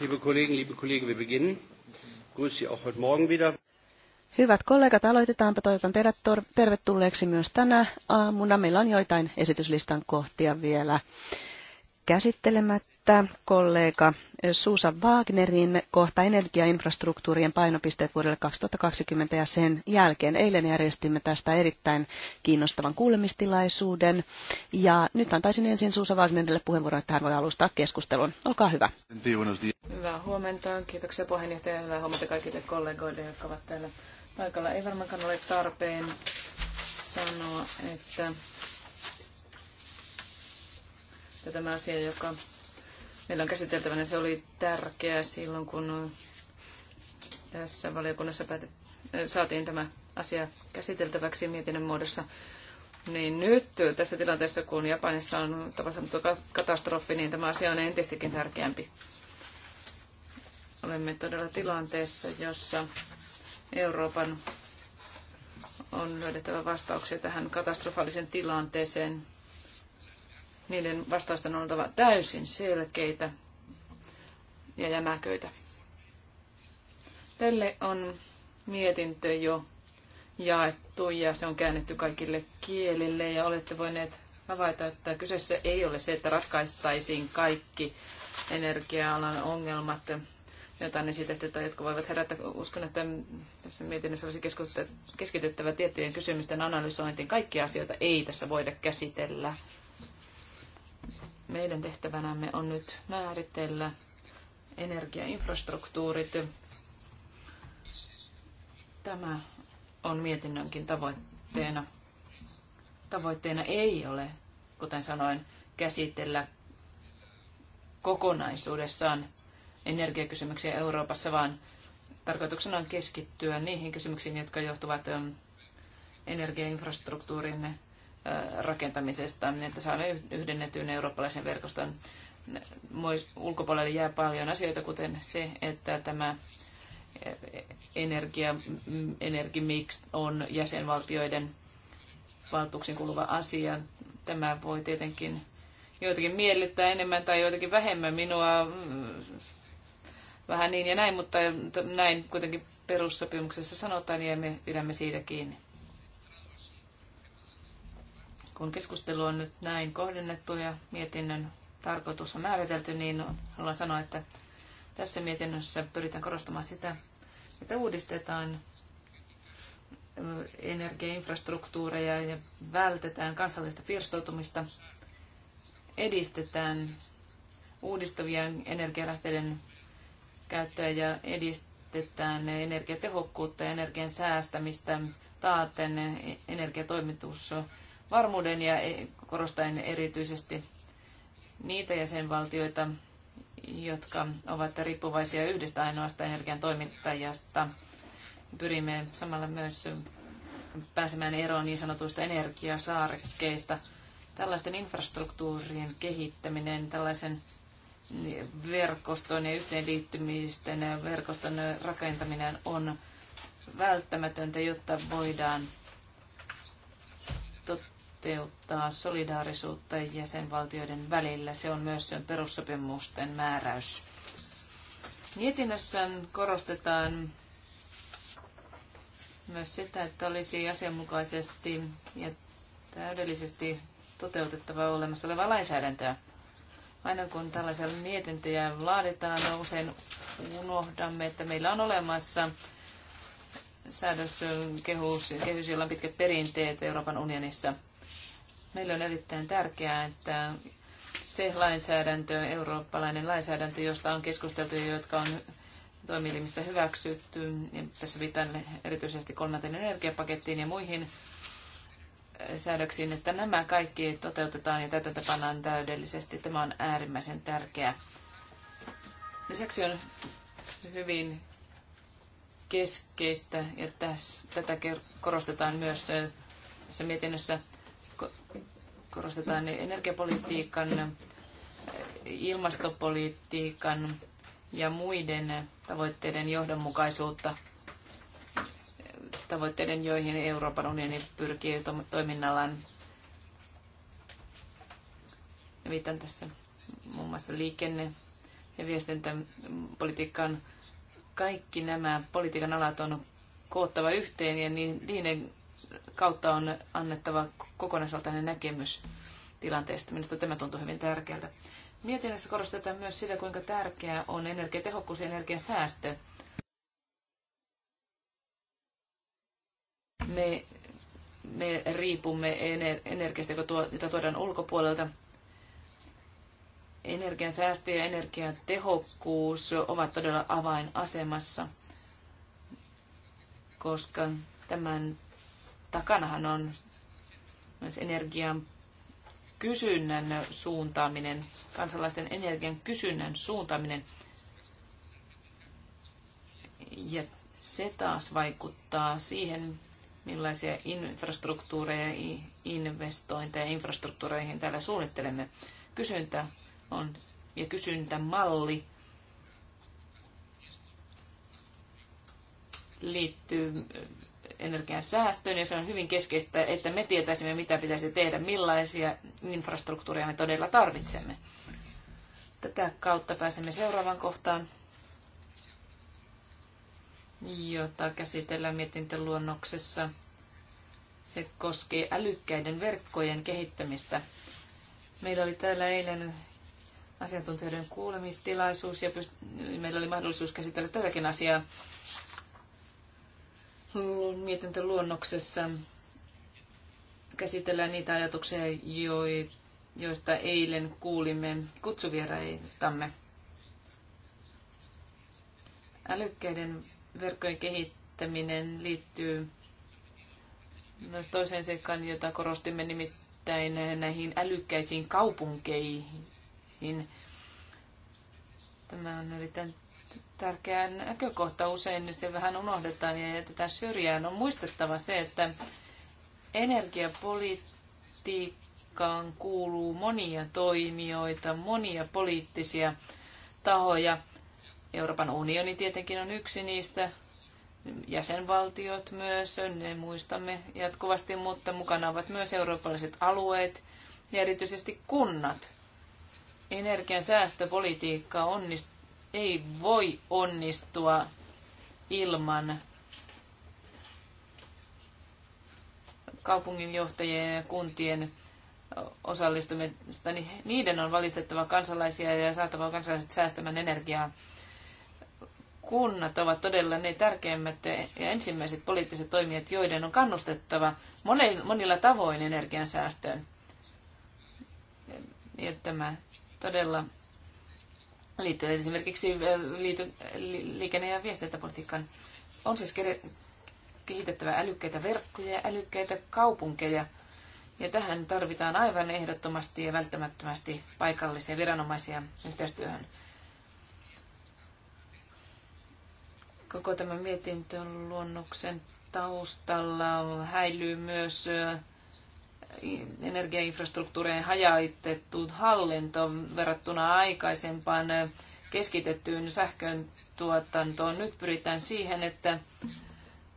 Liebe Kollegen, liebe Kollegen, wir beginnen. Grüße Sie auch heute Morgen wieder. Hyvät kollegat, aloitetaanpa. Toivotan teidät tervetulleeksi myös tänä aamuna. Meillä on joitain esityslistan kohtia vielä käsittelemättä. Kollega Susan Wagnerin kohta energiainfrastruktuurien painopisteet vuodelle 2020 ja sen jälkeen. Eilen järjestimme tästä erittäin kiinnostavan kuulemistilaisuuden. Ja nyt antaisin ensin Susan Wagnerille puheenvuoron, että hän voi alustaa keskustelun. Olkaa hyvä. Hyvää huomenta. Kiitoksia puheenjohtaja ja hyvää huomenta kaikille kollegoille, jotka ovat täällä paikalla. Ei varmaankaan ole tarpeen sanoa, että, tämä asia, joka meillä on käsiteltävänä, se oli tärkeä silloin, kun tässä valiokunnassa päätet, saatiin tämä asia käsiteltäväksi mietinnön muodossa. Niin nyt tässä tilanteessa, kun Japanissa on tapahtunut katastrofi, niin tämä asia on entistäkin tärkeämpi. Olemme todella tilanteessa, jossa Euroopan on löydettävä vastauksia tähän katastrofaalisen tilanteeseen. Niiden vastausten on oltava täysin selkeitä ja jämäköitä. Tälle on mietintö jo jaettu ja se on käännetty kaikille kielille ja olette voineet havaita, että kyseessä ei ole se, että ratkaistaisiin kaikki energia-alan ongelmat jotain on esitetty tai jotka voivat herättää. Uskon, että tässä mietinnössä olisi keskityttävä tiettyjen kysymysten analysointiin. Kaikkia asioita ei tässä voida käsitellä. Meidän tehtävänämme on nyt määritellä energiainfrastruktuurit. Tämä on mietinnönkin tavoitteena. Tavoitteena ei ole, kuten sanoin, käsitellä kokonaisuudessaan energiakysymyksiä Euroopassa, vaan tarkoituksena on keskittyä niihin kysymyksiin, jotka johtuvat ähm, energiainfrastruktuurin äh, rakentamisesta, niin että saamme yhdennetyn eurooppalaisen verkoston. Ulkopuolelle jää paljon asioita, kuten se, että tämä äh, energia, mm, energimix on jäsenvaltioiden valtuuksiin kuuluva asia. Tämä voi tietenkin joitakin miellyttää enemmän tai joitakin vähemmän. Minua mm, vähän niin ja näin, mutta näin kuitenkin perussopimuksessa sanotaan ja me pidämme siitä kiinni. Kun keskustelu on nyt näin kohdennettu ja mietinnön tarkoitus on määritelty, niin haluan sanoa, että tässä mietinnössä pyritään korostamaan sitä, että uudistetaan energiainfrastruktuureja ja vältetään kansallista pirstoutumista, edistetään uudistavien energialähteiden käyttöä ja edistetään energiatehokkuutta ja energian säästämistä taaten energiatoimitus varmuuden ja e- korostaen erityisesti niitä jäsenvaltioita, jotka ovat riippuvaisia yhdestä ainoasta energian toimittajasta. Pyrimme samalla myös pääsemään eroon niin sanotuista energiasaarekkeista. Tällaisten infrastruktuurien kehittäminen, tällaisen verkoston ja yhteenliittymisten ja verkoston rakentaminen on välttämätöntä, jotta voidaan toteuttaa solidaarisuutta jäsenvaltioiden välillä. Se on myös sen perussopimusten määräys. Mietinnössä korostetaan myös sitä, että olisi asianmukaisesti ja täydellisesti toteutettava olemassa olevaa lainsäädäntöä. Aina kun tällaisia mietintöjä laaditaan, usein unohdamme, että meillä on olemassa säädöskehys, kehys, jolla on pitkät perinteet Euroopan unionissa. Meillä on erittäin tärkeää, että se lainsäädäntö, eurooppalainen lainsäädäntö, josta on keskusteltu ja jotka on toimielimissä hyväksytty, ja tässä viitan erityisesti kolmanteen energiapakettiin ja muihin säädöksiin, että nämä kaikki toteutetaan ja pannaan täydellisesti. Tämä on äärimmäisen tärkeää. Lisäksi on hyvin keskeistä, ja tässä tätä korostetaan myös tässä mietinnössä, korostetaan energiapolitiikan, ilmastopolitiikan ja muiden tavoitteiden johdonmukaisuutta – tavoitteiden, joihin Euroopan unioni pyrkii toiminnallaan. Viitan tässä muun muassa liikenne- ja viestintäpolitiikkaan. Kaikki nämä politiikan alat on koottava yhteen ja niin, niiden kautta on annettava kokonaisvaltainen näkemys tilanteesta. Minusta tämä tuntuu hyvin tärkeältä. Mietinnössä korostetaan myös sitä, kuinka tärkeää on energiatehokkuus ja energian säästö. Me, me riipumme energiasta, jota tuodaan ulkopuolelta. Energian säästö ja energian tehokkuus ovat todella avainasemassa, koska tämän takanahan on myös energian kysynnän suuntaaminen, kansalaisten energian kysynnän suuntaaminen. Ja se taas vaikuttaa siihen, millaisia infrastruktuureja, investointeja infrastruktuureihin täällä suunnittelemme. Kysyntä on ja kysyntämalli liittyy energian säästöön ja se on hyvin keskeistä, että me tietäisimme, mitä pitäisi tehdä, millaisia infrastruktuureja me todella tarvitsemme. Tätä kautta pääsemme seuraavaan kohtaan jota käsitellään mietintöluonnoksessa. Se koskee älykkäiden verkkojen kehittämistä. Meillä oli täällä eilen asiantuntijoiden kuulemistilaisuus ja pyst- meillä oli mahdollisuus käsitellä tätäkin asiaa mietintöluonnoksessa. Käsitellään niitä ajatuksia, joista eilen kuulimme kutsuvieraitamme. Älykkäiden verkkojen kehittäminen liittyy myös toiseen seikkaan, jota korostimme nimittäin näihin älykkäisiin kaupunkeihin. Tämä on erittäin tärkeä näkökohta. Usein se vähän unohdetaan ja jätetään syrjään. On muistettava se, että energiapolitiikkaan kuuluu monia toimijoita, monia poliittisia tahoja – Euroopan unioni tietenkin on yksi niistä, jäsenvaltiot myös, ne muistamme jatkuvasti, mutta mukana ovat myös eurooppalaiset alueet ja erityisesti kunnat. Energian säästöpolitiikka onnist- ei voi onnistua ilman kaupunginjohtajien ja kuntien osallistumista, niin niiden on valistettava kansalaisia ja saatava kansalaiset säästämään energiaa kunnat ovat todella ne tärkeimmät ja ensimmäiset poliittiset toimijat, joiden on kannustettava monilla tavoin energiansäästöön. Ja tämä todella liittyy esimerkiksi liity, liikenne- ja viestintäpolitiikkaan. On siis kehitettävä älykkäitä verkkoja ja älykkäitä kaupunkeja. Ja tähän tarvitaan aivan ehdottomasti ja välttämättömästi paikallisia viranomaisia yhteistyöhön. Koko tämän mietintön luonnoksen taustalla häilyy myös energiainfrastruktuurien hajaitettu hallinto verrattuna aikaisempaan keskitettyyn sähkön tuotantoon. Nyt pyritään siihen, että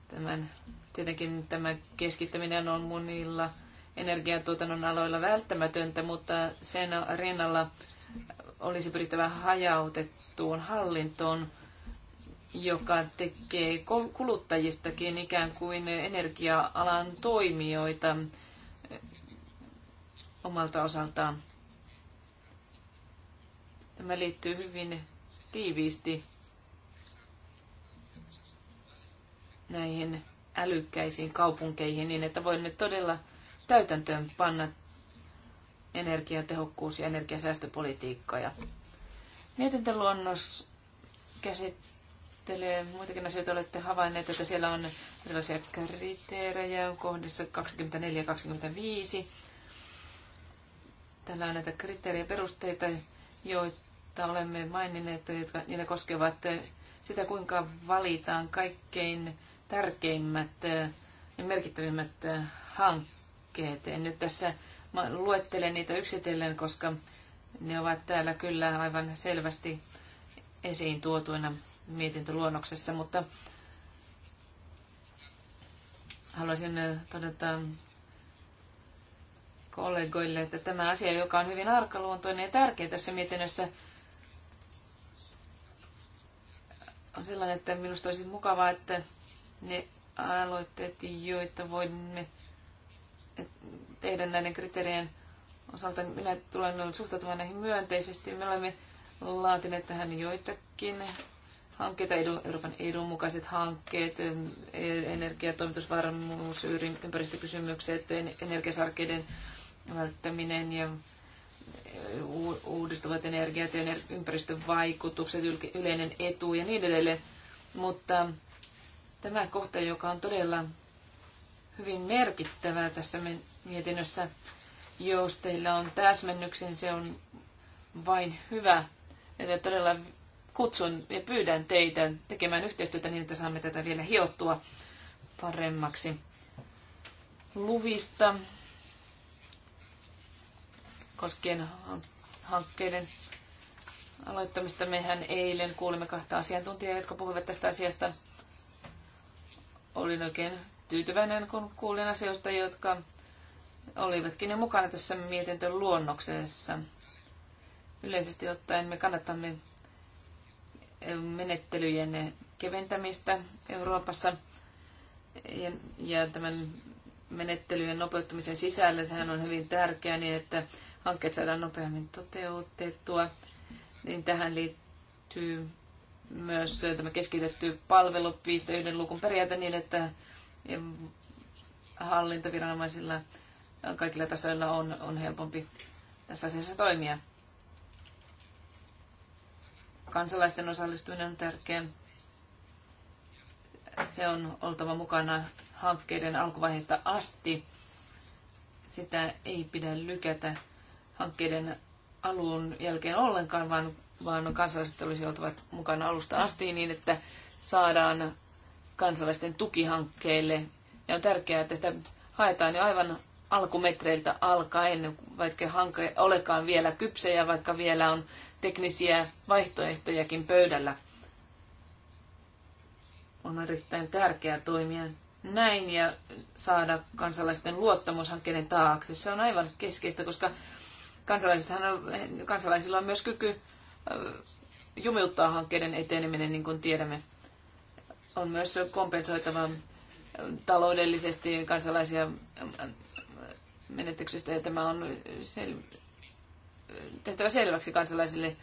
tämän, tietenkin tämä keskittäminen on monilla energiatuotannon aloilla välttämätöntä, mutta sen rinnalla olisi pyrittävä hajautettuun hallintoon joka tekee kuluttajistakin ikään kuin energia-alan toimijoita eh, omalta osaltaan. Tämä liittyy hyvin tiiviisti näihin älykkäisiin kaupunkeihin niin, että voimme todella täytäntöön panna energiatehokkuus- ja energiasäästöpolitiikkoja. Mietintöluonnos käsittää käsittelee muitakin asioita. Olette havainneet, että siellä on erilaisia kriteerejä kohdissa 24 25. Täällä on näitä kriteerejä perusteita, joita olemme maininneet, jotka niillä koskevat sitä, kuinka valitaan kaikkein tärkeimmät ja merkittävimmät hankkeet. En nyt tässä luettele niitä yksitellen, koska ne ovat täällä kyllä aivan selvästi esiin tuotuina mietintöluonnoksessa, mutta haluaisin äh, todeta kollegoille, että tämä asia, joka on hyvin arkaluontoinen ja tärkeä tässä mietinnössä, on sellainen, että minusta olisi mukavaa, että ne aloitteet, joita voimme tehdä näiden kriteerien osalta, minä tulen suhtautumaan näihin myönteisesti. Me olemme laatineet tähän joitakin hankkeita, Euroopan edunmukaiset hankkeet, energiatoimitusvarmuus, ympäristökysymykset, energiasarkeiden välttäminen ja eh, uudistuvat energiat ja ympäristövaikutukset, yleinen etu ja niin edelleen. Mutta tämä kohta, joka on todella hyvin merkittävä tässä mietinnössä, jos teillä on täsmennyksen, se on vain hyvä. Että todella kutsun ja pyydän teitä tekemään yhteistyötä niin, että saamme tätä vielä hiottua paremmaksi. Luvista koskien hankkeiden aloittamista. Mehän eilen kuulimme kahta asiantuntijaa, jotka puhuivat tästä asiasta. Olin oikein tyytyväinen, kun kuulin asioista, jotka olivatkin ne mukana tässä mietintön luonnoksessa. Yleisesti ottaen me kannattamme menettelyjen keventämistä Euroopassa ja, ja tämän menettelyjen nopeuttamisen sisällä. Sehän on hyvin tärkeää niin, että hankkeet saadaan nopeammin toteutettua. Niin tähän liittyy myös tämä keskitetty palvelu yhden luukun periaate niin, että hallintoviranomaisilla kaikilla tasoilla on, on helpompi tässä asiassa toimia. Kansalaisten osallistuminen on tärkeää. Se on oltava mukana hankkeiden alkuvaiheesta asti. Sitä ei pidä lykätä hankkeiden alun jälkeen ollenkaan, vaan, vaan kansalaiset olisi oltava mukana alusta asti niin, että saadaan kansalaisten tukihankkeille. Ja on tärkeää, että sitä haetaan jo aivan alkumetreiltä alkaen, vaikka hanke olekaan vielä kypsä ja vaikka vielä on teknisiä vaihtoehtojakin pöydällä. On erittäin tärkeää toimia näin ja saada kansalaisten luottamushankkeiden taakse. Se on aivan keskeistä, koska kansalaisethan on, kansalaisilla on myös kyky jumiuttaa hankkeiden eteneminen, niin kuin tiedämme. On myös kompensoitava taloudellisesti kansalaisia menetyksistä, ja tämä on tehtävä selväksi kansalaisille,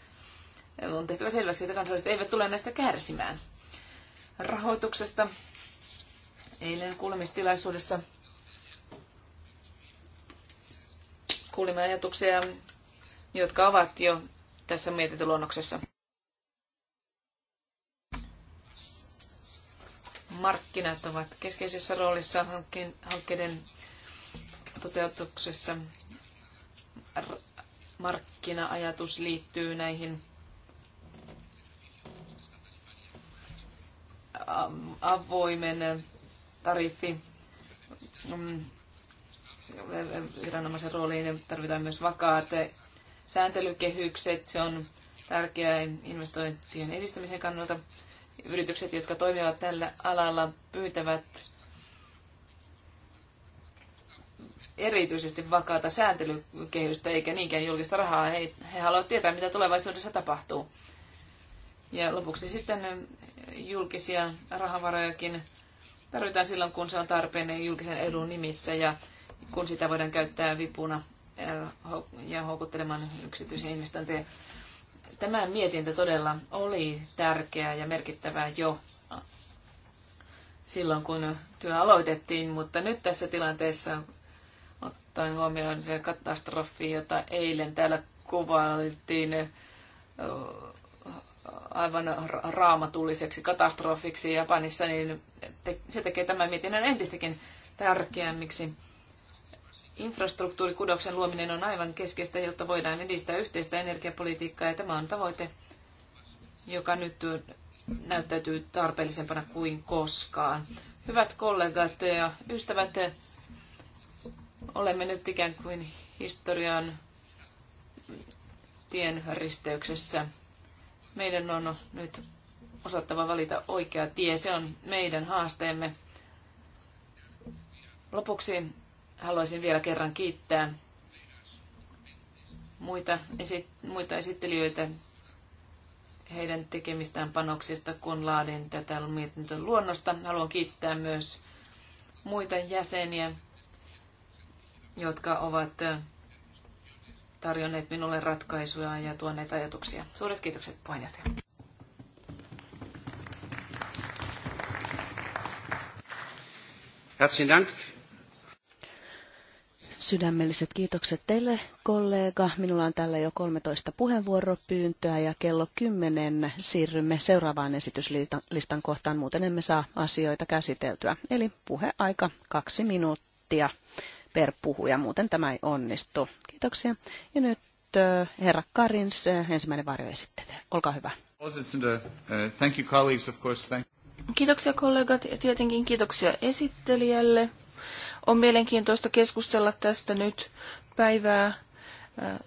on tehtävä selväksi, että kansalaiset eivät tule näistä kärsimään. Rahoituksesta eilen kuulemistilaisuudessa kuulimme ajatuksia, jotka ovat jo tässä mietintöluonnoksessa. Markkinat ovat keskeisessä roolissa hankkeiden toteutuksessa markkina-ajatus liittyy näihin ähm, avoimen tariffi mm, viranomaisen rooliin tarvitaan myös vakaat sääntelykehykset. Se on tärkeää investointien edistämisen kannalta. Yritykset, jotka toimivat tällä alalla, pyytävät erityisesti vakaata sääntelykehystä eikä niinkään julkista rahaa. He, he haluavat tietää, mitä tulevaisuudessa tapahtuu. Ja lopuksi sitten julkisia rahavarojakin tarvitaan silloin, kun se on tarpeen julkisen edun nimissä ja kun sitä voidaan käyttää vipuna ja houkuttelemaan yksityisiä investointeja. Tämä mietintö todella oli tärkeä ja merkittävä jo silloin, kun työ aloitettiin, mutta nyt tässä tilanteessa ottaen huomioon se katastrofi, jota eilen täällä kuvailtiin aivan raamatulliseksi katastrofiksi Japanissa, niin se tekee tämän mietinnän entistäkin tärkeämmiksi. Infrastruktuurikudoksen luominen on aivan keskeistä, jotta voidaan edistää yhteistä energiapolitiikkaa, ja tämä on tavoite, joka nyt näyttäytyy tarpeellisempana kuin koskaan. Hyvät kollegat ja ystävät, Olemme nyt ikään kuin historian tien risteyksessä. Meidän on nyt osattava valita oikea tie. Se on meidän haasteemme. Lopuksi haluaisin vielä kerran kiittää muita, esi- muita esittelijöitä heidän tekemistään panoksista, kun laadin tätä mietintön luonnosta. Haluan kiittää myös muita jäseniä jotka ovat tarjonneet minulle ratkaisuja ja tuoneet ajatuksia. Suuret kiitokset puheenjohtaja. Herzlichen Dank. Sydämelliset kiitokset teille, kollega. Minulla on tällä jo 13 puheenvuoropyyntöä ja kello 10 siirrymme seuraavaan esityslistan kohtaan, muuten emme saa asioita käsiteltyä. Eli puheaika kaksi minuuttia per puhuja. Muuten tämä ei onnistu. Kiitoksia. Ja nyt äh, herra Karins, äh, ensimmäinen varjoesittelijä. Olkaa hyvä. Eh, thank you colleagues, of course. Thank Kiitoksia kollegat ja tietenkin kiitoksia esittelijälle. On mielenkiintoista keskustella tästä nyt päivää eh,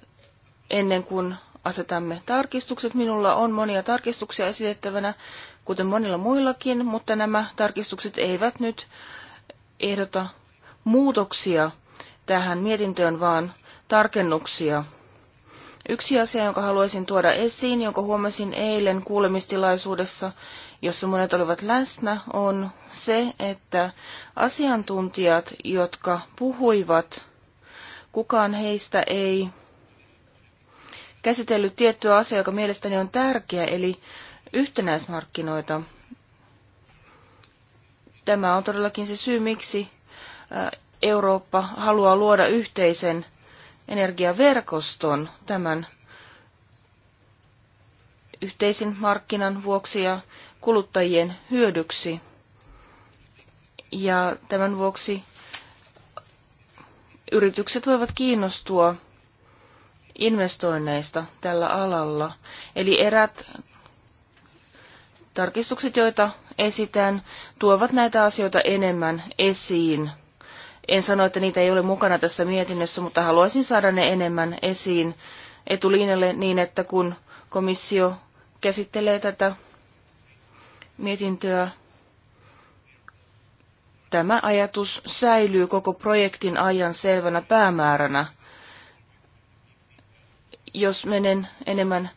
ennen kuin asetamme tarkistukset. Minulla on monia tarkistuksia esitettävänä, kuten monilla muillakin, mutta nämä tarkistukset eivät nyt ehdota muutoksia tähän mietintöön, vaan tarkennuksia. Yksi asia, jonka haluaisin tuoda esiin, jonka huomasin eilen kuulemistilaisuudessa, jossa monet olivat läsnä, on se, että asiantuntijat, jotka puhuivat, kukaan heistä ei käsitellyt tiettyä asiaa, joka mielestäni on tärkeä, eli yhtenäismarkkinoita. Tämä on todellakin se syy, miksi Eurooppa haluaa luoda yhteisen energiaverkoston tämän yhteisen markkinan vuoksi ja kuluttajien hyödyksi. Ja tämän vuoksi yritykset voivat kiinnostua investoinneista tällä alalla. Eli erät tarkistukset, joita esitän, tuovat näitä asioita enemmän esiin en sano, että niitä ei ole mukana tässä mietinnössä, mutta haluaisin saada ne enemmän esiin etulinjalle niin, että kun komissio käsittelee tätä mietintöä, tämä ajatus säilyy koko projektin ajan selvänä päämääränä. Jos menen enemmän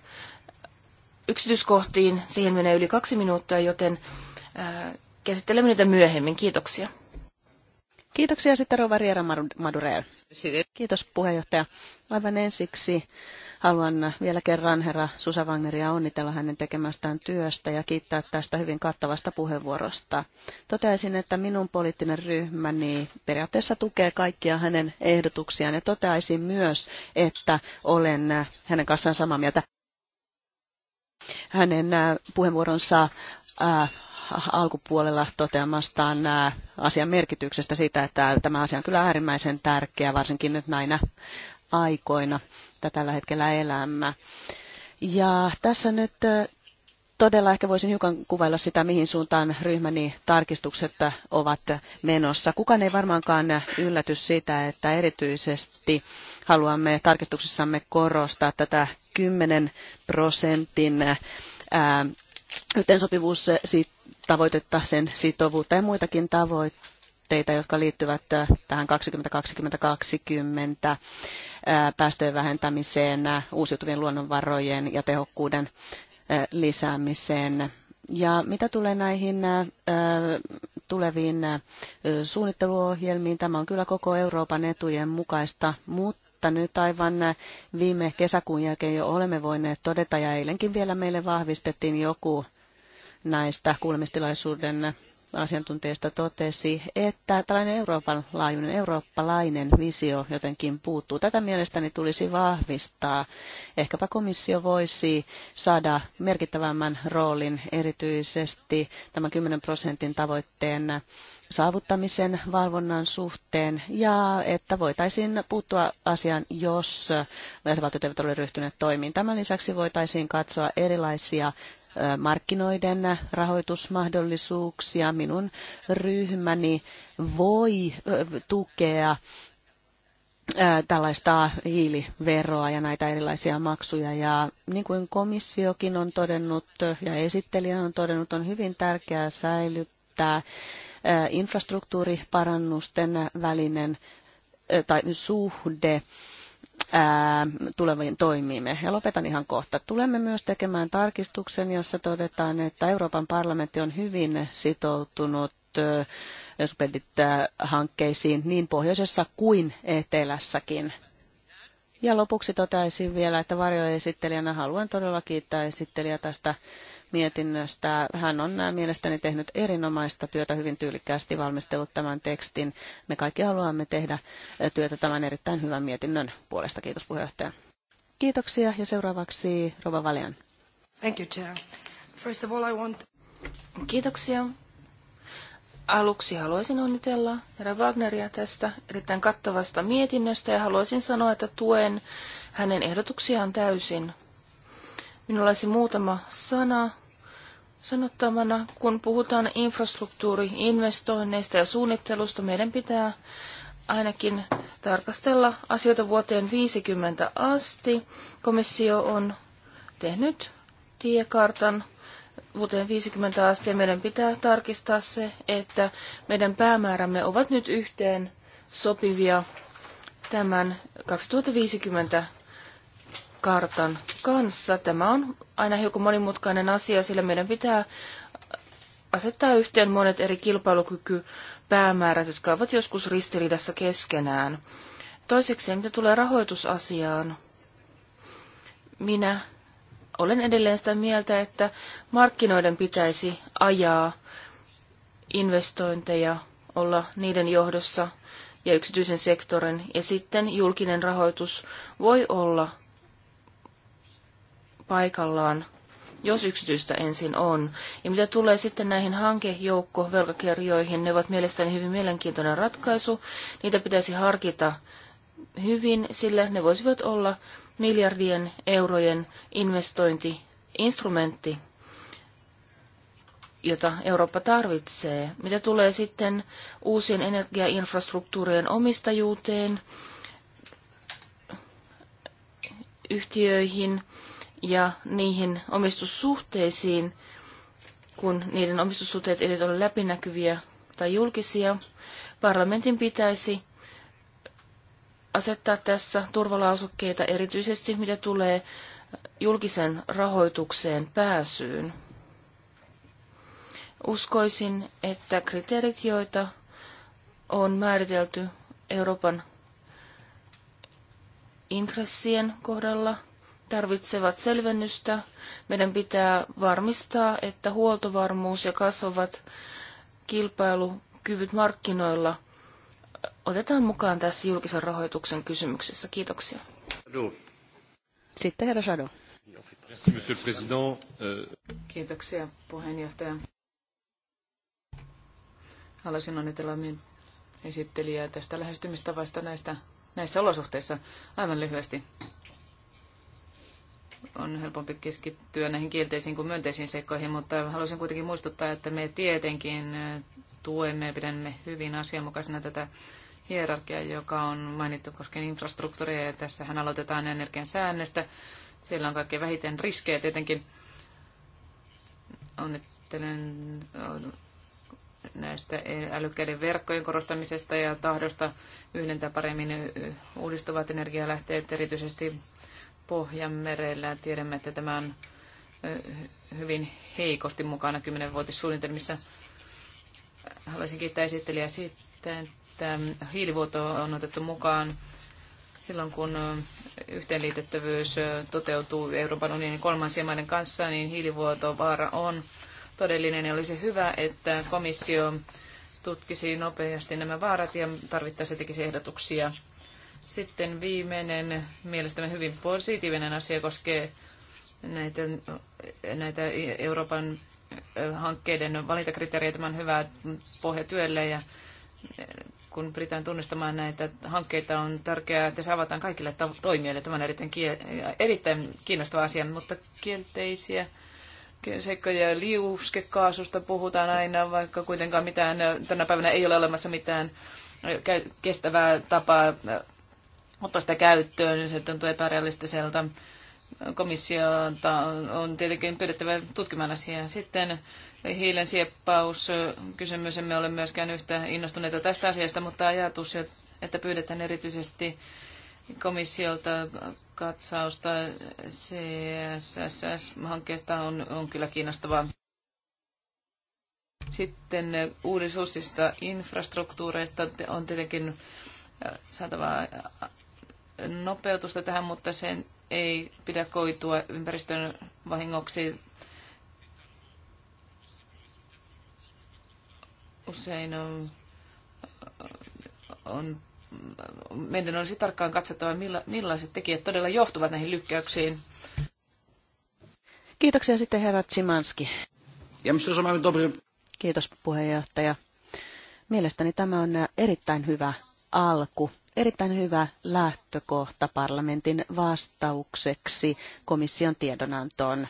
yksityiskohtiin, siihen menee yli kaksi minuuttia, joten käsittelemme niitä myöhemmin. Kiitoksia. Kiitoksia sitten Rova Riera Madurel. Kiitos puheenjohtaja. Aivan ensiksi haluan vielä kerran herra Susa Wagneria onnitella hänen tekemästään työstä ja kiittää tästä hyvin kattavasta puheenvuorosta. Toteaisin, että minun poliittinen ryhmäni periaatteessa tukee kaikkia hänen ehdotuksiaan ja toteaisin myös, että olen hänen kanssaan samaa mieltä hänen äh, puheenvuoronsa äh, alkupuolella toteamastaan asian merkityksestä sitä, että tämä asia on kyllä äärimmäisen tärkeä, varsinkin nyt näinä aikoina, mitä tällä hetkellä elämme. Ja tässä nyt todella ehkä voisin hiukan kuvailla sitä, mihin suuntaan ryhmäni tarkistukset ovat menossa. Kukaan ei varmaankaan ylläty sitä, että erityisesti haluamme tarkistuksissamme korostaa tätä 10 prosentin yhteensopivuus tavoitetta, sen sitovuutta ja muitakin tavoitteita, jotka liittyvät äh, tähän 2020-2020 äh, päästöjen vähentämiseen, äh, uusiutuvien luonnonvarojen ja tehokkuuden lisäämiseen. Ja mitä tulee näihin tuleviin suunnitteluohjelmiin, tämä on kyllä koko Euroopan etujen mukaista, mutta mutta nyt aivan viime kesäkuun jälkeen jo olemme voineet todeta ja eilenkin vielä meille vahvistettiin joku näistä kuulemistilaisuuden asiantuntijasta totesi, että tällainen Euroopan laajuinen, eurooppalainen visio jotenkin puuttuu. Tätä mielestäni tulisi vahvistaa. Ehkäpä komissio voisi saada merkittävämmän roolin erityisesti tämän 10 prosentin tavoitteen saavuttamisen valvonnan suhteen ja että voitaisiin puuttua asiaan, jos jäsenvaltiot eivät ole ryhtyneet toimiin. Tämän lisäksi voitaisiin katsoa erilaisia markkinoiden rahoitusmahdollisuuksia. Minun ryhmäni voi tukea tällaista hiiliveroa ja näitä erilaisia maksuja. Ja niin kuin komissiokin on todennut ja esittelijä on todennut, on hyvin tärkeää säilyttää infrastruktuuriparannusten välinen tai suhde tuleviin toimiimme. Ja lopetan ihan kohta. Tulemme myös tekemään tarkistuksen, jossa todetaan, että Euroopan parlamentti on hyvin sitoutunut hankkeisiin niin pohjoisessa kuin etelässäkin. Ja lopuksi toteaisin vielä, että varjoesittelijänä haluan todella kiittää esittelijä tästä mietinnöstä. Hän on äh, mielestäni tehnyt erinomaista työtä, hyvin tyylikkäästi valmistellut tämän tekstin. Me kaikki haluamme tehdä äh, työtä tämän erittäin hyvän mietinnön puolesta. Kiitos puheenjohtaja. Kiitoksia ja seuraavaksi Rova Valian. Thank you, Chair. First of all, I want... Kiitoksia. Aluksi haluaisin onnitella herra Wagneria tästä erittäin kattavasta mietinnöstä ja haluaisin sanoa, että tuen hänen ehdotuksiaan täysin. Minulla olisi muutama sana sanottavana. Kun puhutaan infrastruktuuriinvestoinneista ja suunnittelusta, meidän pitää ainakin tarkastella asioita vuoteen 50 asti. Komissio on tehnyt tiekartan vuoteen 50 asti ja meidän pitää tarkistaa se, että meidän päämäärämme ovat nyt yhteen sopivia tämän 2050 kartan kanssa. Tämä on aina hiukan monimutkainen asia, sillä meidän pitää asettaa yhteen monet eri kilpailukykypäämäärät, jotka ovat joskus ristiriidassa keskenään. Toiseksi, mitä tulee rahoitusasiaan, minä olen edelleen sitä mieltä, että markkinoiden pitäisi ajaa investointeja, olla niiden johdossa ja yksityisen sektorin, ja sitten julkinen rahoitus voi olla paikallaan, jos yksityistä ensin on. Ja mitä tulee sitten näihin hankejoukkovelkakirjoihin, ne ovat mielestäni hyvin mielenkiintoinen ratkaisu. Niitä pitäisi harkita hyvin, sillä ne voisivat olla miljardien eurojen investointiinstrumentti, jota Eurooppa tarvitsee. Mitä tulee sitten uusien energiainfrastruktuurien omistajuuteen, yhtiöihin, ja niihin omistussuhteisiin, kun niiden omistussuhteet eivät ole läpinäkyviä tai julkisia. Parlamentin pitäisi asettaa tässä turvalausukkeita erityisesti, mitä tulee julkisen rahoitukseen pääsyyn. Uskoisin, että kriteerit, joita on määritelty Euroopan intressien kohdalla – tarvitsevat selvennystä. Meidän pitää varmistaa, että huoltovarmuus ja kasvavat kilpailukyvyt markkinoilla otetaan mukaan tässä julkisen rahoituksen kysymyksessä. Kiitoksia. Sitten herra Shadow. Euh, Kiitoksia puheenjohtaja. Haluaisin onnitella esittelijää tästä lähestymistavasta näistä, näissä olosuhteissa aivan lyhyesti on helpompi keskittyä näihin kielteisiin kuin myönteisiin seikkoihin, mutta haluaisin kuitenkin muistuttaa, että me tietenkin tuemme ja pidämme hyvin asianmukaisena tätä hierarkiaa, joka on mainittu koskien infrastruktuuria, ja tässähän aloitetaan energian säännöstä. Siellä on kaikkein vähiten riskejä tietenkin. Onnittelen näistä älykkäiden verkkojen korostamisesta ja tahdosta yhdentää paremmin uudistuvat energialähteet, erityisesti Pohjanmerellä. Tiedämme, että tämä on hyvin heikosti mukana kymmenenvuotissuunnitelmissa. Haluaisin kiittää esittelijää siitä, että hiilivuoto on otettu mukaan silloin, kun yhteenliitettävyys toteutuu Euroopan unionin kolmansien maiden kanssa, niin hiilivuotovaara on todellinen ja olisi hyvä, että komissio tutkisi nopeasti nämä vaarat ja tarvittaessa tekisi ehdotuksia sitten viimeinen, mielestäni hyvin positiivinen asia koskee näitä, näitä Euroopan hankkeiden valintakriteerejä. Tämä on hyvä pohja työlle ja kun pyritään tunnistamaan näitä hankkeita, on tärkeää, että se avataan kaikille toimijoille. Tämä on erittäin, erittäin kiinnostava asia, mutta kielteisiä seikkoja liuskekaasusta puhutaan aina, vaikka kuitenkaan mitään, tänä päivänä ei ole olemassa mitään kestävää tapaa ottaa sitä käyttöön, niin se tuntuu epärealistiselta. Komissiota on tietenkin pyydettävä tutkimaan asiaa. Sitten hiilen sieppaus, kysymys, emme ole myöskään yhtä innostuneita tästä asiasta, mutta ajatus, että pyydetään erityisesti komissiolta katsausta CSSS-hankkeesta on, on kyllä kiinnostavaa. Sitten uudisuusista infrastruktuureista on tietenkin saatava nopeutusta tähän, mutta sen ei pidä koitua ympäristön vahingoksi. Usein on, on meidän olisi tarkkaan katsottava, milla, millaiset tekijät todella johtuvat näihin lykkäyksiin. Kiitoksia sitten herra Tsimanski. Kiitos puheenjohtaja. Mielestäni tämä on erittäin hyvä alku, erittäin hyvä lähtökohta parlamentin vastaukseksi komission tiedonantoon.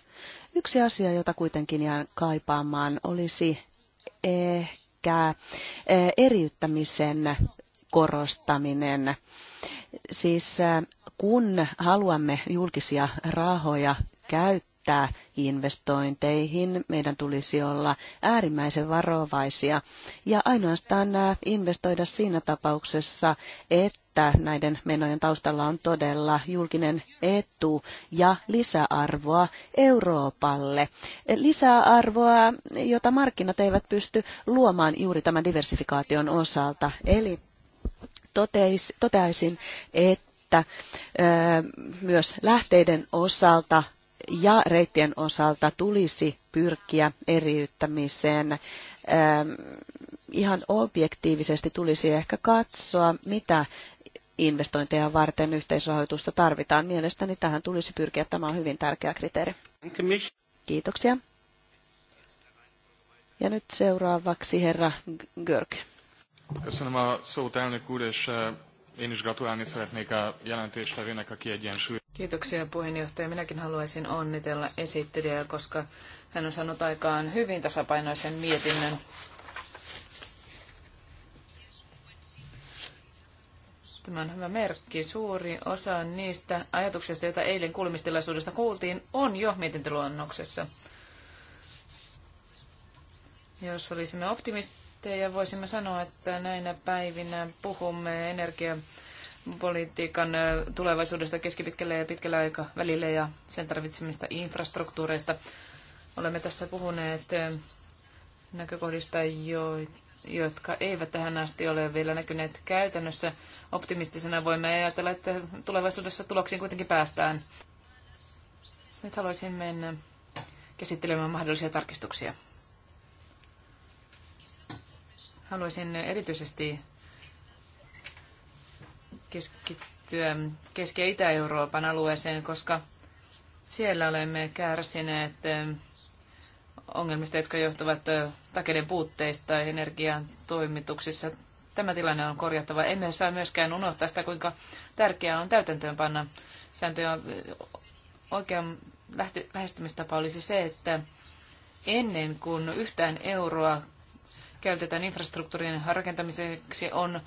Yksi asia, jota kuitenkin jään kaipaamaan, olisi ehkä eh, eriyttämisen korostaminen. Siis eh, kun haluamme julkisia rahoja käyttää, riittää investointeihin. Meidän tulisi olla äärimmäisen varovaisia ja ainoastaan investoida siinä tapauksessa, että näiden menojen taustalla on todella julkinen etu ja lisäarvoa Euroopalle. Lisäarvoa, jota markkinat eivät pysty luomaan juuri tämän diversifikaation osalta. Eli toteaisin, että myös lähteiden osalta ja reittien osalta tulisi pyrkiä eriyttämiseen. Ähm, ihan objektiivisesti tulisi ehkä katsoa, mitä investointeja varten yhteisrahoitusta tarvitaan. Mielestäni tähän tulisi pyrkiä. Tämä on hyvin tärkeä kriteeri. Kiitoksia. Ja nyt seuraavaksi herra Görg. Én is gratulálni szeretnék a jelentéstevének a kiegyensúly. Kiitoksia puheenjohtaja. Minäkin haluaisin onnitella esittelijää, koska hän on saanut aikaan hyvin tasapainoisen mietinnön. Tämä on hyvä merkki. Suuri osa niistä ajatuksista, joita eilen kuulemistilaisuudesta kuultiin, on jo mietintöluonnoksessa. Jos olisimme optimistit, ja voisimme sanoa, että näinä päivinä puhumme energiapolitiikan tulevaisuudesta keskipitkällä ja pitkällä aikavälillä ja sen tarvitsemista infrastruktuureista. Olemme tässä puhuneet näkökohdista, joita jotka eivät tähän asti ole vielä näkyneet käytännössä. Optimistisena voimme ajatella, että tulevaisuudessa tuloksiin kuitenkin päästään. Nyt haluaisin mennä käsittelemään mahdollisia tarkistuksia. Haluaisin erityisesti keskittyä Keski- ja Itä-Euroopan alueeseen, koska siellä olemme kärsineet eh, ongelmista, jotka johtuvat eh, takeiden puutteista energian toimituksissa. Tämä tilanne on korjattava. Emme saa myöskään unohtaa sitä, kuinka tärkeää on täytäntöönpanna sääntöjä. oikean lähestymistapa olisi se, että ennen kuin yhtään euroa käytetään infrastruktuurien rakentamiseksi, on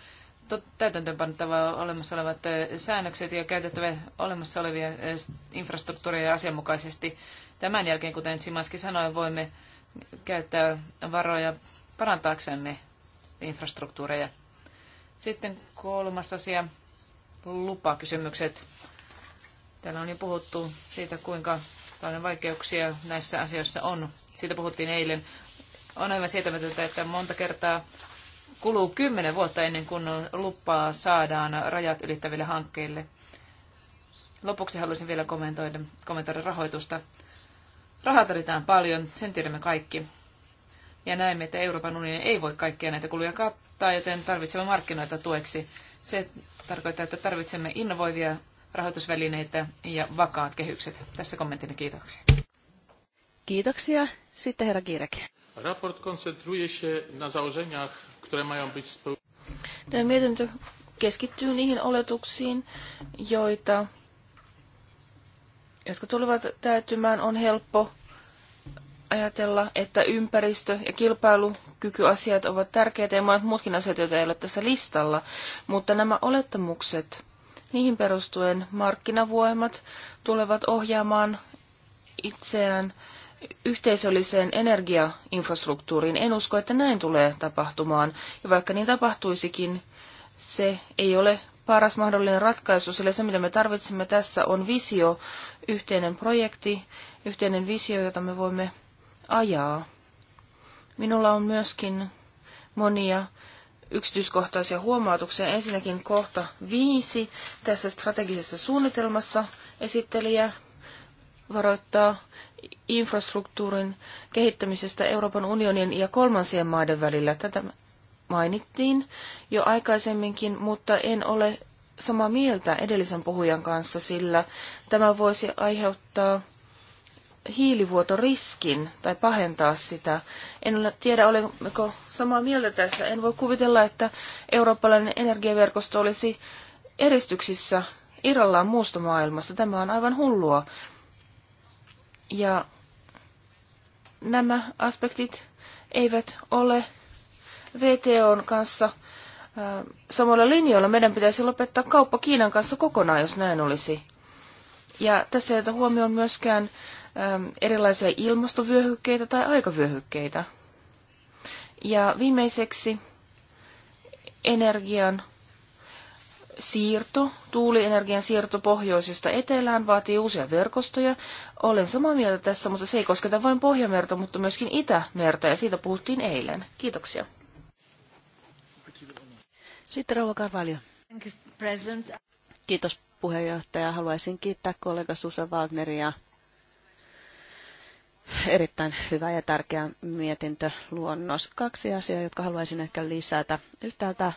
täytäntöönpantava olemassa olevat säännökset ja käytettävä olemassa olevia infrastruktuureja asianmukaisesti. Tämän jälkeen, kuten Simaski sanoi, voimme käyttää varoja parantaaksemme infrastruktuureja. Sitten kolmas asia, lupakysymykset. Täällä on jo puhuttu siitä, kuinka paljon vaikeuksia näissä asioissa on. Siitä puhuttiin eilen. On aivan sietämätöntä, että monta kertaa kuluu kymmenen vuotta ennen kuin lupaa saadaan rajat ylittäville hankkeille. Lopuksi haluaisin vielä kommentoida, kommentoida rahoitusta. Rahaa tarvitaan paljon, sen tiedämme kaikki. Ja näemme, että Euroopan unioni ei voi kaikkia näitä kuluja kattaa, joten tarvitsemme markkinoita tueksi. Se tarkoittaa, että tarvitsemme innovoivia rahoitusvälineitä ja vakaat kehykset. Tässä kommenttina kiitoksia. Kiitoksia. Sitten herra Kiireke. Raport koncentruje się na założeniach, które mają być spełnione. mietintö keskittyy niihin oletuksiin, joita, jotka tulevat täytymään, on helppo ajatella, että ympäristö- ja kilpailukykyasiat ovat tärkeitä ja monet muutkin asiat, joita ei ole tässä listalla, mutta nämä olettamukset, niihin perustuen markkinavoimat tulevat ohjaamaan itseään yhteisölliseen energiainfrastruktuuriin. En usko, että näin tulee tapahtumaan. Ja vaikka niin tapahtuisikin, se ei ole paras mahdollinen ratkaisu, sillä se mitä me tarvitsemme tässä on visio, yhteinen projekti, yhteinen visio, jota me voimme ajaa. Minulla on myöskin monia yksityiskohtaisia huomautuksia. Ensinnäkin kohta viisi tässä strategisessa suunnitelmassa esittelijä varoittaa infrastruktuurin kehittämisestä Euroopan unionin ja kolmansien maiden välillä. Tätä mainittiin jo aikaisemminkin, mutta en ole samaa mieltä edellisen puhujan kanssa, sillä tämä voisi aiheuttaa hiilivuotoriskin tai pahentaa sitä. En ole, tiedä, olenko samaa mieltä tässä. En voi kuvitella, että eurooppalainen energiaverkosto olisi eristyksissä irrallaan muusta maailmasta. Tämä on aivan hullua. Ja nämä aspektit eivät ole VTOn kanssa samalla linjoilla. Meidän pitäisi lopettaa kauppa Kiinan kanssa kokonaan, jos näin olisi. Ja tässä ei ota huomioon myöskään erilaisia ilmastovyöhykkeitä tai aikavyöhykkeitä. Ja viimeiseksi energian siirto, tuulienergian siirto pohjoisesta etelään vaatii uusia verkostoja. Olen samaa mieltä tässä, mutta se ei kosketa vain Pohjamerta, mutta myöskin Itämerta, ja siitä puhuttiin eilen. Kiitoksia. Sitten Rauha Karvalio. Kiitos puheenjohtaja. Haluaisin kiittää kollega Susa Wagneria. Erittäin hyvä ja tärkeä mietintö. Luonnos Kaksi asiaa, jotka haluaisin ehkä lisätä. Yhtäältä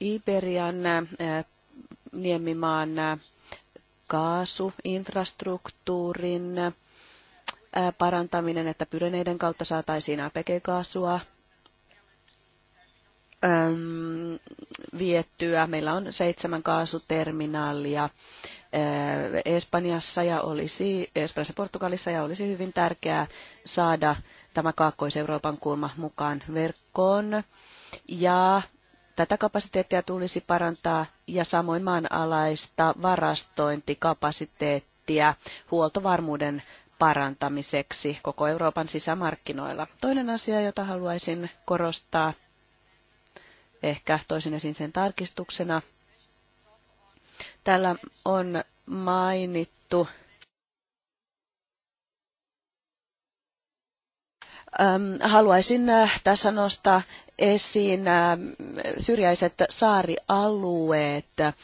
Iberian niemimaan kaasuinfrastruktuurin parantaminen, että pyreneiden kautta saataisiin APG-kaasua viettyä. Meillä on seitsemän kaasuterminaalia Espanjassa ja olisi, Espanjassa Portugalissa ja olisi hyvin tärkeää saada tämä Kaakkois-Euroopan kulma mukaan verkkoon. Ja Tätä kapasiteettia tulisi parantaa ja samoin maanalaista varastointikapasiteettia huoltovarmuuden parantamiseksi koko Euroopan sisämarkkinoilla. Toinen asia, jota haluaisin korostaa, ehkä toisin esiin sen tarkistuksena, täällä on mainittu Haluaisin äh, tässä nostaa esiin ähm, syrjäiset saarialueet. Äh,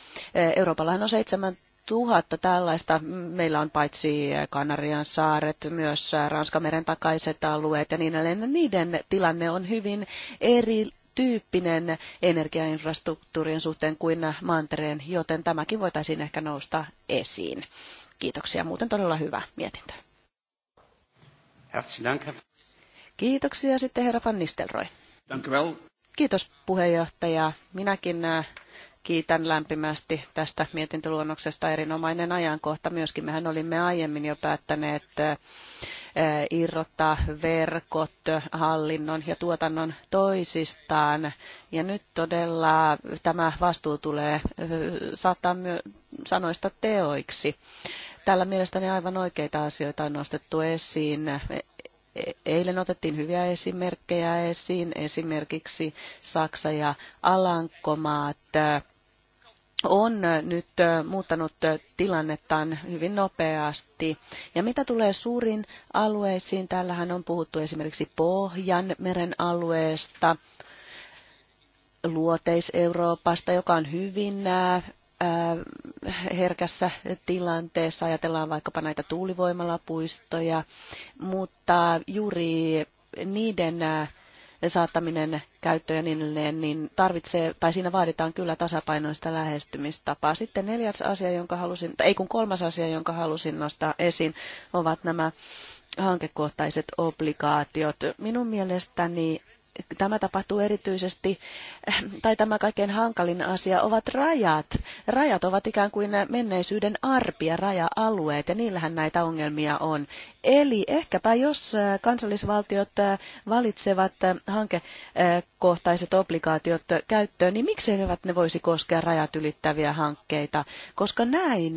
Euroopallahan on seitsemän tuhatta tällaista. Meillä on paitsi Kanarian saaret, myös Ranskameren takaiset alueet ja niin edelleen. Niiden tilanne on hyvin eri tyyppinen energiainfrastruktuurin suhteen kuin mantereen, joten tämäkin voitaisiin ehkä nousta esiin. Kiitoksia. Muuten todella hyvä mietintö. Kiitoksia sitten herra Van Nistelrooy. Kiitos puheenjohtaja. Minäkin äh, kiitän lämpimästi tästä mietintöluonnoksesta. Erinomainen ajankohta myöskin. Mehän olimme aiemmin jo päättäneet äh, äh, irrottaa verkot, hallinnon ja tuotannon toisistaan. Ja nyt todella tämä vastuu tulee saattaa myö- sanoista teoiksi. Täällä mielestäni aivan oikeita asioita on nostettu esiin eilen otettiin hyviä esimerkkejä esiin, esimerkiksi Saksa ja Alankomaat on nyt muuttanut tilannettaan hyvin nopeasti. Ja mitä tulee suuriin alueisiin, täällähän on puhuttu esimerkiksi Pohjan meren alueesta, luoteis-Euroopasta, joka on hyvin äh, Äh, herkässä tilanteessa, ajatellaan vaikkapa näitä tuulivoimalapuistoja, mutta juuri niiden äh, saattaminen käyttöön ja niin edelleen, niin tarvitsee, tai siinä vaaditaan kyllä tasapainoista lähestymistapaa. Sitten neljäs asia, jonka halusin, tai ei kun kolmas asia, jonka halusin nostaa esiin, ovat nämä hankekohtaiset obligaatiot. Minun mielestäni tämä tapahtuu erityisesti, eh, tai tämä kaikkein hankalin asia, ovat rajat. Rajat ovat ikään kuin menneisyyden arpia, raja-alueet, ja niillähän näitä ongelmia on. Eli ehkäpä jos eh, kansallisvaltiot eh, valitsevat hankekohtaiset obligaatiot käyttöön, niin miksei ne voisi koskea rajat ylittäviä hankkeita, koska näin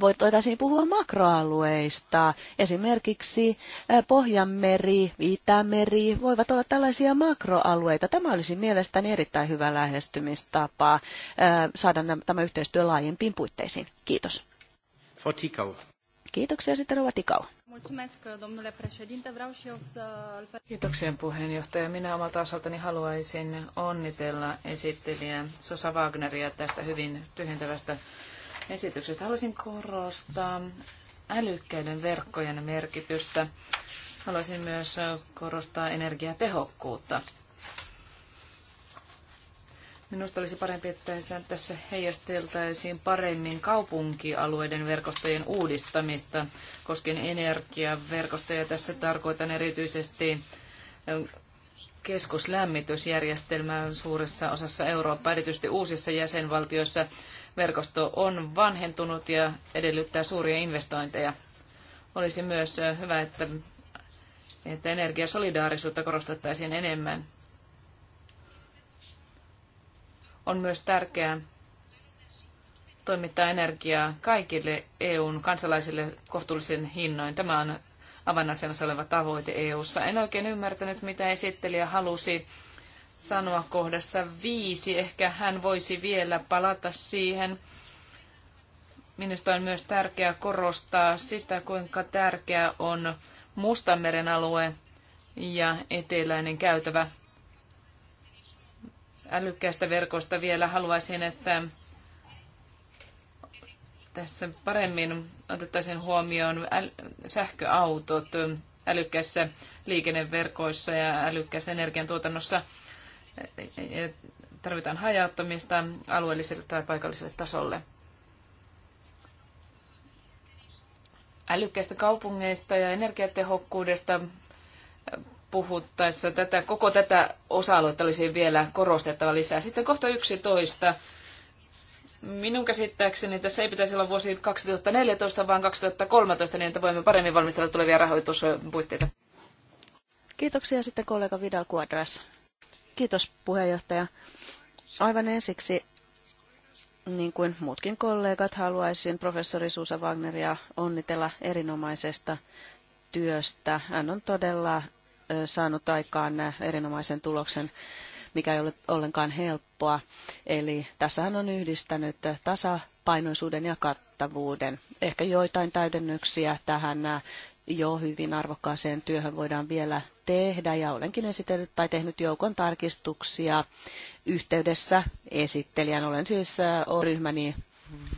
voitaisiin puhua makroalueista. Esimerkiksi Pohjanmeri, Itämeri voivat olla tällaisia makroalueita. Tämä olisi mielestäni erittäin hyvä lähestymistapa saada tämä yhteistyö laajempiin puitteisiin. Kiitos. Fotikau. Kiitoksia sitten Rova Tikau. Kiitoksia puheenjohtaja. Minä omalta osaltani haluaisin onnitella esittelijä Sosa Wagneria tästä hyvin tyhjentävästä esityksestä. Haluaisin korostaa älykkäiden verkkojen merkitystä. Haluaisin myös korostaa energiatehokkuutta. Minusta olisi parempi, että tässä heijasteltaisiin paremmin kaupunkialueiden verkostojen uudistamista koskien energiaverkostoja. Tässä tarkoitan erityisesti keskuslämmitysjärjestelmää suuressa osassa Eurooppaa, erityisesti uusissa jäsenvaltioissa verkosto on vanhentunut ja edellyttää suuria investointeja. Olisi myös hyvä, että, että energiasolidaarisuutta korostettaisiin enemmän. On myös tärkeää toimittaa energiaa kaikille EUn kansalaisille kohtuullisen hinnoin. Tämä on avainasemassa oleva tavoite EUssa. En oikein ymmärtänyt, mitä esittelijä halusi sanoa kohdassa viisi. Ehkä hän voisi vielä palata siihen. Minusta on myös tärkeää korostaa sitä, kuinka tärkeä on Mustanmeren alue ja eteläinen käytävä. Älykkäästä verkosta vielä haluaisin, että tässä paremmin otettaisiin huomioon sähköautot älykkäissä liikenneverkoissa ja älykkäissä energiantuotannossa tarvitaan hajauttamista alueelliselle tai paikalliselle tasolle. Älykkäistä kaupungeista ja energiatehokkuudesta puhuttaessa tätä, koko tätä osa-aluetta olisi vielä korostettava lisää. Sitten kohta 11. Minun käsittääkseni tässä ei pitäisi olla vuosi 2014, vaan 2013, niin että voimme paremmin valmistella tulevia rahoituspuitteita. Kiitoksia sitten kollega Vidal Quadras. Kiitos puheenjohtaja. Aivan ensiksi, niin kuin muutkin kollegat, haluaisin professori Suusa Wagneria onnitella erinomaisesta työstä. Hän on todella saanut aikaan erinomaisen tuloksen, mikä ei ole ollenkaan helppoa. Eli tässä hän on yhdistänyt tasapainoisuuden ja kattavuuden. Ehkä joitain täydennyksiä tähän jo hyvin arvokkaaseen työhön voidaan vielä tehdä ja olenkin esitellyt tai tehnyt joukon tarkistuksia yhteydessä esittelijän. Olen siis ryhmäni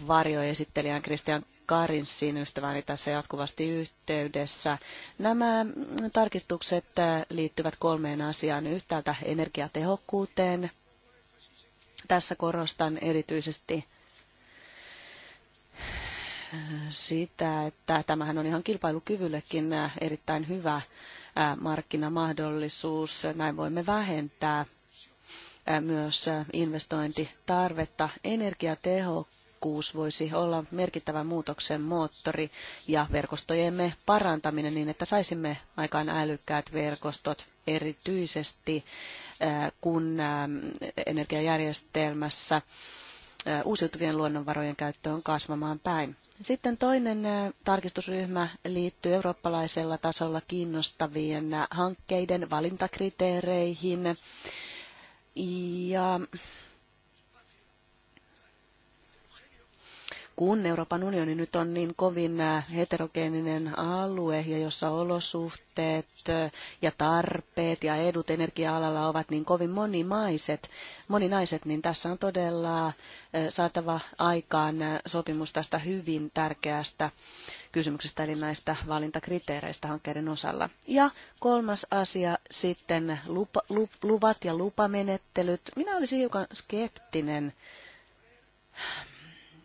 varjoesittelijän Christian Karinssiin ystäväni tässä jatkuvasti yhteydessä. Nämä tarkistukset liittyvät kolmeen asiaan. Yhtäältä energiatehokkuuteen. Tässä korostan erityisesti sitä, että tämähän on ihan kilpailukyvyllekin erittäin hyvä markkinamahdollisuus. Näin voimme vähentää myös investointitarvetta. Energiatehokkuus voisi olla merkittävä muutoksen moottori ja verkostojemme parantaminen niin, että saisimme aikaan älykkäät verkostot erityisesti, kun energiajärjestelmässä uusiutuvien luonnonvarojen käyttö on kasvamaan päin. Sitten toinen äh, tarkistusryhmä liittyy eurooppalaisella tasolla kiinnostavien äh, hankkeiden valintakriteereihin. Ja kun Euroopan unioni nyt on niin kovin äh, heterogeeninen alue ja jossa olosuhteet äh, ja tarpeet ja edut energia-alalla ovat niin kovin monimaiset, moninaiset, niin tässä on todella äh, saatava aikaan sopimus tästä hyvin tärkeästä kysymyksestä, eli näistä valintakriteereistä hankkeiden osalla. Ja kolmas asia sitten lupa, lup, luvat ja lupamenettelyt. Minä olisin hiukan skeptinen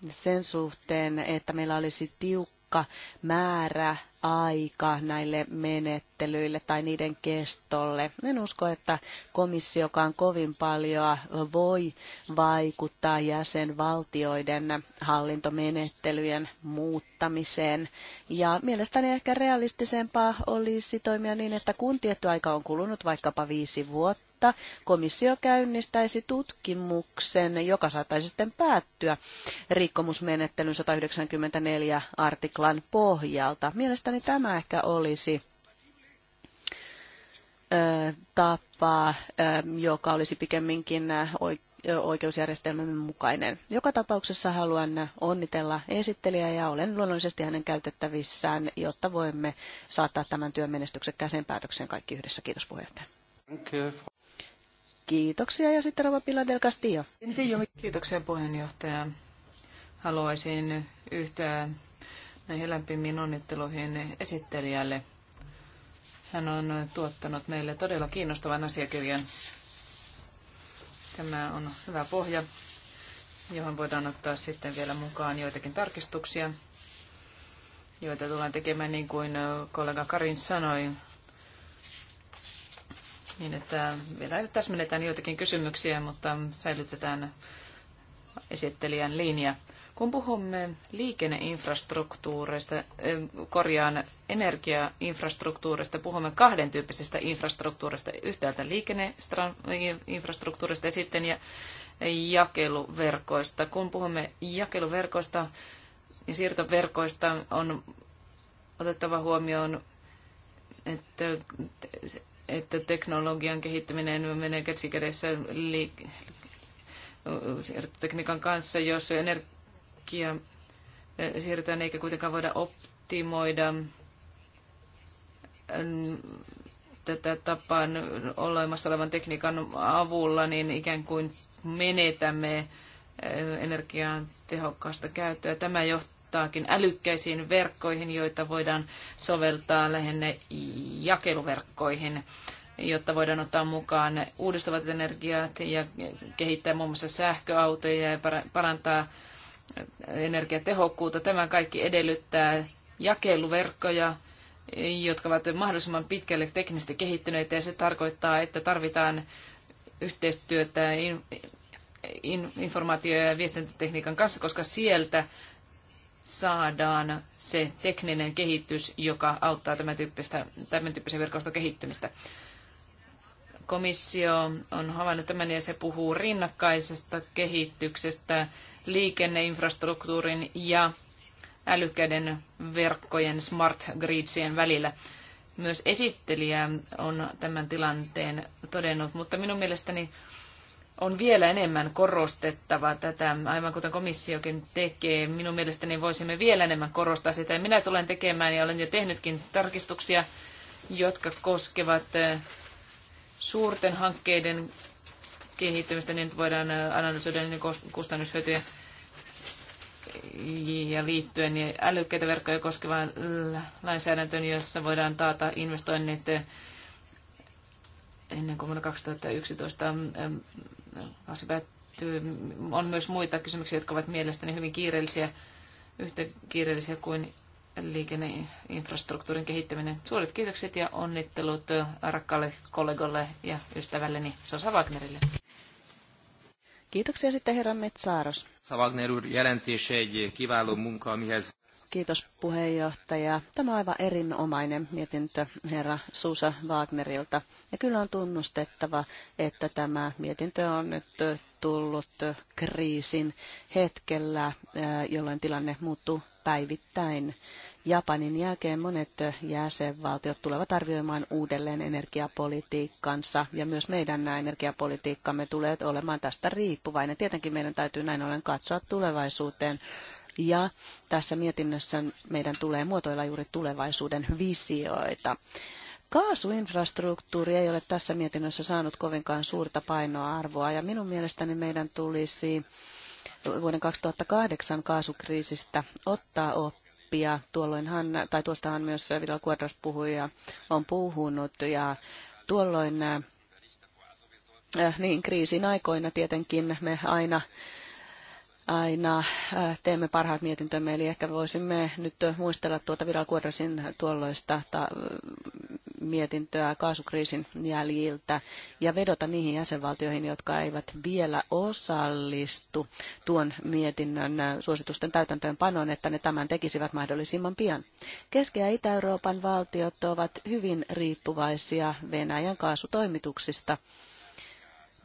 sen suhteen, että meillä olisi tiukka määrä aika näille menettelyille tai niiden kestolle. En usko, että komissiokaan kovin paljon voi vaikuttaa jäsenvaltioiden hallintomenettelyjen muuttamiseen. Ja mielestäni ehkä realistisempaa olisi toimia niin, että kun tietty aika on kulunut vaikkapa viisi vuotta, että komissio käynnistäisi tutkimuksen, joka saattaisi sitten päättyä rikkomusmenettelyn 194 artiklan pohjalta. Mielestäni tämä ehkä olisi tapa, joka olisi pikemminkin oikeusjärjestelmämme mukainen. Joka tapauksessa haluan onnitella esittelijää ja olen luonnollisesti hänen käytettävissään, jotta voimme saattaa tämän työn menestyksekkääseen päätökseen kaikki yhdessä. Kiitos puheenjohtaja. Kiitoksia ja sitten Rova Pilar del Castillo. Kiitoksia puheenjohtaja. Haluaisin yhtyä näihin lämpimiin onnitteluihin esittelijälle. Hän on tuottanut meille todella kiinnostavan asiakirjan. Tämä on hyvä pohja, johon voidaan ottaa sitten vielä mukaan joitakin tarkistuksia, joita tullaan tekemään niin kuin kollega Karin sanoi niin että vielä täsmennetään joitakin kysymyksiä, mutta säilytetään esittelijän linja. Kun puhumme liikenneinfrastruktuureista, eh, korjaan energiainfrastruktuureista, puhumme kahden tyyppisestä infrastruktuurista. Yhtäältä liikenneinfrastruktuurista ja sitten jakeluverkoista. Kun puhumme jakeluverkoista ja siirtoverkoista, on otettava huomioon, että että teknologian kehittäminen menee käsikädessä liik- tekniikan kanssa, jos energia eh, siirretään eikä kuitenkaan voida optimoida mm, tätä tapaa olemassa olevan tekniikan avulla, niin ikään kuin menetämme eh, energian tehokkaasta käyttöä. Tämä johtaa vertaakin älykkäisiin verkkoihin, joita voidaan soveltaa lähinnä jakeluverkkoihin jotta voidaan ottaa mukaan uudistuvat energiat ja kehittää muun muassa sähköautoja ja parantaa energiatehokkuutta. Tämä kaikki edellyttää jakeluverkkoja, jotka ovat mahdollisimman pitkälle teknisesti kehittyneitä ja se tarkoittaa, että tarvitaan yhteistyötä informaatio- ja viestintätekniikan kanssa, koska sieltä saadaan se tekninen kehitys, joka auttaa tämän, tämän tyyppisen verkoston kehittymistä. Komissio on havainnut tämän ja se puhuu rinnakkaisesta kehityksestä liikenneinfrastruktuurin ja älykkäiden verkkojen smart gridsien välillä. Myös esittelijä on tämän tilanteen todennut, mutta minun mielestäni on vielä enemmän korostettava tätä, aivan kuten komissiokin tekee. Minun mielestäni voisimme vielä enemmän korostaa sitä. Minä tulen tekemään ja olen jo tehnytkin tarkistuksia, jotka koskevat suurten hankkeiden kehittämistä, niin voidaan analysoida niiden kustannushyötyjä ja liittyen niin älykkäitä verkkoja koskevaan lainsäädäntöön, jossa voidaan taata investoinnit ennen kuin vuonna 2011 ähm, päättyy. On myös muita kysymyksiä, jotka ovat mielestäni hyvin kiireellisiä, yhtä kiireellisiä kuin liikenneinfrastruktuurin kehittäminen. Suuret kiitokset ja onnittelut äh, rakkaalle kollegolle ja ystävälleni Sosa Wagnerille. Kiitoksia sitten herra Metsaaros. Wagner úr jelentése egy kiváló munka, Kiitos puheenjohtaja. Tämä on aivan erinomainen mietintö herra Suusa Wagnerilta. Ja kyllä on tunnustettava, että tämä mietintö on nyt tullut kriisin hetkellä, eh, jolloin tilanne muuttuu päivittäin. Japanin jälkeen monet jäsenvaltiot tulevat arvioimaan uudelleen energiapolitiikkansa ja myös meidän energiapolitiikkamme tulee olemaan tästä riippuvainen. Tietenkin meidän täytyy näin ollen katsoa tulevaisuuteen, ja tässä mietinnössä meidän tulee muotoilla juuri tulevaisuuden visioita. Kaasuinfrastruktuuri ei ole tässä mietinnössä saanut kovinkaan suurta painoarvoa ja minun mielestäni meidän tulisi vuoden 2008 kaasukriisistä ottaa oppia. Tuolloinhan, tai tuostahan myös Vidal Quadras puhui ja on puhunut ja tuolloin äh, niin kriisin aikoina tietenkin me aina aina äh, teemme parhaat mietintömme, eli ehkä voisimme nyt muistella tuota Viral Quadrasin tuolloista ta- äh, mietintöä kaasukriisin jäljiltä ja vedota niihin jäsenvaltioihin, jotka eivät vielä osallistu tuon mietinnön äh, suositusten täytäntöönpanoon, että ne tämän tekisivät mahdollisimman pian. Keski- ja Itä-Euroopan valtiot ovat hyvin riippuvaisia Venäjän kaasutoimituksista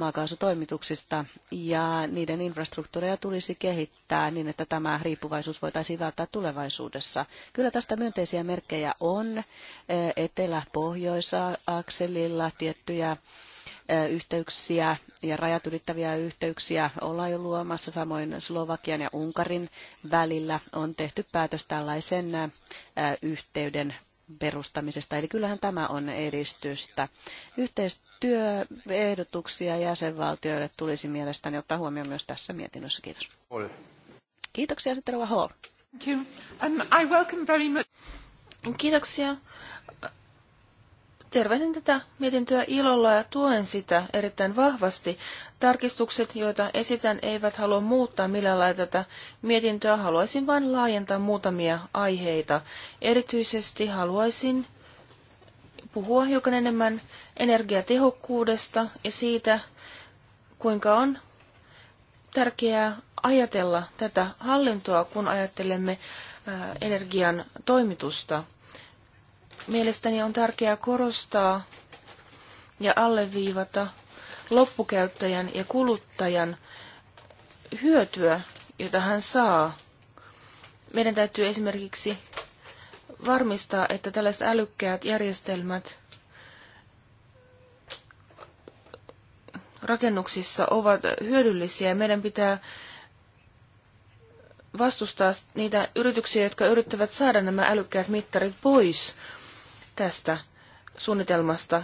maakaasutoimituksista ja niiden infrastruktuureja tulisi kehittää niin, että tämä riippuvaisuus voitaisiin välttää tulevaisuudessa. Kyllä tästä myönteisiä merkkejä on eh, etelä-pohjois-akselilla tiettyjä eh, yhteyksiä ja rajat ylittäviä yhteyksiä ollaan jo luomassa. Samoin Slovakian ja Unkarin välillä on tehty päätös tällaisen eh, yhteyden perustamisesta. Eli kyllähän tämä on edistystä. Yhteistyö työehdotuksia jäsenvaltioille tulisi mielestäni ottaa huomioon myös tässä mietinnössä. Kiitos. Hall. Kiitoksia sitten Rova Hall. Thank you. Um, I welcome very much. Kiitoksia. Tervehdin tätä mietintöä ilolla ja tuen sitä erittäin vahvasti. Tarkistukset, joita esitän, eivät halua muuttaa millään lailla tätä mietintöä. Haluaisin vain laajentaa muutamia aiheita. Erityisesti haluaisin puhua hiukan enemmän energiatehokkuudesta ja siitä, kuinka on tärkeää ajatella tätä hallintoa, kun ajattelemme energian toimitusta. Mielestäni on tärkeää korostaa ja alleviivata loppukäyttäjän ja kuluttajan hyötyä, jota hän saa. Meidän täytyy esimerkiksi varmistaa, että tällaiset älykkäät järjestelmät rakennuksissa ovat hyödyllisiä. Meidän pitää vastustaa niitä yrityksiä, jotka yrittävät saada nämä älykkäät mittarit pois tästä suunnitelmasta,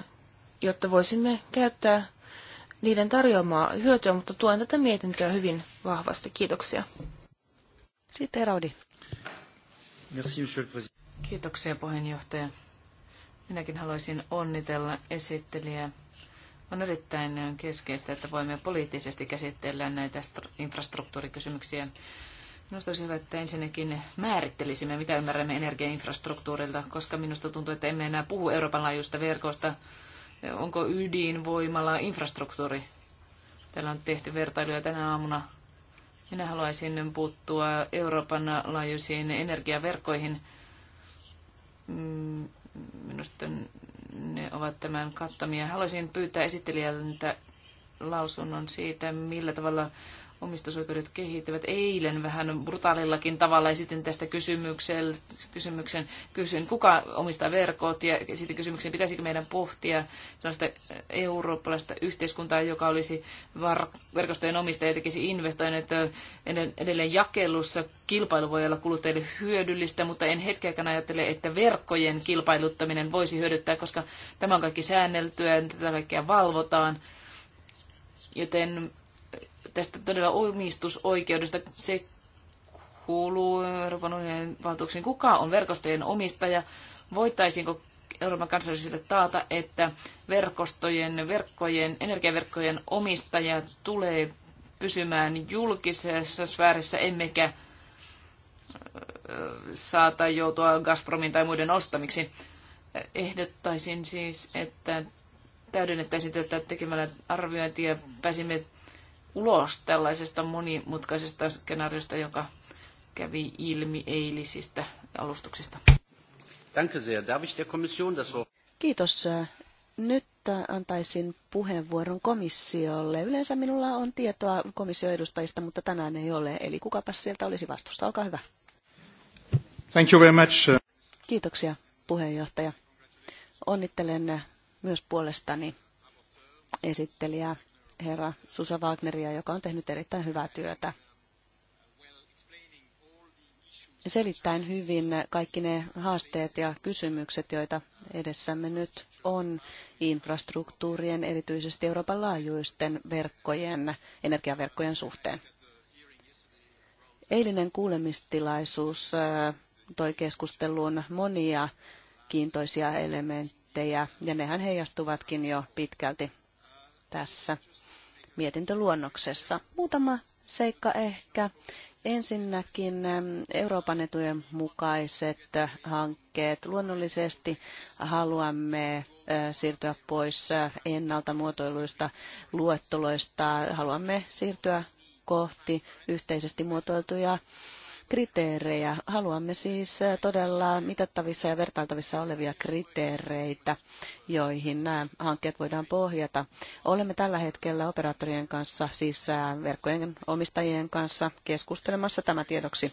jotta voisimme käyttää niiden tarjoamaa hyötyä, mutta tuen tätä mietintöä hyvin vahvasti. Kiitoksia. Sitten Raudi. Merci, monsieur le Kiitoksia puheenjohtaja. Minäkin haluaisin onnitella esittelijää. On erittäin keskeistä, että voimme poliittisesti käsitellä näitä infrastruktuurikysymyksiä. Minusta olisi hyvä, että ensinnäkin määrittelisimme, mitä ymmärrämme energiainfrastruktuurilta, koska minusta tuntuu, että emme enää puhu Euroopan laajuista verkosta. Onko ydinvoimala infrastruktuuri? Täällä on tehty vertailuja tänä aamuna. Minä haluaisin puuttua Euroopan laajuisiin energiaverkkoihin Mm, minusta ne ovat tämän kattamia. Haluaisin pyytää esittelijältä lausunnon siitä, millä tavalla omistusoikeudet kehittyvät. Eilen vähän brutaalillakin tavalla esitin tästä kysymyksen, kysymyksen kysyn, kuka omistaa verkot ja sitten kysymyksen, pitäisikö meidän pohtia sellaista eurooppalaista yhteiskuntaa, joka olisi verkostojen omistaja ja tekisi investoinnit edelleen jakelussa. Kilpailu voi olla kuluttajille hyödyllistä, mutta en hetkeäkään ajattele, että verkkojen kilpailuttaminen voisi hyödyttää, koska tämä on kaikki säänneltyä ja tätä kaikkea valvotaan. Joten tästä todella omistusoikeudesta. Se kuuluu Euroopan unionin valtuuksiin. Kuka on verkostojen omistaja? Voitaisiinko Euroopan kansallisille taata, että verkostojen, verkkojen, energiaverkkojen omistaja tulee pysymään julkisessa sfäärissä, emmekä saata joutua Gazpromin tai muiden ostamiksi. Ehdottaisin siis, että täydennettäisiin tätä tekemällä arviointia. Pääsimme ulos tällaisesta monimutkaisesta skenaariosta, joka kävi ilmi eilisistä alustuksista. Kiitos. Nyt antaisin puheenvuoron komissiolle. Yleensä minulla on tietoa komissioedustajista, mutta tänään ei ole. Eli kukapa sieltä olisi vastuussa. Olkaa hyvä. Thank you very much. Kiitoksia puheenjohtaja. Onnittelen myös puolestani esittelijää herra Susa Wagneria, joka on tehnyt erittäin hyvää työtä. Selittäin hyvin kaikki ne haasteet ja kysymykset, joita edessämme nyt on infrastruktuurien, erityisesti Euroopan laajuisten verkkojen, energiaverkkojen suhteen. Eilinen kuulemistilaisuus toi keskusteluun monia kiintoisia elementtejä, ja nehän heijastuvatkin jo pitkälti tässä mietintöluonnoksessa. Muutama seikka ehkä. Ensinnäkin ähm, Euroopan etujen mukaiset äh, hankkeet. Luonnollisesti haluamme äh, siirtyä pois äh, ennalta muotoiluista luetteloista. Haluamme siirtyä kohti yhteisesti muotoiltuja kriteerejä. Haluamme siis todella mitattavissa ja vertailtavissa olevia kriteereitä, joihin nämä hankkeet voidaan pohjata. Olemme tällä hetkellä operaattorien kanssa, siis verkkojen omistajien kanssa keskustelemassa tämä tiedoksi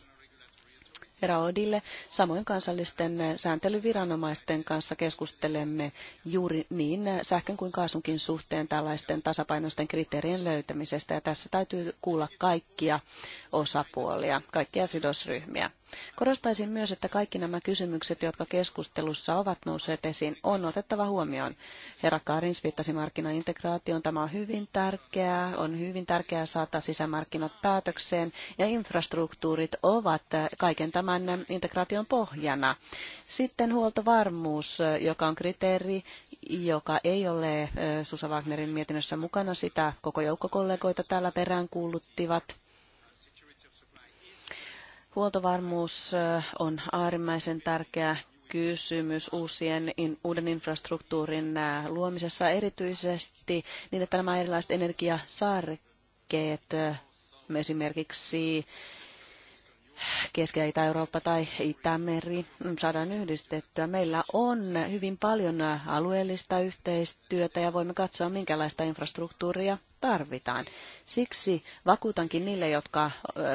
Raodille. Samoin kansallisten eh, sääntelyviranomaisten kanssa keskustelemme juuri niin eh, sähkön kuin kaasunkin suhteen tällaisten tasapainoisten kriteerien löytämisestä. Ja tässä täytyy kuulla kaikkia osapuolia, kaikkia sidosryhmiä. Korostaisin myös, että kaikki nämä kysymykset, jotka keskustelussa ovat nousseet esiin, on otettava huomioon. Herra Karins viittasi markkinaintegraatioon. Tämä on hyvin tärkeää. On hyvin tärkeää saattaa sisämarkkinat päätökseen ja infrastruktuurit ovat kaiken tämän integraation pohjana. Sitten huoltovarmuus, joka on kriteeri, joka ei ole eh, Susa Wagnerin mietinnössä mukana. Sitä koko joukko kollegoita täällä peräänkuuluttivat. Huoltovarmuus on äärimmäisen tärkeä kysymys uusien in, uuden infrastruktuurin luomisessa erityisesti niin, että nämä erilaiset energiasarkeet esimerkiksi Keski- ja Itä-Eurooppa tai Itämeri saadaan yhdistettyä. Meillä on hyvin paljon alueellista yhteistyötä ja voimme katsoa, minkälaista infrastruktuuria tarvitaan. Siksi vakuutankin niille, jotka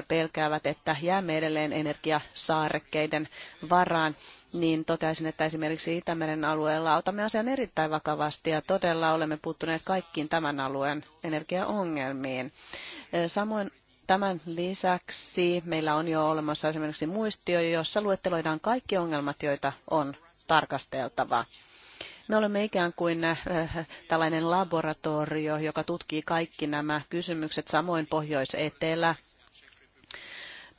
pelkäävät, että jäämme edelleen energiasaarekkeiden varaan, niin toteaisin, että esimerkiksi Itämeren alueella otamme asian erittäin vakavasti ja todella olemme puuttuneet kaikkiin tämän alueen energiaongelmiin. Samoin Tämän lisäksi meillä on jo olemassa esimerkiksi muistio, jossa luetteloidaan kaikki ongelmat, joita on tarkasteltava. Me olemme ikään kuin eh, tällainen laboratorio, joka tutkii kaikki nämä kysymykset, samoin Pohjois-Etelä,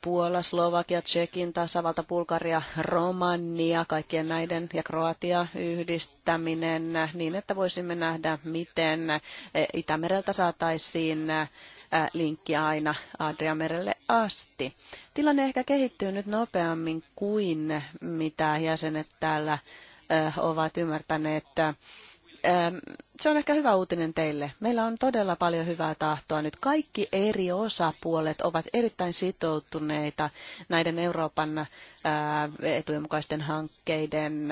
Puola, Slovakia, Tsekin, tasavalta, Bulgaria, Romania, kaikkien näiden ja Kroatia yhdistäminen niin, että voisimme nähdä, miten eh, Itämereltä saataisiin eh, linkki aina Adriamerelle asti. Tilanne ehkä kehittyy nyt nopeammin kuin mitä jäsenet täällä ovat ymmärtäneet, se on ehkä hyvä uutinen teille. Meillä on todella paljon hyvää tahtoa nyt. Kaikki eri osapuolet ovat erittäin sitoutuneita näiden Euroopan etujen mukaisten hankkeiden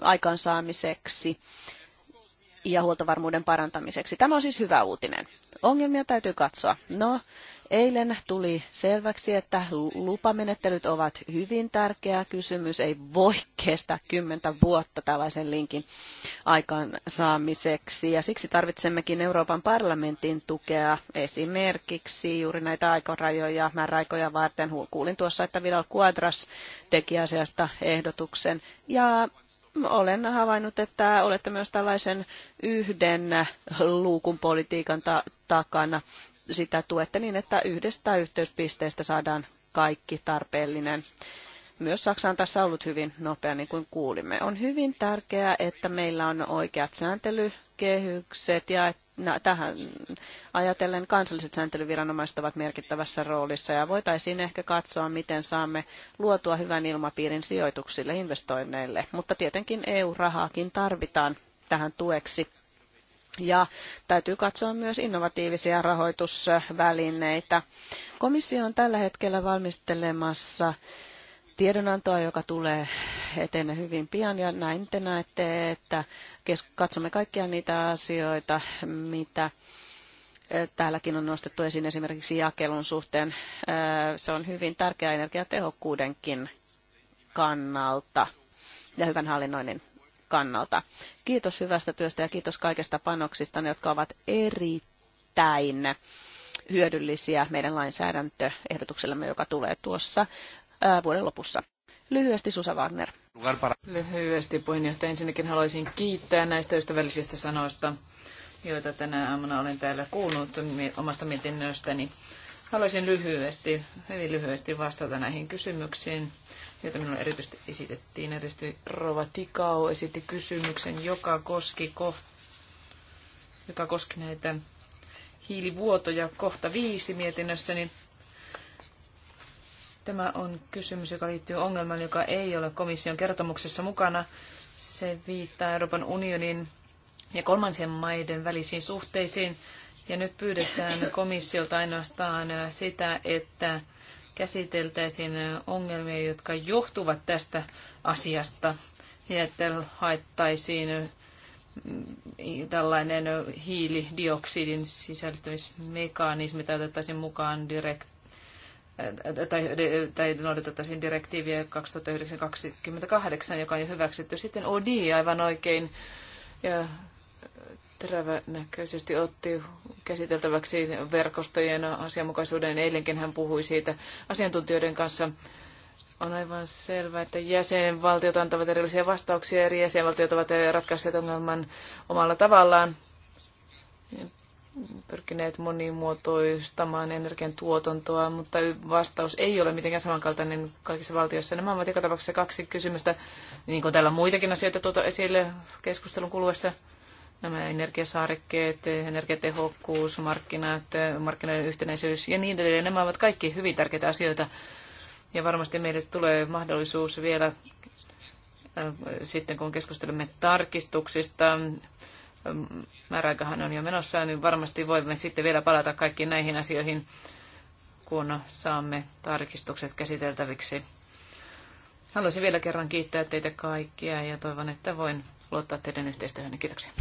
aikaansaamiseksi ja huoltovarmuuden parantamiseksi. Tämä on siis hyvä uutinen. Ongelmia täytyy katsoa. No, eilen tuli selväksi, että lupamenettelyt ovat hyvin tärkeä kysymys. Ei voi kestää kymmentä vuotta tällaisen linkin aikaansaamiseksi. Ja siksi tarvitsemmekin Euroopan parlamentin tukea esimerkiksi juuri näitä aikarajoja, määräaikoja varten. Kuulin tuossa, että Vidal Quadras teki asiasta ehdotuksen. Ja olen havainnut, että olette myös tällaisen yhden luukun politiikan ta- takana. Sitä tuette niin, että yhdestä yhteyspisteestä saadaan kaikki tarpeellinen. Myös Saksa on tässä ollut hyvin nopea, niin kuin kuulimme. On hyvin tärkeää, että meillä on oikeat sääntelykehykset ja että no, tähän ajatellen kansalliset sääntelyviranomaiset ovat merkittävässä roolissa ja voitaisiin ehkä katsoa, miten saamme luotua hyvän ilmapiirin sijoituksille, investoinneille. Mutta tietenkin EU-rahaakin tarvitaan tähän tueksi. Ja täytyy katsoa myös innovatiivisia rahoitusvälineitä. Komissio on tällä hetkellä valmistelemassa tiedonantoa, joka tulee eteen hyvin pian. Ja näin te näette, että katsomme kaikkia niitä asioita, mitä eh, täälläkin on nostettu esiin esimerkiksi jakelun suhteen. Eh, se on hyvin tärkeä energiatehokkuudenkin kannalta ja hyvän hallinnoinnin kannalta. Kiitos hyvästä työstä ja kiitos kaikesta panoksista, jotka ovat erittäin hyödyllisiä meidän lainsäädäntöehdotuksellemme, joka tulee tuossa vuoden lopussa. Lyhyesti Susa Wagner. Lyhyesti puheenjohtaja. Ensinnäkin haluaisin kiittää näistä ystävällisistä sanoista, joita tänä aamuna olen täällä kuullut omasta mietinnöstäni. Haluaisin lyhyesti, hyvin lyhyesti vastata näihin kysymyksiin, joita minulle erityisesti esitettiin. Erityisesti Rova Tikau esitti kysymyksen, joka koski, ko, joka koski näitä hiilivuotoja kohta viisi mietinnössäni. Niin Tämä on kysymys, joka liittyy ongelmaan, joka ei ole komission kertomuksessa mukana. Se viittaa Euroopan unionin ja kolmansien maiden välisiin suhteisiin. Ja nyt pyydetään komissiolta ainoastaan sitä, että käsiteltäisiin ongelmia, jotka johtuvat tästä asiasta ja että haettaisiin mm, tällainen hiilidioksidin sisältymismekanismi tai otettaisiin mukaan direkt, tai, tai noudatettaisiin direktiiviä 2009 2028 joka on jo hyväksytty. Sitten ODI aivan oikein ja terävänäköisesti otti käsiteltäväksi verkostojen asianmukaisuuden. Eilenkin hän puhui siitä asiantuntijoiden kanssa. On aivan selvää, että jäsenvaltiot antavat erilaisia vastauksia, eri jäsenvaltiot ovat ratkaisseet ongelman omalla tavallaan pyrkineet monimuotoistamaan energian tuotantoa, mutta vastaus ei ole mitenkään samankaltainen kaikissa valtioissa. Nämä ovat joka tapauksessa kaksi kysymystä, niin kuin täällä muitakin asioita tuota esille keskustelun kuluessa. Nämä energiasaarekkeet, energiatehokkuus, markkinat, markkinoiden yhtenäisyys ja niin edelleen. Nämä ovat kaikki hyvin tärkeitä asioita. Ja varmasti meille tulee mahdollisuus vielä äh, sitten kun keskustelemme tarkistuksista määräaikahan on jo menossa, niin varmasti voimme sitten vielä palata kaikkiin näihin asioihin, kun saamme tarkistukset käsiteltäviksi. Haluaisin vielä kerran kiittää teitä kaikkia ja toivon, että voin luottaa teidän yhteistyöhön Kiitoksia.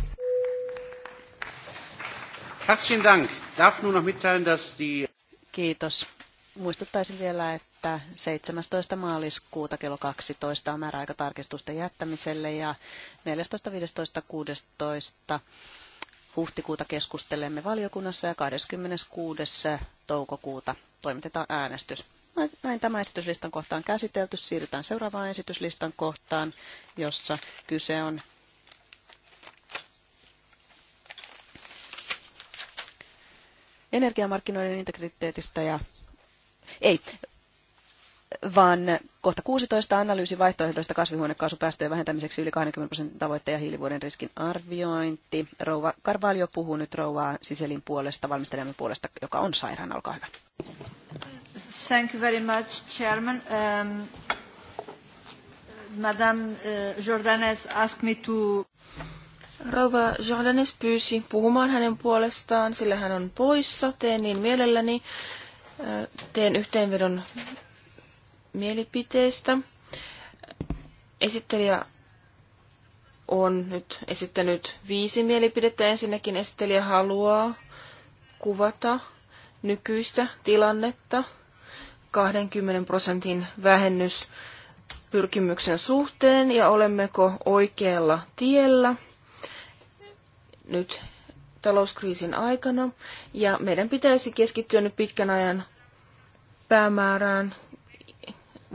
Kiitos. Muistuttaisin vielä, että että 17. maaliskuuta kello 12 on määräaika tarkistusten jättämiselle ja 14, 15, 16 huhtikuuta keskustelemme valiokunnassa ja 26. toukokuuta toimitetaan äänestys. Näin tämä esityslistan kohta on käsitelty. Siirrytään seuraavaan esityslistan kohtaan, jossa kyse on energiamarkkinoiden integriteetistä ja ei, vaan kohta 16 analyysi vaihtoehdoista kasvihuonekaasupäästöjen vähentämiseksi yli 20 prosentin tavoitteen ja hiilivuoden riskin arviointi. Rouva Karvalio puhuu nyt rouvaa Siselin puolesta, valmistelijamme puolesta, joka on sairaan Olkaa hyvä. Thank you very much, Chairman. Um, Madame uh, Jordanes asked me to... Rouva Jordanes pyysi puhumaan hänen puolestaan, sillä hän on poissa. Teen niin mielelläni. Uh, teen yhteenvedon mielipiteestä. Esittelijä on nyt esittänyt viisi mielipidettä. Ensinnäkin esittelijä haluaa kuvata nykyistä tilannetta 20 prosentin vähennys pyrkimyksen suhteen ja olemmeko oikealla tiellä nyt talouskriisin aikana. Ja meidän pitäisi keskittyä nyt pitkän ajan päämäärään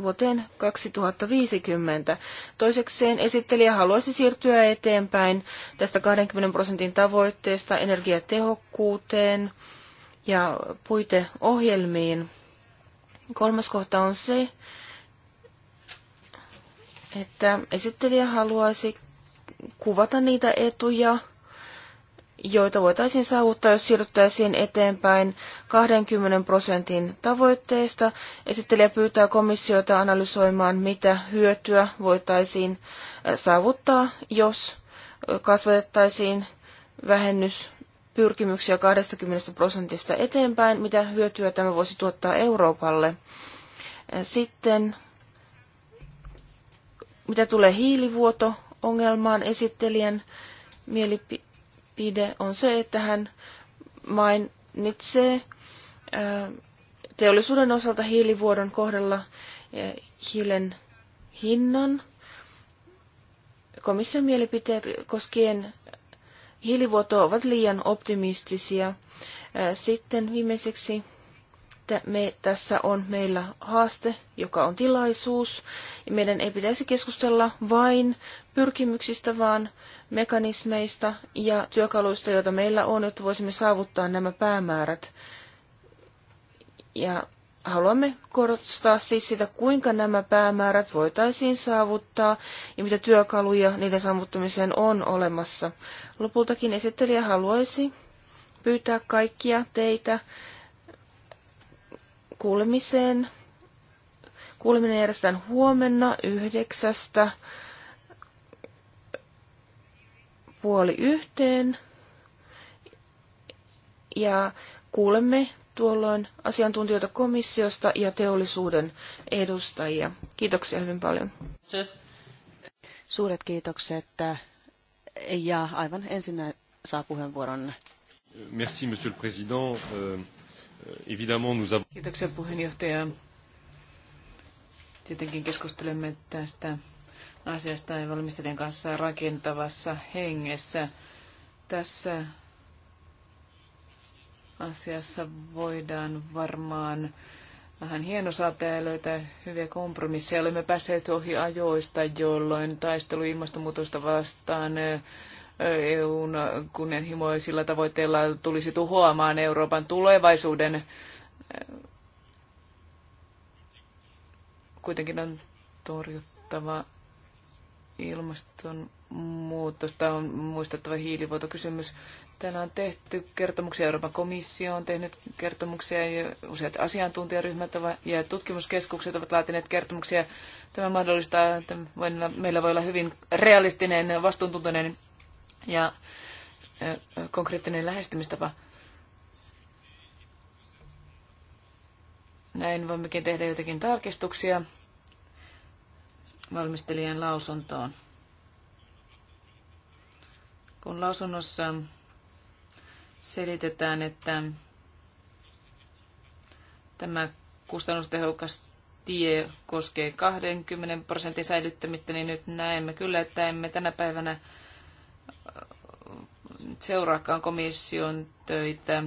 vuoteen 2050. Toisekseen esittelijä haluaisi siirtyä eteenpäin tästä 20 prosentin tavoitteesta energiatehokkuuteen ja puiteohjelmiin. Kolmas kohta on se, että esittelijä haluaisi kuvata niitä etuja, joita voitaisiin saavuttaa, jos siirryttäisiin eteenpäin 20 prosentin tavoitteesta. Esittelijä pyytää komissiota analysoimaan, mitä hyötyä voitaisiin äh, saavuttaa, jos äh, kasvatettaisiin vähennyspyrkimyksiä 20 prosentista eteenpäin, mitä hyötyä tämä voisi tuottaa Euroopalle. Äh, sitten mitä tulee hiilivuoto-ongelmaan esittelijän mielipiteeseen, mielipide on se, että hän mainitsee teollisuuden osalta hiilivuodon kohdalla hiilen hinnan. Komission mielipiteet koskien hiilivuotoa ovat liian optimistisia. Sitten viimeiseksi me, tässä on meillä haaste, joka on tilaisuus. Ja meidän ei pitäisi keskustella vain pyrkimyksistä, vaan mekanismeista ja työkaluista, joita meillä on, jotta voisimme saavuttaa nämä päämäärät. Ja haluamme korostaa siis sitä, kuinka nämä päämäärät voitaisiin saavuttaa ja mitä työkaluja niiden saavuttamiseen on olemassa. Lopultakin esittelijä haluaisi pyytää kaikkia teitä kuulemiseen. Kuuleminen järjestetään huomenna yhdeksästä puoli yhteen ja kuulemme tuolloin asiantuntijoita komissiosta ja teollisuuden edustajia. Kiitoksia hyvin paljon. Suuret kiitokset ja aivan ensin saa puheenvuoron. Merci, monsieur le président. Euh, évidemment, nous avons... Kiitoksia puheenjohtaja. Tietenkin keskustelemme tästä asiasta valmistelijan kanssa rakentavassa hengessä. Tässä asiassa voidaan varmaan vähän hienosatea ja löytää hyviä kompromisseja. Olemme päässeet ohi ajoista, jolloin taistelu ilmastonmuutosta vastaan EUn kunnianhimoisilla tavoitteilla tulisi tuhoamaan Euroopan tulevaisuuden. Kuitenkin on torjuttava ilmastonmuutosta on muistettava hiilivuotokysymys. Täällä on tehty kertomuksia, Euroopan komissio on tehnyt kertomuksia ja useat asiantuntijaryhmät ovat ja tutkimuskeskukset ovat laatineet kertomuksia. Tämä mahdollistaa, että meillä voi olla hyvin realistinen, vastuuntuntoinen ja konkreettinen lähestymistapa. Näin voimmekin tehdä jotakin tarkistuksia valmistelijan lausuntoon. Kun lausunnossa selitetään, että tämä kustannustehokas tie koskee 20 prosentin säilyttämistä, niin nyt näemme kyllä, että emme tänä päivänä äh, seuraakaan komission töitä.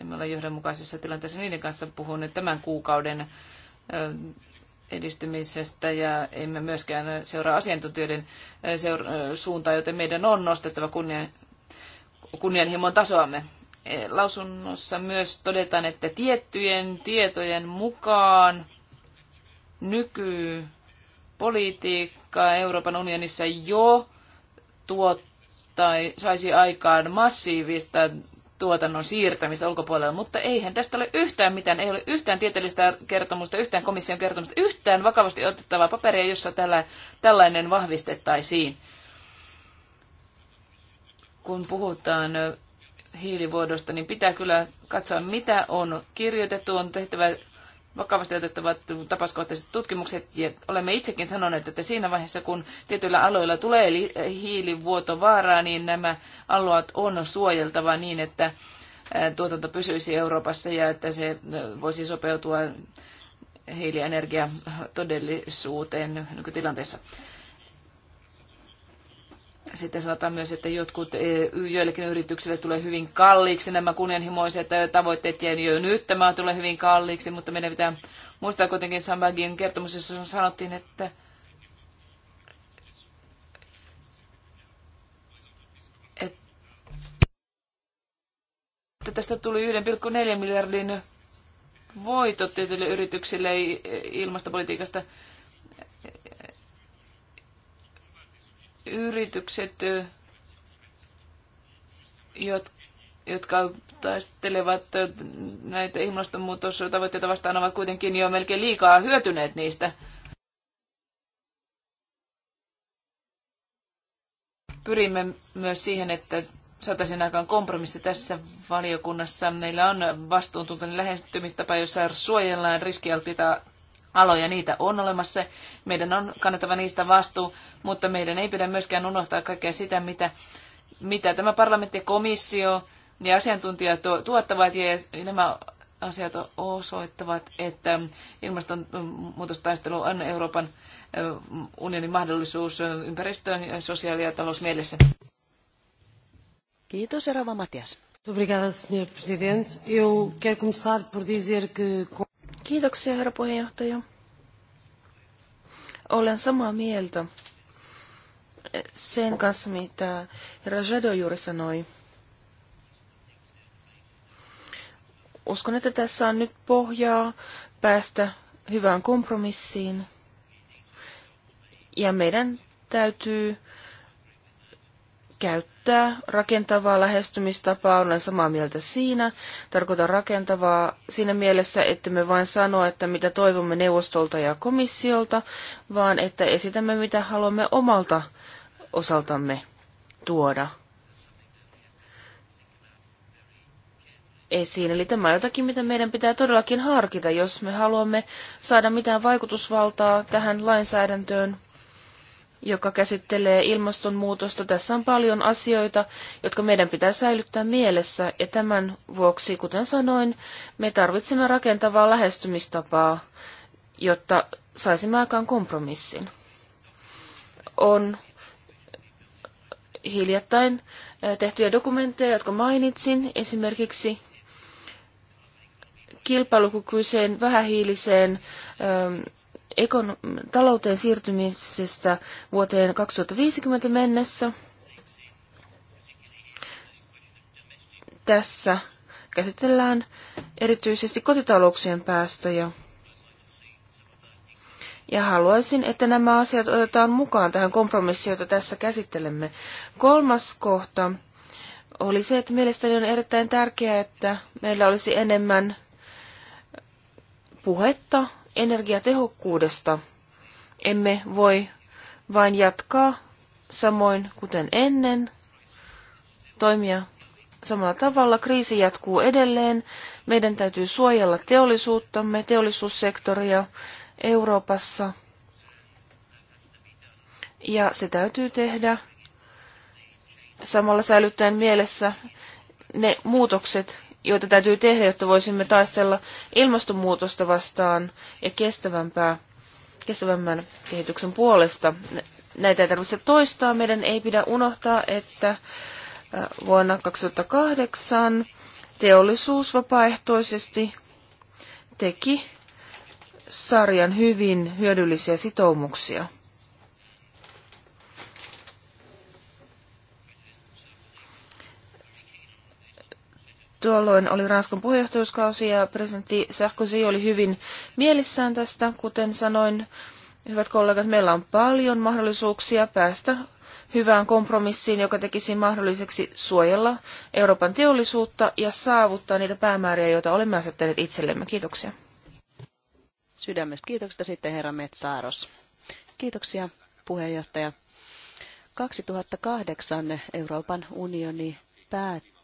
Emme ole johdonmukaisessa tilanteessa niiden kanssa puhunut tämän kuukauden äh, edistymisestä ja emme myöskään seuraa asiantuntijoiden seura- suuntaa, joten meidän on nostettava kunnian, kunnianhimon tasoamme. E, lausunnossa myös todetaan, että tiettyjen tietojen mukaan nykypolitiikka Euroopan unionissa jo tuottaa, saisi aikaan massiivista tuotannon siirtämistä ulkopuolelle, mutta eihän tästä ole yhtään mitään, ei ole yhtään tieteellistä kertomusta, yhtään komission kertomusta, yhtään vakavasti otettavaa paperia, jossa tällä, tällainen vahvistettaisiin. Kun puhutaan hiilivuodosta, niin pitää kyllä katsoa, mitä on kirjoitettu, on tehtävä vakavasti otettavat tapauskohtaiset tutkimukset, ja olemme itsekin sanoneet, että siinä vaiheessa, kun tietyillä aloilla tulee hiilivuotovaaraa, niin nämä alueet on suojeltava niin, että tuotanto pysyisi Euroopassa ja että se voisi sopeutua hiilienergia todellisuuteen nykytilanteessa. Niin sitten sanotaan myös, että jotkut, e, joillekin yrityksille tulee hyvin kalliiksi nämä kunnianhimoiset e, tavoitteet, ja jo nyt tämä tulee hyvin kalliiksi, mutta meidän pitää muistaa kuitenkin Sambagin kertomuksessa sanottiin, että että tästä tuli 1,4 miljardin voitot tietyille yrityksille ilmastopolitiikasta. yritykset, jotka taistelevat näitä ilmastonmuutostavoitteita vastaan, ovat kuitenkin jo melkein liikaa hyötyneet niistä. Pyrimme myös siihen, että saataisiin aikaan kompromissi tässä valiokunnassa. Meillä on vastuuntuntoinen lähestymistapa, jossa suojellaan riskialttiita aloja, niitä on olemassa. Meidän on kannettava niistä vastuu, mutta meidän ei pidä myöskään unohtaa kaikkea sitä, mitä, mitä tämä parlamentti, komissio ja asiantuntijat tuottavat ja nämä asiat osoittavat, että ilmastonmuutostaistelu mm, on Euroopan mm, unionin mahdollisuus mm, ympäristöön ja sosiaali- ja talousmielessä. Kiitos, Rova Matias. Obrigada, Presidente. Eu quero começar por dizer que... Kiitoksia, herra puheenjohtaja. Olen samaa mieltä sen kanssa, mitä herra Jado juuri sanoi. Uskon, että tässä on nyt pohjaa päästä hyvään kompromissiin. Ja meidän täytyy käyttää rakentavaa lähestymistapaa. Olen samaa mieltä siinä. Tarkoitan rakentavaa siinä mielessä, että me vain sanoa, että mitä toivomme neuvostolta ja komissiolta, vaan että esitämme, mitä haluamme omalta osaltamme tuoda esiin. Eli tämä on jotakin, mitä meidän pitää todellakin harkita, jos me haluamme saada mitään vaikutusvaltaa tähän lainsäädäntöön joka käsittelee ilmastonmuutosta. Tässä on paljon asioita, jotka meidän pitää säilyttää mielessä, ja tämän vuoksi, kuten sanoin, me tarvitsemme rakentavaa lähestymistapaa, jotta saisimme aikaan kompromissin. On hiljattain tehtyjä dokumentteja, jotka mainitsin, esimerkiksi kilpailukykyiseen vähähiiliseen ekon- talouteen siirtymisestä vuoteen 2050 mennessä. Tässä käsitellään erityisesti kotitalouksien päästöjä. Ja haluaisin, että nämä asiat otetaan mukaan tähän kompromissiin, jota tässä käsittelemme. Kolmas kohta oli se, että mielestäni on erittäin tärkeää, että meillä olisi enemmän puhetta energiatehokkuudesta. Emme voi vain jatkaa samoin kuten ennen, toimia samalla tavalla. Kriisi jatkuu edelleen. Meidän täytyy suojella teollisuuttamme, teollisuussektoria Euroopassa. Ja se täytyy tehdä samalla säilyttäen mielessä ne muutokset, joita täytyy tehdä, jotta voisimme taistella ilmastonmuutosta vastaan ja kestävämpää, kestävämmän kehityksen puolesta. Näitä ei tarvitse toistaa. Meidän ei pidä unohtaa, että vuonna 2008 teollisuus vapaaehtoisesti teki sarjan hyvin hyödyllisiä sitoumuksia. Tuolloin oli Ranskan puheenjohtajuuskausi ja presidentti Sarkozy oli hyvin mielissään tästä. Kuten sanoin, hyvät kollegat, meillä on paljon mahdollisuuksia päästä hyvään kompromissiin, joka tekisi mahdolliseksi suojella Euroopan teollisuutta ja saavuttaa niitä päämääriä, joita olemme asettaneet itsellemme. Kiitoksia. Sydämestä kiitoksia sitten herra Metsaaros. Kiitoksia puheenjohtaja. 2008 Euroopan unioni päätti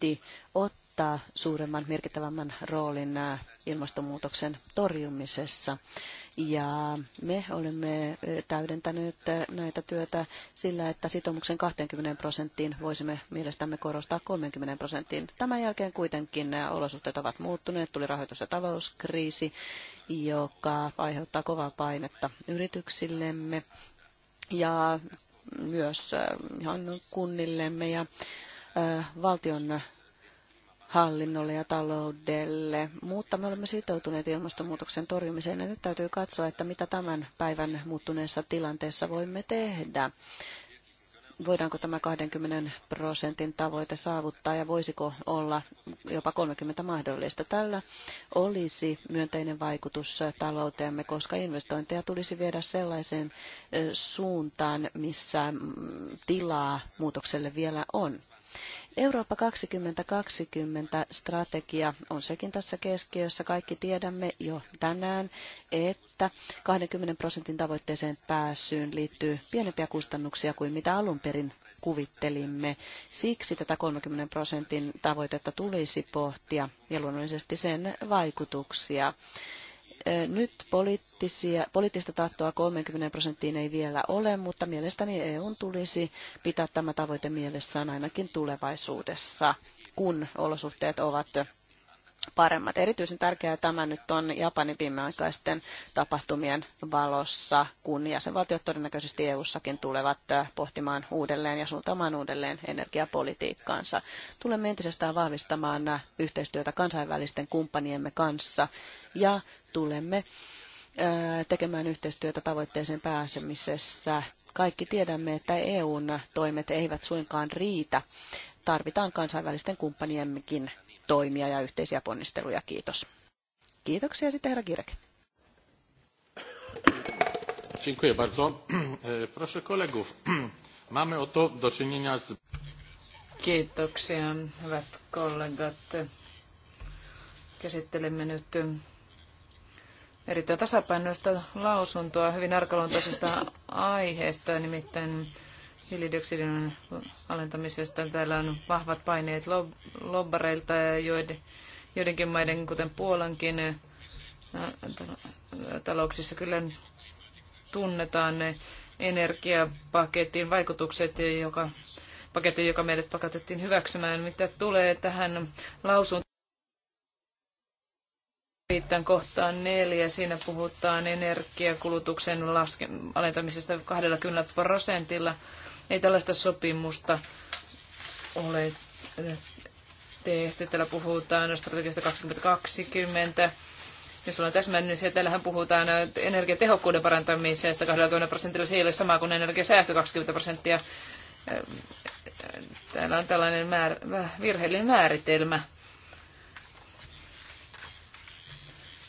parlamentti ottaa suuremman, merkittävämmän roolin äh, ilmastonmuutoksen torjumisessa. Ja me olemme äh, täydentäneet äh, näitä työtä sillä, että sitoumuksen 20 prosenttiin voisimme mielestämme korostaa 30 prosenttiin. Tämän jälkeen kuitenkin nämä olosuhteet ovat muuttuneet. Tuli rahoitus- ja talouskriisi, joka aiheuttaa kovaa painetta yrityksillemme ja myös ihan kunnillemme ja valtion hallinnolle ja taloudelle, mutta me olemme sitoutuneet ilmastonmuutoksen torjumiseen ja nyt täytyy katsoa, että mitä tämän päivän muuttuneessa tilanteessa voimme tehdä. Voidaanko tämä 20 prosentin tavoite saavuttaa ja voisiko olla jopa 30 mahdollista? Tällä olisi myönteinen vaikutus talouteemme, koska investointeja tulisi viedä sellaiseen suuntaan, missä mm, tilaa muutokselle vielä on. Eurooppa 2020 strategia on sekin tässä keskiössä. Kaikki tiedämme jo tänään, että 20 prosentin tavoitteeseen pääsyyn liittyy pienempiä kustannuksia kuin mitä alun perin kuvittelimme. Siksi tätä 30 prosentin tavoitetta tulisi pohtia ja luonnollisesti sen vaikutuksia. Nyt poliittisia, poliittista tahtoa 30 prosenttiin ei vielä ole, mutta mielestäni EUn tulisi pitää tämä tavoite mielessään ainakin tulevaisuudessa, kun olosuhteet ovat paremmat. Erityisen tärkeää tämä nyt on Japanin viimeaikaisten tapahtumien valossa, kun jäsenvaltiot todennäköisesti EU-sakin tulevat äh, pohtimaan uudelleen ja suuntaamaan uudelleen energiapolitiikkaansa. Tulemme entisestään vahvistamaan äh, yhteistyötä kansainvälisten kumppaniemme kanssa ja tulemme äh, tekemään yhteistyötä tavoitteeseen pääsemisessä. Kaikki tiedämme, että EUn toimet eivät suinkaan riitä. Tarvitaan kansainvälisten kumppaniemmekin toimia ja yhteisiä ponnisteluja. Kiitos. Kiitoksia sitten herra Kirke. Dziękuję bardzo. E, proszę kolegów, mamy oto do czynienia z... Kiitoksia, hyvät kollegat. Käsittelemme nyt erittäin tasapainoista lausuntoa hyvin arkaluontoisesta aiheesta, nimittäin hiilidioksidin alentamisesta. Täällä on vahvat paineet lobbareilta ja joiden, joidenkin maiden, kuten Puolankin, talouksissa kyllä tunnetaan ne energiapaketin vaikutukset, joka, paketin, joka meidät pakotettiin hyväksymään. Mitä tulee tähän lausuntoon, viittaan kohtaan neljä. Siinä puhutaan energiakulutuksen laske- alentamisesta 20 prosentilla. Ei tällaista sopimusta ole tehty. Täällä puhutaan strategiasta 2020. Jos ollaan niin täällähän puhutaan energiatehokkuuden parantamisesta 20 prosentilla. Se ei ole sama kuin energiasäästö 20 prosenttia. Täällä on tällainen määr, virheellinen määritelmä.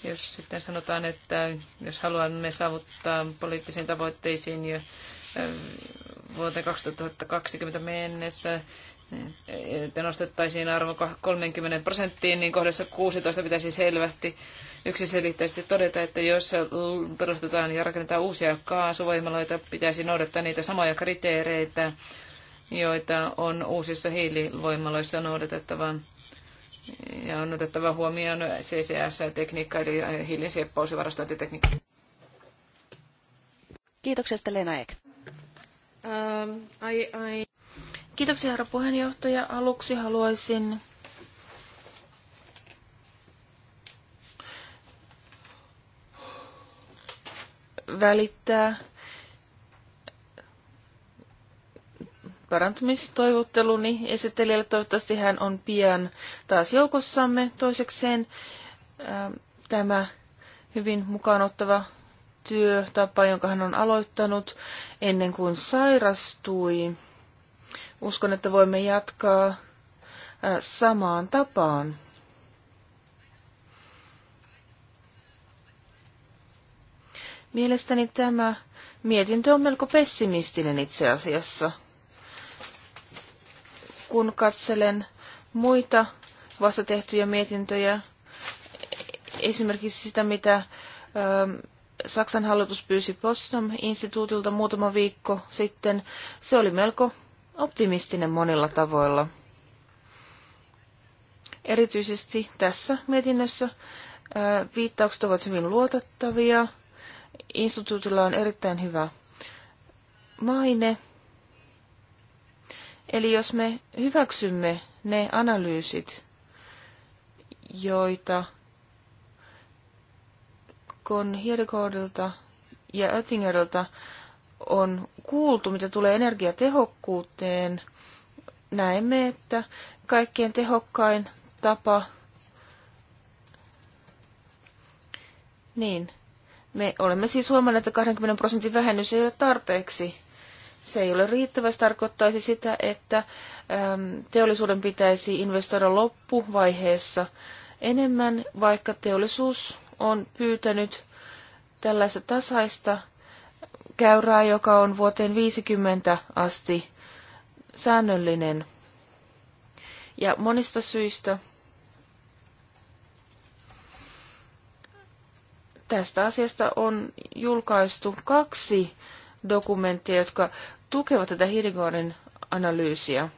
Jos sitten sanotaan, että jos haluamme saavuttaa poliittisiin tavoitteisiin jo vuoteen 2020 mennessä että nostettaisiin arvo 30 prosenttiin, niin kohdassa 16 pitäisi selvästi yksiselitteisesti todeta, että jos perustetaan ja rakennetaan uusia kaasuvoimaloita, pitäisi noudattaa niitä samoja kriteereitä, joita on uusissa hiilivoimaloissa noudatettava. Ja on otettava huomioon CCS-tekniikka, eli hiilin sieppaus- ja varastointitekniikka. Kiitoksesta Lena Ek. Um, I, I... Kiitoksia herra puheenjohtaja. Aluksi haluaisin välittää parantumistoivotteluni esittelijälle. Toivottavasti hän on pian taas joukossamme. Toisekseen tämä hyvin mukaanottava työtapa, jonka hän on aloittanut ennen kuin sairastui. Uskon, että voimme jatkaa äh, samaan tapaan. Mielestäni tämä mietintö on melko pessimistinen itse asiassa. Kun katselen muita vasta tehtyjä mietintöjä, esimerkiksi sitä, mitä ähm, Saksan hallitus pyysi Potsdam-instituutilta muutama viikko sitten. Se oli melko optimistinen monilla tavoilla. Erityisesti tässä mietinnössä viittaukset ovat hyvin luotettavia. Instituutilla on erittäin hyvä maine. Eli jos me hyväksymme ne analyysit, joita kun Hiedekordilta ja Oettingerilta on kuultu, mitä tulee energiatehokkuuteen, näemme, että kaikkein tehokkain tapa, niin, me olemme siis huomanneet, että 20 prosentin vähennys ei ole tarpeeksi. Se ei ole riittävä, se tarkoittaisi sitä, että äm, teollisuuden pitäisi investoida loppuvaiheessa enemmän, vaikka teollisuus on pyytänyt tällaista tasaista käyrää, joka on vuoteen 50 asti säännöllinen. Ja monista syistä tästä asiasta on julkaistu kaksi dokumenttia, jotka tukevat tätä Hidegaardin analyysiä.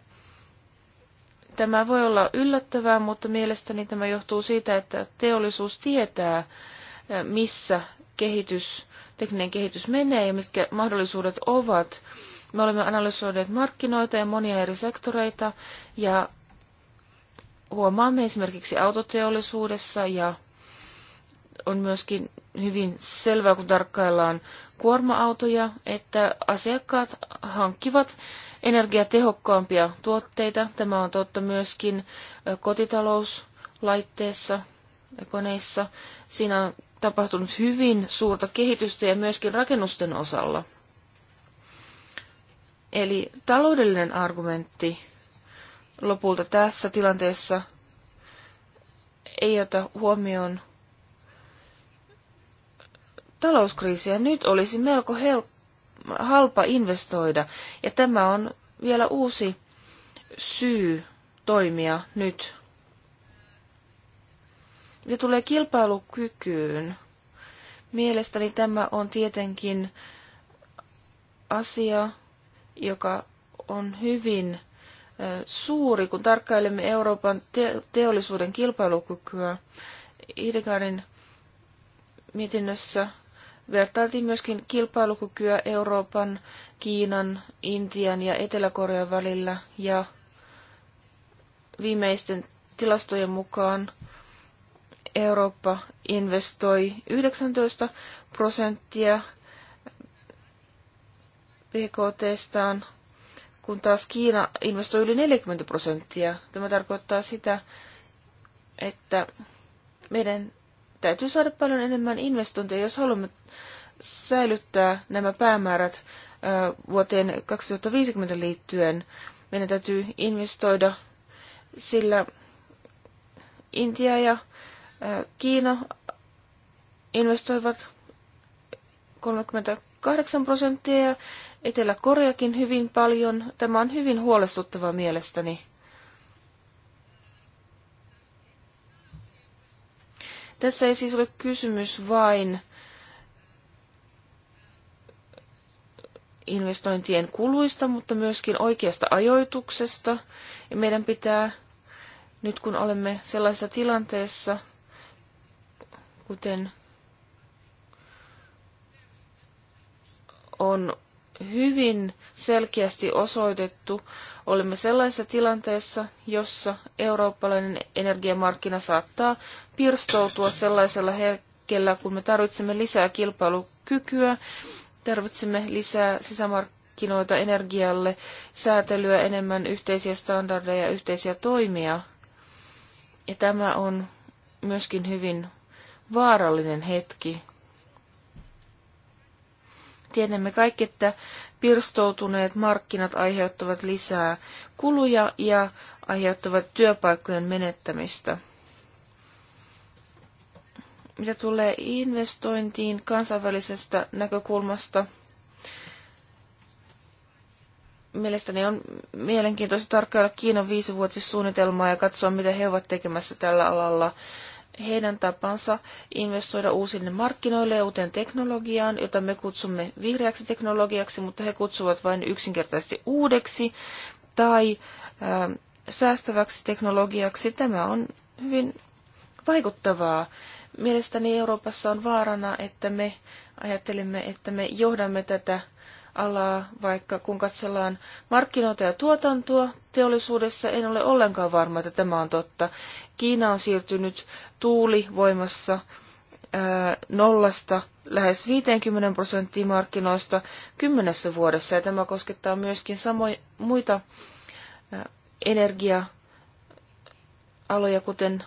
Tämä voi olla yllättävää, mutta mielestäni tämä johtuu siitä, että teollisuus tietää, missä kehitys, tekninen kehitys menee ja mitkä mahdollisuudet ovat. Me olemme analysoineet markkinoita ja monia eri sektoreita ja huomaamme esimerkiksi autoteollisuudessa ja on myöskin hyvin selvää, kun tarkkaillaan kuorma-autoja, että asiakkaat hankkivat energiatehokkaampia tuotteita. Tämä on totta myöskin kotitalouslaitteissa ja koneissa. Siinä on tapahtunut hyvin suurta kehitystä ja myöskin rakennusten osalla. Eli taloudellinen argumentti lopulta tässä tilanteessa ei ota huomioon talouskriisiä. Nyt olisi melko hel- halpa investoida, ja tämä on vielä uusi syy toimia nyt. Ja tulee kilpailukykyyn. Mielestäni tämä on tietenkin asia, joka on hyvin suuri, kun tarkkailemme Euroopan te- teollisuuden kilpailukykyä. Idegaardin mietinnössä Vertailtiin myöskin kilpailukykyä Euroopan, Kiinan, Intian ja Etelä-Korean välillä ja viimeisten tilastojen mukaan Eurooppa investoi 19 prosenttia BKTstaan, kun taas Kiina investoi yli 40 prosenttia. Tämä tarkoittaa sitä, että meidän täytyy saada paljon enemmän investointeja, jos haluamme säilyttää nämä päämäärät vuoteen 2050 liittyen. Meidän täytyy investoida, sillä Intia ja Kiina investoivat 38 prosenttia ja Etelä-Koreakin hyvin paljon. Tämä on hyvin huolestuttava mielestäni. Tässä ei siis ole kysymys vain investointien kuluista, mutta myöskin oikeasta ajoituksesta. Ja meidän pitää, nyt kun olemme sellaisessa tilanteessa, kuten on hyvin selkeästi osoitettu, olemme sellaisessa tilanteessa, jossa eurooppalainen energiamarkkina saattaa pirstoutua sellaisella hetkellä, kun me tarvitsemme lisää kilpailukykyä Tarvitsemme lisää sisämarkkinoita energialle, säätelyä enemmän, yhteisiä standardeja, yhteisiä toimia. Ja tämä on myöskin hyvin vaarallinen hetki. Tiedämme kaikki, että pirstoutuneet markkinat aiheuttavat lisää kuluja ja aiheuttavat työpaikkojen menettämistä. Mitä tulee investointiin kansainvälisestä näkökulmasta, mielestäni on mielenkiintoista tarkkailla Kiinan viisivuotissuunnitelmaa ja katsoa, mitä he ovat tekemässä tällä alalla. Heidän tapansa investoida uusille markkinoille ja uuteen teknologiaan, jota me kutsumme vihreäksi teknologiaksi, mutta he kutsuvat vain yksinkertaisesti uudeksi tai äh, säästäväksi teknologiaksi. Tämä on hyvin vaikuttavaa. Mielestäni Euroopassa on vaarana, että me ajattelemme, että me johdamme tätä alaa, vaikka kun katsellaan markkinoita ja tuotantoa teollisuudessa, en ole ollenkaan varma, että tämä on totta. Kiina on siirtynyt tuulivoimassa nollasta lähes 50 prosenttia markkinoista kymmenessä vuodessa. Ja tämä koskettaa myöskin samoja muita energia-aloja, kuten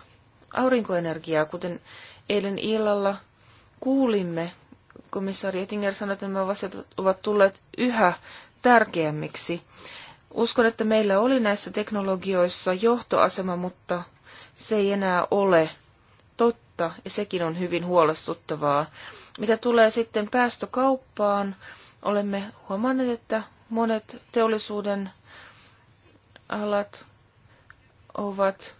aurinkoenergiaa, kuten Eilen illalla kuulimme, komissaari Ettinger sanoi, että nämä asiat ovat tulleet yhä tärkeämmiksi. Uskon, että meillä oli näissä teknologioissa johtoasema, mutta se ei enää ole totta, ja sekin on hyvin huolestuttavaa. Mitä tulee sitten päästökauppaan, olemme huomanneet, että monet teollisuuden alat ovat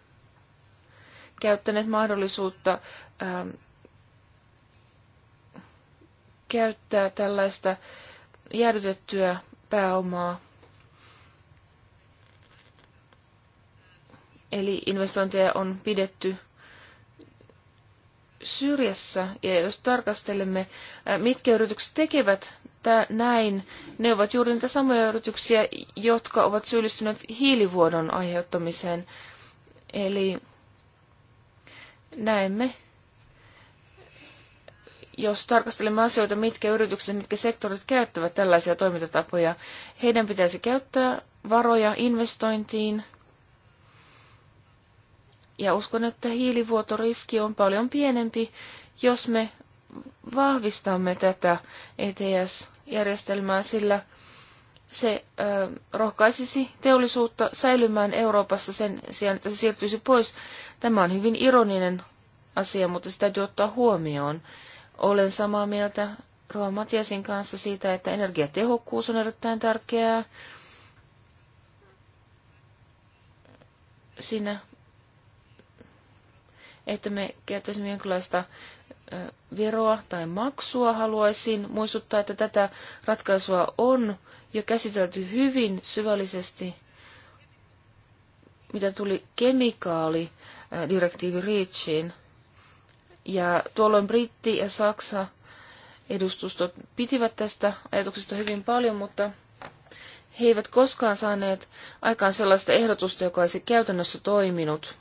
käyttäneet mahdollisuutta Ähm, käyttää tällaista jäädytettyä pääomaa, eli investointeja on pidetty syrjässä. Ja jos tarkastelemme, äh, mitkä yritykset tekevät näin, ne ovat juuri niitä samoja yrityksiä, jotka ovat syyllistyneet hiilivuodon aiheuttamiseen. Eli näemme jos tarkastelemme asioita, mitkä yritykset, mitkä sektorit käyttävät tällaisia toimintatapoja, heidän pitäisi käyttää varoja investointiin. Ja uskon, että hiilivuotoriski on paljon pienempi, jos me vahvistamme tätä ETS-järjestelmää, sillä se ö, rohkaisisi teollisuutta säilymään Euroopassa sen sijaan, että se siirtyisi pois. Tämä on hyvin ironinen asia, mutta se täytyy ottaa huomioon. Olen samaa mieltä Roa Matiasin kanssa siitä, että energiatehokkuus on erittäin tärkeää. Siinä, että me käyttäisimme jonkinlaista veroa tai maksua, haluaisin muistuttaa, että tätä ratkaisua on jo käsitelty hyvin syvällisesti, mitä tuli kemikaali direktiivi REACHiin – ja tuolloin britti ja Saksa edustustot pitivät tästä ajatuksesta hyvin paljon, mutta he eivät koskaan saaneet aikaan sellaista ehdotusta, joka olisi käytännössä toiminut.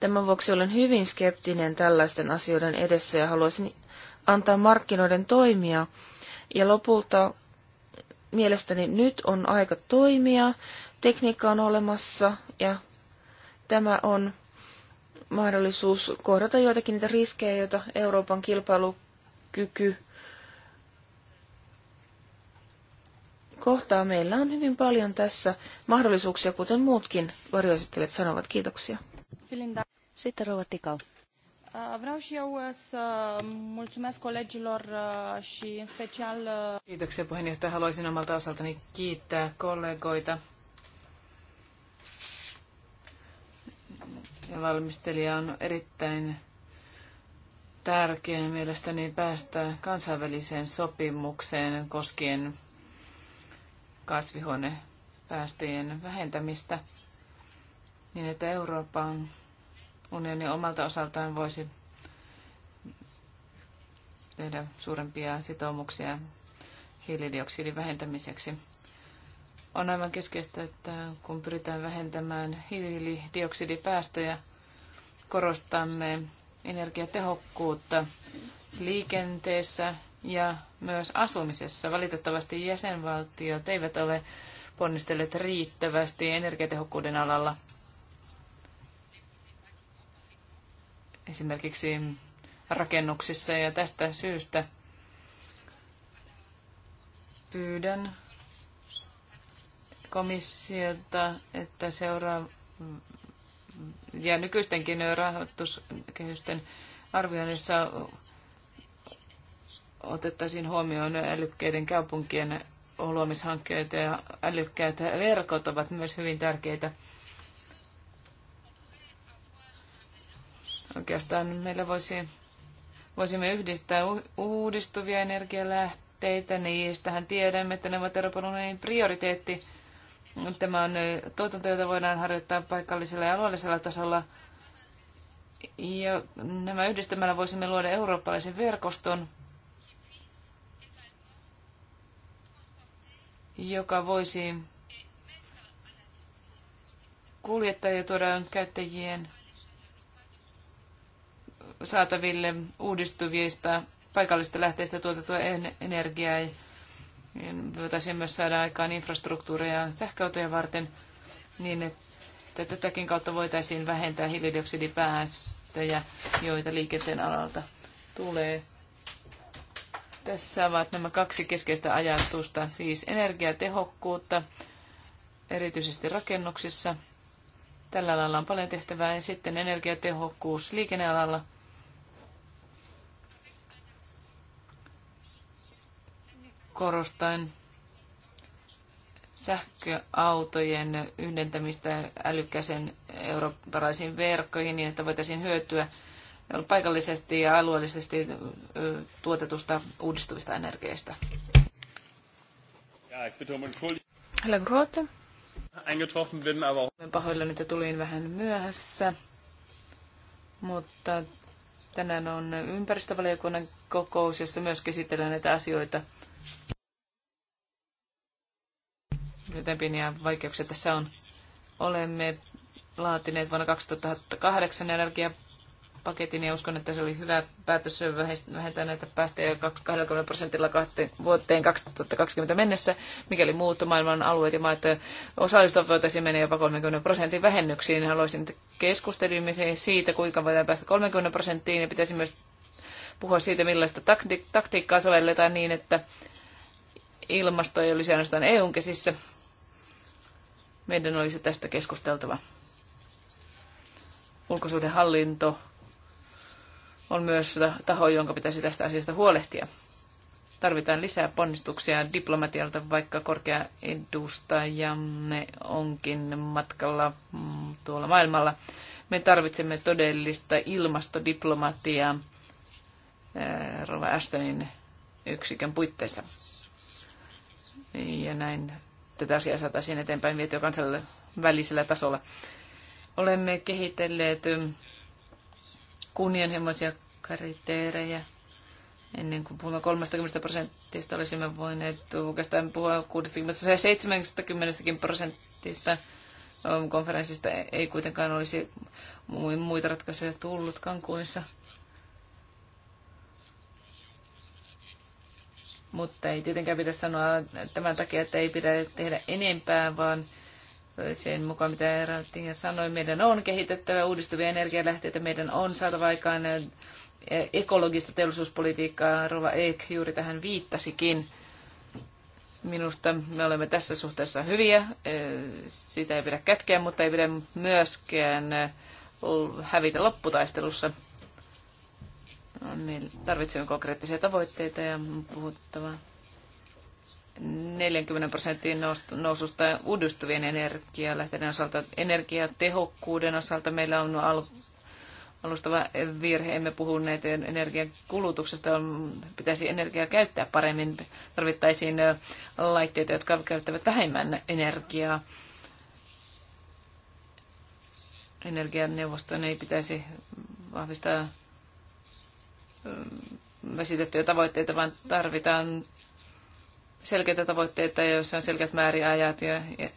Tämän vuoksi olen hyvin skeptinen tällaisten asioiden edessä ja haluaisin antaa markkinoiden toimia. Ja lopulta mielestäni nyt on aika toimia, tekniikka on olemassa ja tämä on mahdollisuus kohdata joitakin niitä riskejä, joita Euroopan kilpailukyky kohtaa. Meillä on hyvin paljon tässä mahdollisuuksia, kuten muutkin varjoesittelijät sanovat. Kiitoksia. Sitten Rova Tikau. Uh, vreau și eu uh, să mulțumesc colegilor uh, și în special... Kiitoksia puheenjohtaja. Haluaisin omalta osaltani kiittää kollegoita ja valmistelija on erittäin tärkeä mielestäni päästä kansainväliseen sopimukseen koskien kasvihuonepäästöjen vähentämistä niin, että Euroopan unioni omalta osaltaan voisi tehdä suurempia sitoumuksia hiilidioksidin vähentämiseksi. On aivan keskeistä, että kun pyritään vähentämään hiilidioksidipäästöjä, korostamme energiatehokkuutta liikenteessä ja myös asumisessa. Valitettavasti jäsenvaltiot eivät ole ponnistelleet riittävästi energiatehokkuuden alalla. Esimerkiksi rakennuksissa ja tästä syystä pyydän Komissiota, että seuraa ja nykyistenkin rahoituskehysten arvioinnissa otettaisiin huomioon älykkäiden kaupunkien luomishankkeita ja älykkäät verkot ovat myös hyvin tärkeitä. Oikeastaan meillä voisi, voisimme yhdistää uudistuvia energialähteitä, niistähän tiedämme, että ne ovat Euroopan unionin prioriteetti Tämä on tuotanto, jota voidaan harjoittaa paikallisella ja alueellisella tasolla. Ja nämä yhdistämällä voisimme luoda eurooppalaisen verkoston, joka voisi kuljettaa ja tuoda käyttäjien saataville uudistuvista paikallista lähteistä tuotettua energiaa niin voitaisiin myös saada aikaan infrastruktuureja sähköautoja varten niin, että tätäkin kautta voitaisiin vähentää hiilidioksidipäästöjä, joita liikenteen alalta tulee. Tässä ovat nämä kaksi keskeistä ajatusta, siis energiatehokkuutta, erityisesti rakennuksissa. Tällä alalla on paljon tehtävää ja sitten energiatehokkuus liikennealalla – korostaen sähköautojen yhdentämistä älykkäisen eurooppalaisiin verkkoihin niin, että voitaisiin hyötyä paikallisesti ja alueellisesti tuotetusta uudistuvista energiasta. Um Helen Grote. Olen pahoillani, että tulin vähän myöhässä, mutta tänään on ympäristövaliokunnan kokous, jossa myös käsitellään näitä asioita – Miten pieniä vaikeuksia tässä on. Olemme laatineet vuonna 2008 energiapaketin ja uskon, että se oli hyvä päätös vähentää näitä päästöjä 20 prosentilla vuoteen 2020 mennessä, mikäli muut maailman alueet ja maat osallistuvat voitaisiin mennä jopa 30 prosentin vähennyksiin. Haluaisin keskustelimiseen siitä, kuinka voidaan päästä 30 prosenttiin ja pitäisi myös puhua siitä, millaista taktiikkaa sovelletaan niin, että ilmasto ei olisi ainoastaan EUn käsissä. Meidän olisi tästä keskusteltava. Ulkosuhdehallinto on myös taho, jonka pitäisi tästä asiasta huolehtia. Tarvitaan lisää ponnistuksia diplomatialta, vaikka korkea edustajamme onkin matkalla mm, tuolla maailmalla. Me tarvitsemme todellista ilmastodiplomatiaa eh, Rova Ashtonin yksikön puitteissa ja näin tätä asiaa saataisiin eteenpäin vietyä kansalle välisellä tasolla. Olemme kehitelleet mm, kunnianhimoisia kriteerejä. Ennen kuin puhumme 30 prosentista, olisimme voineet oikeastaan puhua 60-70 prosentista konferenssista. Ei kuitenkaan olisi muita ratkaisuja tullut Cancunissa mutta ei tietenkään pidä sanoa tämän takia, että ei pidä tehdä enempää, vaan sen mukaan, mitä Rattinger sanoi, meidän on kehitettävä uudistuvia energialähteitä, meidän on saatava aikaan eh, ekologista teollisuuspolitiikkaa, Rova Eek juuri tähän viittasikin. Minusta me olemme tässä suhteessa hyviä, eh, sitä ei pidä kätkeä, mutta ei pidä myöskään eh, hävitä lopputaistelussa on meillä, niin, tarvitsemme konkreettisia tavoitteita ja puhuttava 40 prosentin noususta uudistuvien energialähteiden osalta. Energiatehokkuuden osalta meillä on alustava virhe. Emme puhuneet energian kulutuksesta. Pitäisi energiaa käyttää paremmin. Tarvittaisiin laitteita, jotka käyttävät vähemmän energiaa. Energianeuvoston ei pitäisi vahvistaa vesitettyjä tavoitteita, vaan tarvitaan selkeitä tavoitteita, joissa on selkeät määriajat, ja, ja,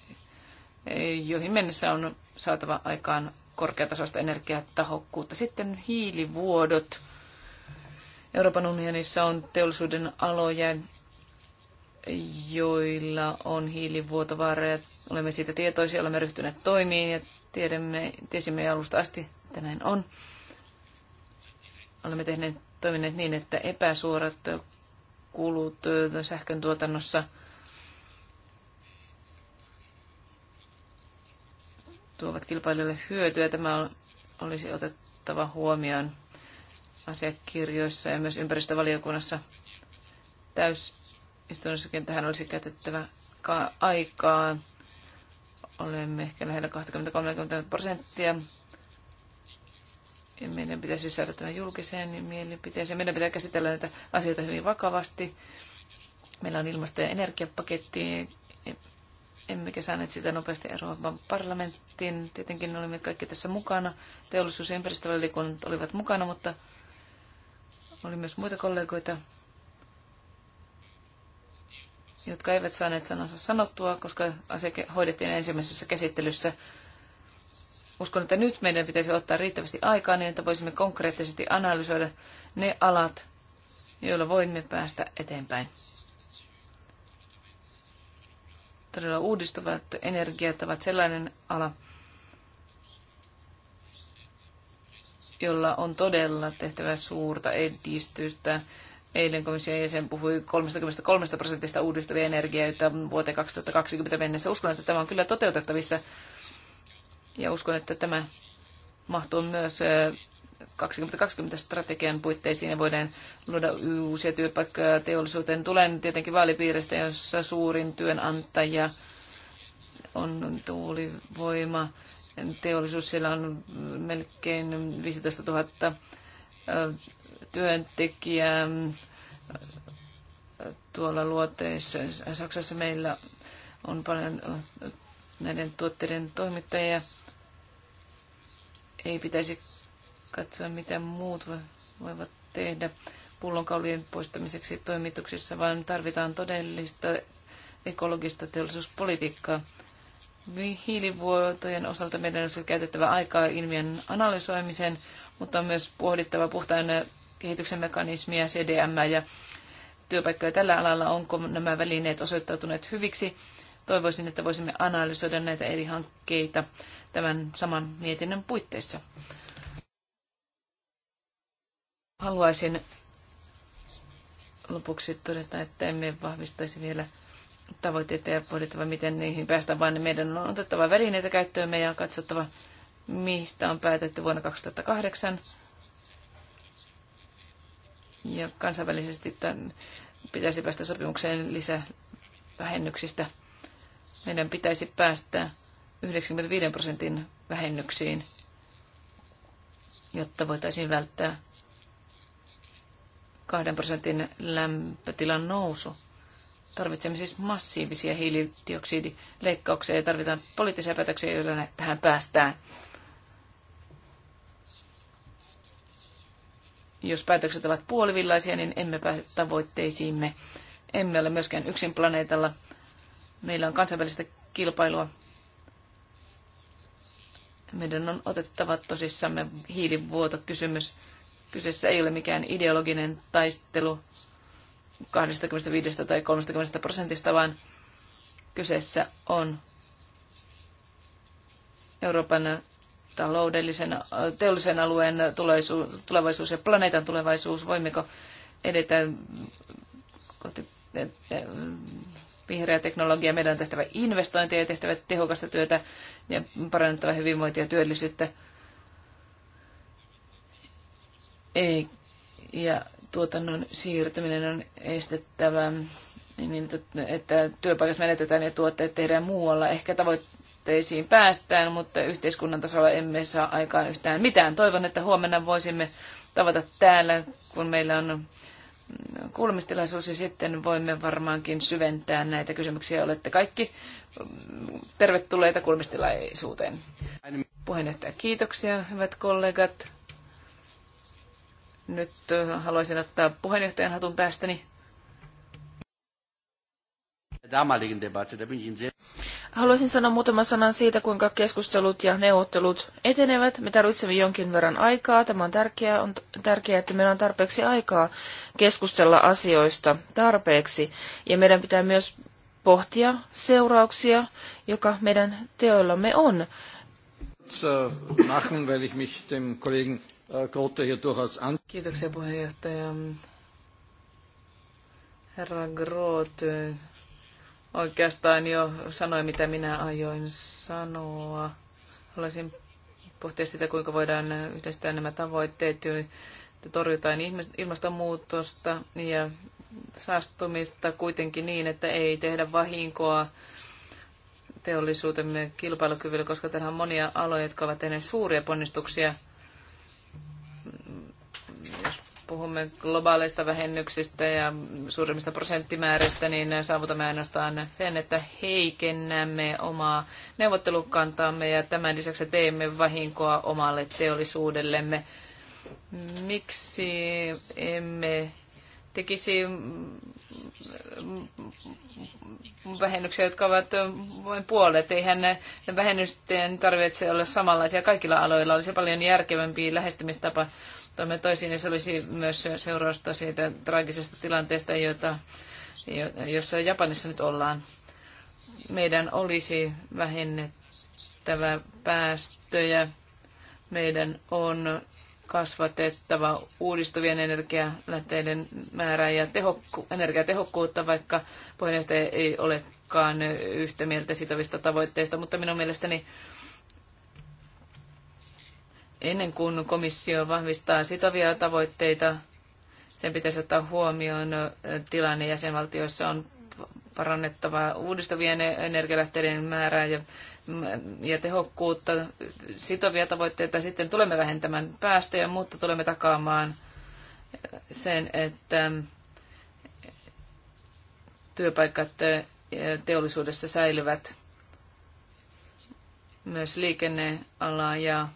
joihin mennessä on saatava aikaan korkeatasoista energiatahokkuutta. Sitten hiilivuodot. Euroopan unionissa on teollisuuden aloja, joilla on hiilivuotovaareja. Olemme siitä tietoisia, olemme ryhtyneet toimiin ja tiedämme, tiesimme alusta asti, että näin on. Olemme tehneet toimineet niin, että epäsuorat kulut sähkön tuotannossa tuovat kilpailijoille hyötyä. Tämä olisi otettava huomioon asiakirjoissa ja myös ympäristövaliokunnassa täysistunnossakin tähän olisi käytettävä aikaa. Olemme ehkä lähellä 20-30 prosenttia ja meidän pitäisi saada tämä julkiseen niin mielipiteeseen. Meidän pitää käsitellä näitä asioita hyvin vakavasti. Meillä on ilmasto- ja energiapaketti, emmekä saaneet sitä nopeasti Euroopan parlamenttiin. Tietenkin olimme kaikki tässä mukana. Teollisuus- ja ympäristövaliokunnat olivat mukana, mutta oli myös muita kollegoita, jotka eivät saaneet sanansa sanottua, koska asia hoidettiin ensimmäisessä käsittelyssä Uskon, että nyt meidän pitäisi ottaa riittävästi aikaa niin, että voisimme konkreettisesti analysoida ne alat, joilla voimme päästä eteenpäin. Todella uudistuvat energiat ovat sellainen ala, jolla on todella tehtävä suurta edistystä. Eilen komission jäsen puhui 33 prosentista uudistuvia energioita vuoteen 2020 mennessä. Uskon, että tämä on kyllä toteutettavissa ja uskon, että tämä mahtuu myös 2020-strategian puitteisiin ja voidaan luoda uusia työpaikkoja teollisuuteen. Tulen tietenkin vaalipiiristä, jossa suurin työnantaja on tuulivoima. Teollisuus siellä on melkein 15 000 työntekijää. Tuolla luoteissa Saksassa meillä on paljon näiden tuotteiden toimittajia. Ei pitäisi katsoa, mitä muut voivat tehdä pullonkaulien poistamiseksi toimituksissa, vaan tarvitaan todellista ekologista teollisuuspolitiikkaa. Hiilivuotojen osalta meidän olisi käytettävä aikaa ilmiön analysoimiseen, mutta on myös pohdittava puhtaan kehityksen mekanismia, CDM ja työpaikkoja tällä alalla. Onko nämä välineet osoittautuneet hyviksi? Toivoisin, että voisimme analysoida näitä eri hankkeita tämän saman mietinnön puitteissa. Haluaisin lopuksi todeta, että emme vahvistaisi vielä tavoitteita ja pohdittava, miten niihin päästään, vaan meidän on otettava välineitä käyttöön ja katsottava, mistä on päätetty vuonna 2008. Ja kansainvälisesti tämän pitäisi päästä sopimukseen lisävähennyksistä. Meidän pitäisi päästä 95 prosentin vähennyksiin, jotta voitaisiin välttää 2 prosentin lämpötilan nousu. Tarvitsemme siis massiivisia hiilidioksidileikkauksia ja tarvitaan poliittisia päätöksiä, joilla tähän päästään. Jos päätökset ovat puolivillaisia, niin emme pääse tavoitteisiimme. Emme ole myöskään yksin planeetalla – meillä on kansainvälistä kilpailua. Meidän on otettava tosissamme hiilivuotokysymys. Kyseessä ei ole mikään ideologinen taistelu 25 tai 30 prosentista, vaan kyseessä on Euroopan taloudellisen, teollisen alueen tulevaisuus ja planeetan tulevaisuus. Voimmeko edetä kohti vihreä teknologia. Meidän on tehtävä investointeja ja tehtävä tehokasta työtä ja parannettava hyvinvointia ja työllisyyttä. Ei, ja tuotannon siirtyminen on estettävä niin, että työpaikat menetetään ja tuotteet tehdään muualla. Ehkä tavoitteisiin päästään, mutta yhteiskunnan tasolla emme saa aikaan yhtään mitään. Toivon, että huomenna voisimme tavata täällä, kun meillä on kuulemistilaisuus ja sitten voimme varmaankin syventää näitä kysymyksiä. Olette kaikki tervetulleita kuulemistilaisuuteen. Puheenjohtaja, kiitoksia hyvät kollegat. Nyt haluaisin ottaa puheenjohtajan hatun päästäni. Haluaisin sanoa muutaman sanan siitä, kuinka keskustelut ja neuvottelut etenevät. Me tarvitsemme jonkin verran aikaa. Tämä on tärkeää, on tärkeää, että meillä on tarpeeksi aikaa keskustella asioista tarpeeksi. Ja meidän pitää myös pohtia seurauksia, joka meidän teoillamme on. Äh, Kiitoksia puheenjohtaja. Herra Groth oikeastaan jo sanoi, mitä minä aioin sanoa. Haluaisin pohtia sitä, kuinka voidaan yhdistää nämä tavoitteet, joita torjutaan ilmastonmuutosta ja saastumista kuitenkin niin, että ei tehdä vahinkoa teollisuutemme kilpailukyvylle, koska täällä on monia aloja, jotka ovat tehneet suuria ponnistuksia. Jos puhumme globaaleista vähennyksistä ja suurimmista prosenttimääristä, niin saavutamme ainoastaan sen, että heikennämme omaa neuvottelukantaamme ja tämän lisäksi teemme vahinkoa omalle teollisuudellemme. Miksi emme tekisi mm, vähennyksiä, jotka ovat mm, vain puolet. Eihän vähennysten tarvitse olla samanlaisia kaikilla aloilla. Olisi paljon järkevämpi lähestymistapa toimia toisiin, se olisi myös seurausta siitä traagisesta tilanteesta, jota, jossa Japanissa nyt ollaan. Meidän olisi vähennettävä päästöjä. Meidän on kasvatettava uudistuvien energialähteiden määrää ja tehokku- energiatehokkuutta, vaikka puheenjohtaja ei olekaan yhtä mieltä sitovista tavoitteista, mutta minun mielestäni ennen kuin komissio vahvistaa sitovia tavoitteita, sen pitäisi ottaa huomioon tilanne jäsenvaltioissa on parannettava uudistuvien energialähteiden määrää ja ja tehokkuutta, sitovia tavoitteita. Sitten tulemme vähentämään päästöjä, mutta tulemme takaamaan sen, että työpaikat teollisuudessa säilyvät myös liikenneala ja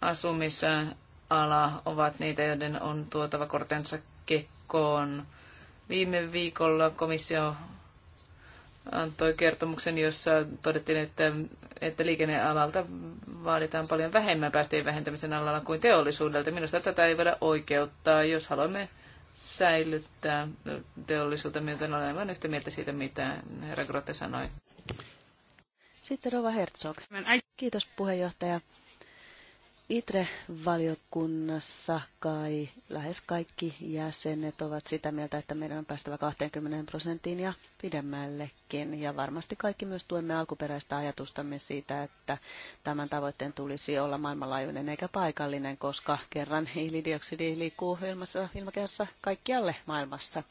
asumisala ovat niitä, joiden on tuotava kortensa kekkoon. Viime viikolla komissio antoi kertomuksen, jossa todettiin, että, että liikennealalta vaaditaan paljon vähemmän päästöjen vähentämisen alalla kuin teollisuudelta. Minusta tätä ei voida oikeuttaa, jos haluamme säilyttää teollisuutta, joten olen aivan yhtä mieltä siitä, mitä herra Grotte sanoi. Sitten Rova Herzog. Kiitos puheenjohtaja. ITRE-valiokunnassa kai lähes kaikki jäsenet ovat sitä mieltä, että meidän on päästävä 20 prosenttiin ja pidemmällekin. Ja varmasti kaikki myös tuemme alkuperäistä ajatustamme siitä, että tämän tavoitteen tulisi olla maailmanlaajuinen eikä paikallinen, koska kerran hiilidioksidi liikkuu ilmassa, ilmakehässä kaikkialle maailmassa.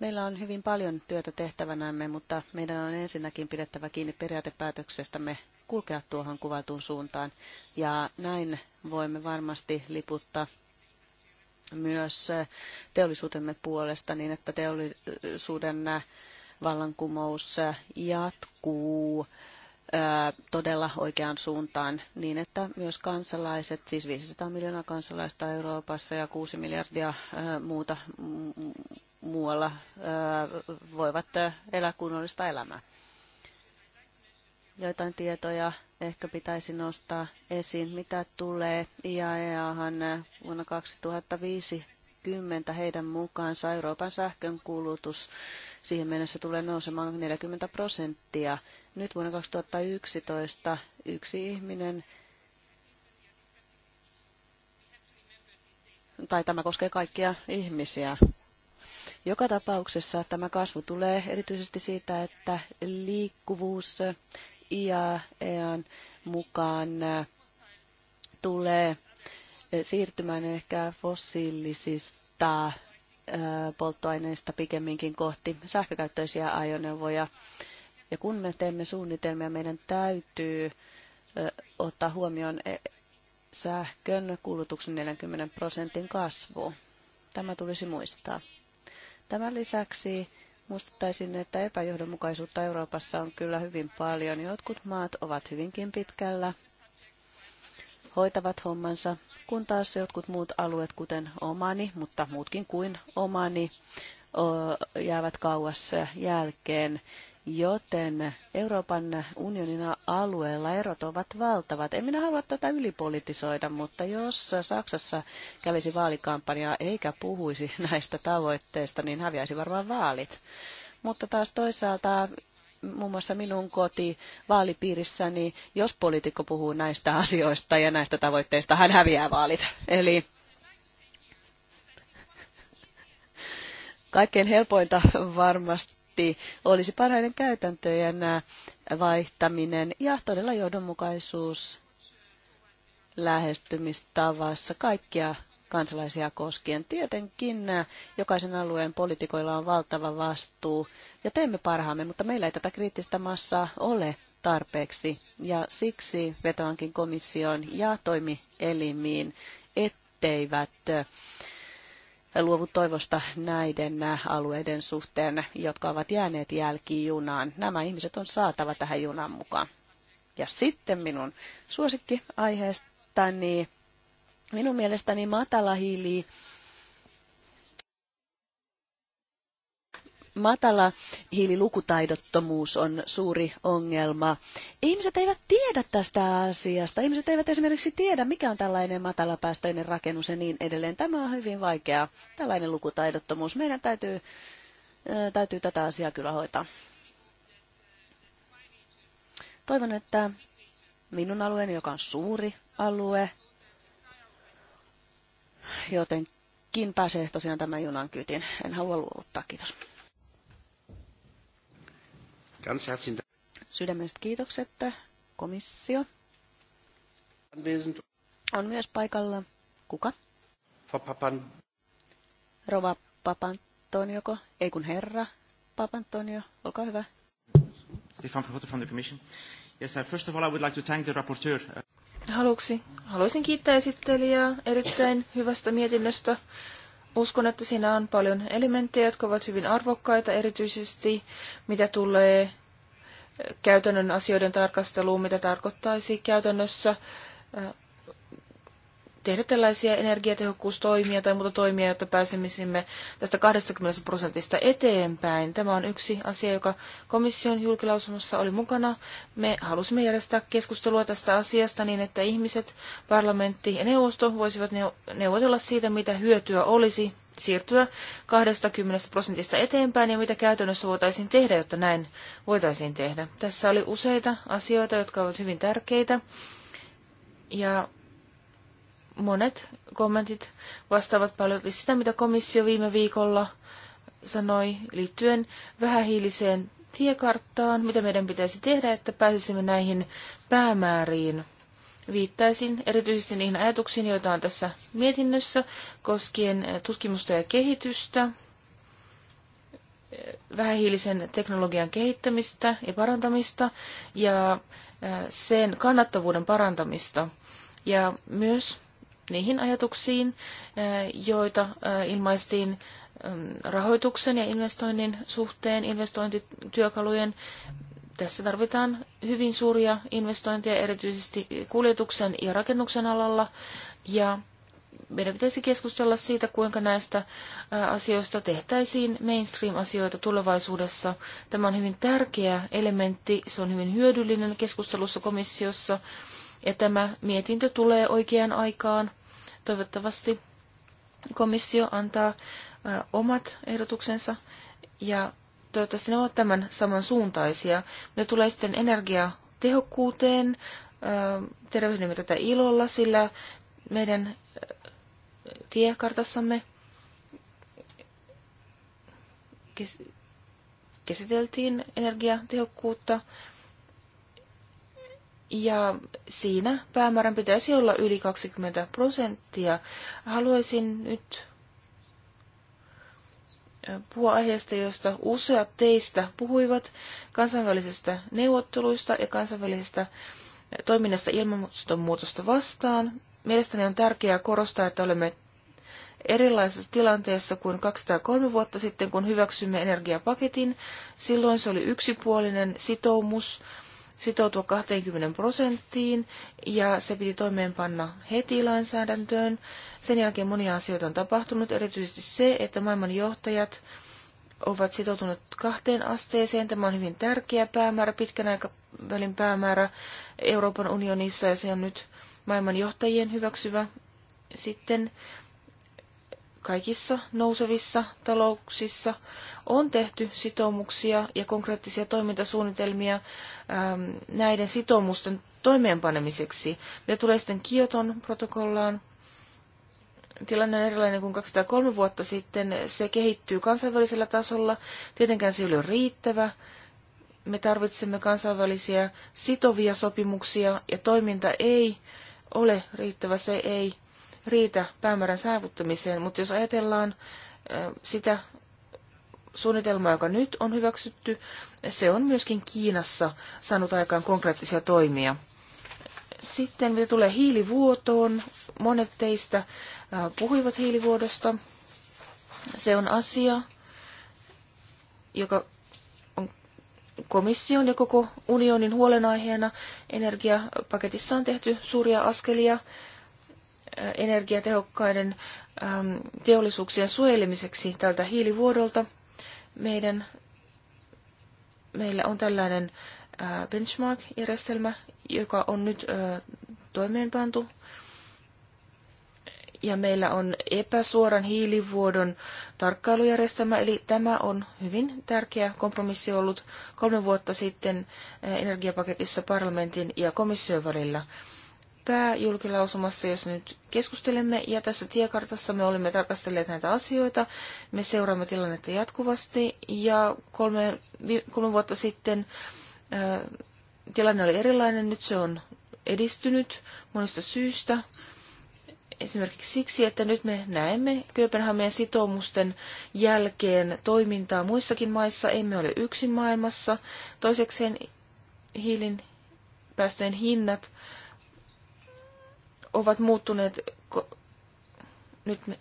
Meillä on hyvin paljon työtä tehtävänämme, mutta meidän on ensinnäkin pidettävä kiinni periaatepäätöksestämme kulkea tuohon kuvatun suuntaan. Ja näin voimme varmasti liputtaa myös äh, teollisuutemme puolesta niin, että teollisuuden äh, vallankumous äh, jatkuu todella oikeaan suuntaan niin, että myös kansalaiset, siis 500 miljoonaa kansalaista Euroopassa ja 6 miljardia muuta muualla voivat elää kunnollista elämää joitain tietoja ehkä pitäisi nostaa esiin, mitä tulee IAEAhan vuonna 2050 heidän mukaan Euroopan sähkön kulutus siihen mennessä tulee nousemaan 40 prosenttia. Nyt vuonna 2011 yksi ihminen, tai tämä koskee kaikkia ihmisiä, joka tapauksessa tämä kasvu tulee erityisesti siitä, että liikkuvuus IAEAn mukaan äh, tulee äh, siirtymään ehkä fossiilisista äh, polttoaineista pikemminkin kohti sähkökäyttöisiä ajoneuvoja. Ja kun me teemme suunnitelmia, meidän täytyy ottaa huomioon sähkön kulutuksen 40 prosentin kasvu. Tämä tulisi muistaa. Tämän lisäksi Muistuttaisin, että epäjohdonmukaisuutta Euroopassa on kyllä hyvin paljon. Jotkut maat ovat hyvinkin pitkällä, hoitavat hommansa, kun taas jotkut muut alueet, kuten omani, mutta muutkin kuin omani, jäävät kauas jälkeen. Joten Euroopan unionin alueella erot ovat valtavat. En minä halua tätä ylipolitisoida, mutta jos Saksassa kävisi vaalikampanjaa eikä puhuisi näistä tavoitteista, niin häviäisi varmaan vaalit. Mutta taas toisaalta muun muassa minun koti niin jos poliitikko puhuu näistä asioista ja näistä tavoitteista, hän häviää vaalit. Eli kaikkein helpointa varmasti pointti olisi parhaiden käytäntöjen äh, vaihtaminen ja todella johdonmukaisuus lähestymistavassa kaikkia kansalaisia koskien. Tietenkin äh, jokaisen alueen poliitikoilla on valtava vastuu ja teemme parhaamme, mutta meillä ei tätä kriittistä massaa ole tarpeeksi. Ja siksi vetoankin komission ja toimielimiin, etteivät äh, luovu toivosta näiden alueiden suhteen, jotka ovat jääneet jälkijunaan. Nämä ihmiset on saatava tähän junan mukaan. Ja sitten minun suosikkiaiheestani. Minun mielestäni matala hiili matala hiililukutaidottomuus on suuri ongelma. Ihmiset eivät tiedä tästä asiasta. Ihmiset eivät esimerkiksi tiedä, mikä on tällainen matalapäästöinen rakennus ja niin edelleen. Tämä on hyvin vaikeaa, tällainen lukutaidottomuus. Meidän täytyy, täytyy tätä asiaa kyllä hoitaa. Toivon, että minun alueeni, joka on suuri alue, jotenkin pääsee tosiaan tämän junan kyytiin. En halua luovuttaa. Kiitos. Ganz herzlichen Dank. Sydämelliset kiitokset, komissio. On myös paikalla. Kuka? Papan. Rova Papantonioko, ei kun herra Papantonio, olkaa hyvä. Stefan Verhoeven from the Commission. Yes, uh, first of all I would like to thank the rapporteur. Haluksi, haluaisin kiittää esittelijää erittäin hyvästä mietinnöstä uskon, että siinä on paljon elementtejä, jotka ovat hyvin arvokkaita, erityisesti mitä tulee käytännön asioiden tarkasteluun, mitä tarkoittaisi käytännössä tehdä tällaisia energiatehokkuustoimia tai muuta toimia, jotta pääsemisimme tästä 20 prosentista eteenpäin. Tämä on yksi asia, joka komission julkilausumassa oli mukana. Me halusimme järjestää keskustelua tästä asiasta niin, että ihmiset, parlamentti ja neuvosto voisivat neuvotella siitä, mitä hyötyä olisi siirtyä 20 prosentista eteenpäin ja mitä käytännössä voitaisiin tehdä, jotta näin voitaisiin tehdä. Tässä oli useita asioita, jotka ovat hyvin tärkeitä. Ja monet kommentit vastaavat paljon siis sitä, mitä komissio viime viikolla sanoi liittyen vähähiiliseen tiekarttaan, mitä meidän pitäisi tehdä, että pääsisimme näihin päämääriin. Viittaisin erityisesti niihin ajatuksiin, joita on tässä mietinnössä koskien eh, tutkimusta ja kehitystä, eh, vähähiilisen teknologian kehittämistä ja parantamista ja eh, sen kannattavuuden parantamista. Ja myös niihin ajatuksiin, eh, joita eh, ilmaistiin mm, rahoituksen ja investoinnin suhteen, investointityökalujen. Tässä tarvitaan hyvin suuria investointeja erityisesti kuljetuksen ja rakennuksen alalla ja meidän pitäisi keskustella siitä, kuinka näistä eh, asioista tehtäisiin mainstream-asioita tulevaisuudessa. Tämä on hyvin tärkeä elementti, se on hyvin hyödyllinen keskustelussa komissiossa ja tämä mietintö tulee oikeaan aikaan. Toivottavasti komissio antaa omat ehdotuksensa ja toivottavasti ne ovat tämän saman suuntaisia, Ne tulee sitten energiatehokkuuteen. Tervehdimme tätä ilolla, sillä meidän tiekartassamme käsiteltiin energiatehokkuutta ja siinä päämäärän pitäisi olla yli 20 prosenttia. Haluaisin nyt puhua aiheesta, josta useat teistä puhuivat, kansainvälisistä neuvotteluista ja kansainvälisestä toiminnasta ilmastonmuutosta vastaan. Mielestäni on tärkeää korostaa, että olemme erilaisessa tilanteessa kuin 203 vuotta sitten, kun hyväksymme energiapaketin. Silloin se oli yksipuolinen sitoumus sitoutua 20 prosenttiin ja se piti toimeenpanna heti lainsäädäntöön. Sen jälkeen monia asioita on tapahtunut, erityisesti se, että maailman johtajat ovat sitoutuneet kahteen asteeseen. Tämä on hyvin tärkeä päämäärä, pitkän aikavälin päämäärä Euroopan unionissa ja se on nyt maailman johtajien hyväksyvä sitten kaikissa nousevissa talouksissa on tehty sitoumuksia ja konkreettisia toimintasuunnitelmia ähm, näiden sitoumusten toimeenpanemiseksi. Mitä tulee sitten Kioton protokollaan, tilanne on erilainen kuin 203 vuotta sitten. Se kehittyy kansainvälisellä tasolla. Tietenkään se ei ole riittävä. Me tarvitsemme kansainvälisiä sitovia sopimuksia ja toiminta ei ole riittävä. Se ei riitä päämäärän saavuttamiseen, mutta jos ajatellaan äh, sitä suunnitelma, joka nyt on hyväksytty, se on myöskin Kiinassa saanut aikaan konkreettisia toimia. Sitten mitä tulee hiilivuotoon, monet teistä puhuivat hiilivuodosta. Se on asia, joka on komission ja koko unionin huolenaiheena. Energiapaketissa on tehty suuria askelia energiatehokkaiden teollisuuksien suojelemiseksi tältä hiilivuodolta. Meidän, meillä on tällainen äh, benchmark-järjestelmä, joka on nyt äh, toimeenpantu. Ja meillä on epäsuoran hiilivuodon tarkkailujärjestelmä, eli tämä on hyvin tärkeä kompromissi ollut kolme vuotta sitten äh, energiapaketissa parlamentin ja komission välillä pääjulkilausumassa, jos nyt keskustelemme, ja tässä tiekartassa me olemme tarkastelleet näitä asioita. Me seuraamme tilannetta jatkuvasti, ja kolme, kolme vuotta sitten ä, tilanne oli erilainen, nyt se on edistynyt monista syistä. Esimerkiksi siksi, että nyt me näemme Kööpenhaminan sitoumusten jälkeen toimintaa muissakin maissa, emme ole yksin maailmassa. Toisekseen hiilin päästöjen hinnat ovat muuttuneet nyt me,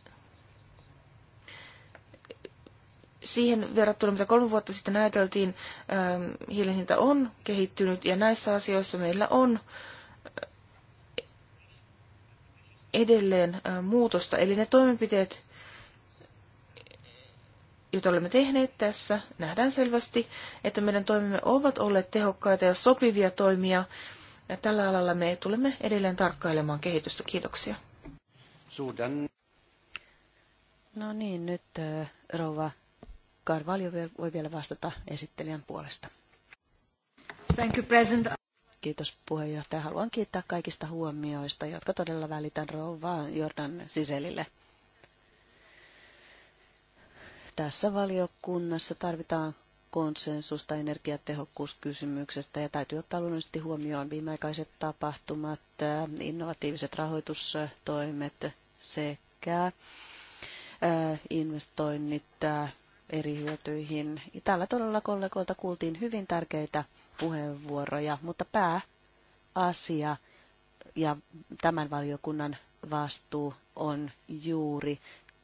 siihen verrattuna, mitä kolme vuotta sitten ajateltiin, ähm, hiilen hinta on kehittynyt ja näissä asioissa meillä on äh, edelleen äh, muutosta. Eli ne toimenpiteet, joita olemme tehneet tässä, nähdään selvästi, että meidän toimimme ovat olleet tehokkaita ja sopivia toimia tällä alalla me tulemme edelleen tarkkailemaan kehitystä. Kiitoksia. Sudan. No niin, nyt rouva Karvalio voi vielä vastata esittelijän puolesta. Thank you, President. Kiitos puheenjohtaja. Haluan kiittää kaikista huomioista, jotka todella välitän Rova Jordan Siselille. Tässä valiokunnassa tarvitaan konsensusta energiatehokkuuskysymyksestä ja täytyy ottaa luonnollisesti huomioon viimeaikaiset tapahtumat, äh, innovatiiviset rahoitustoimet sekä äh, investoinnit äh, eri hyötyihin. Täällä todella kollegoilta kuultiin hyvin tärkeitä puheenvuoroja, mutta pääasia ja tämän valiokunnan vastuu on juuri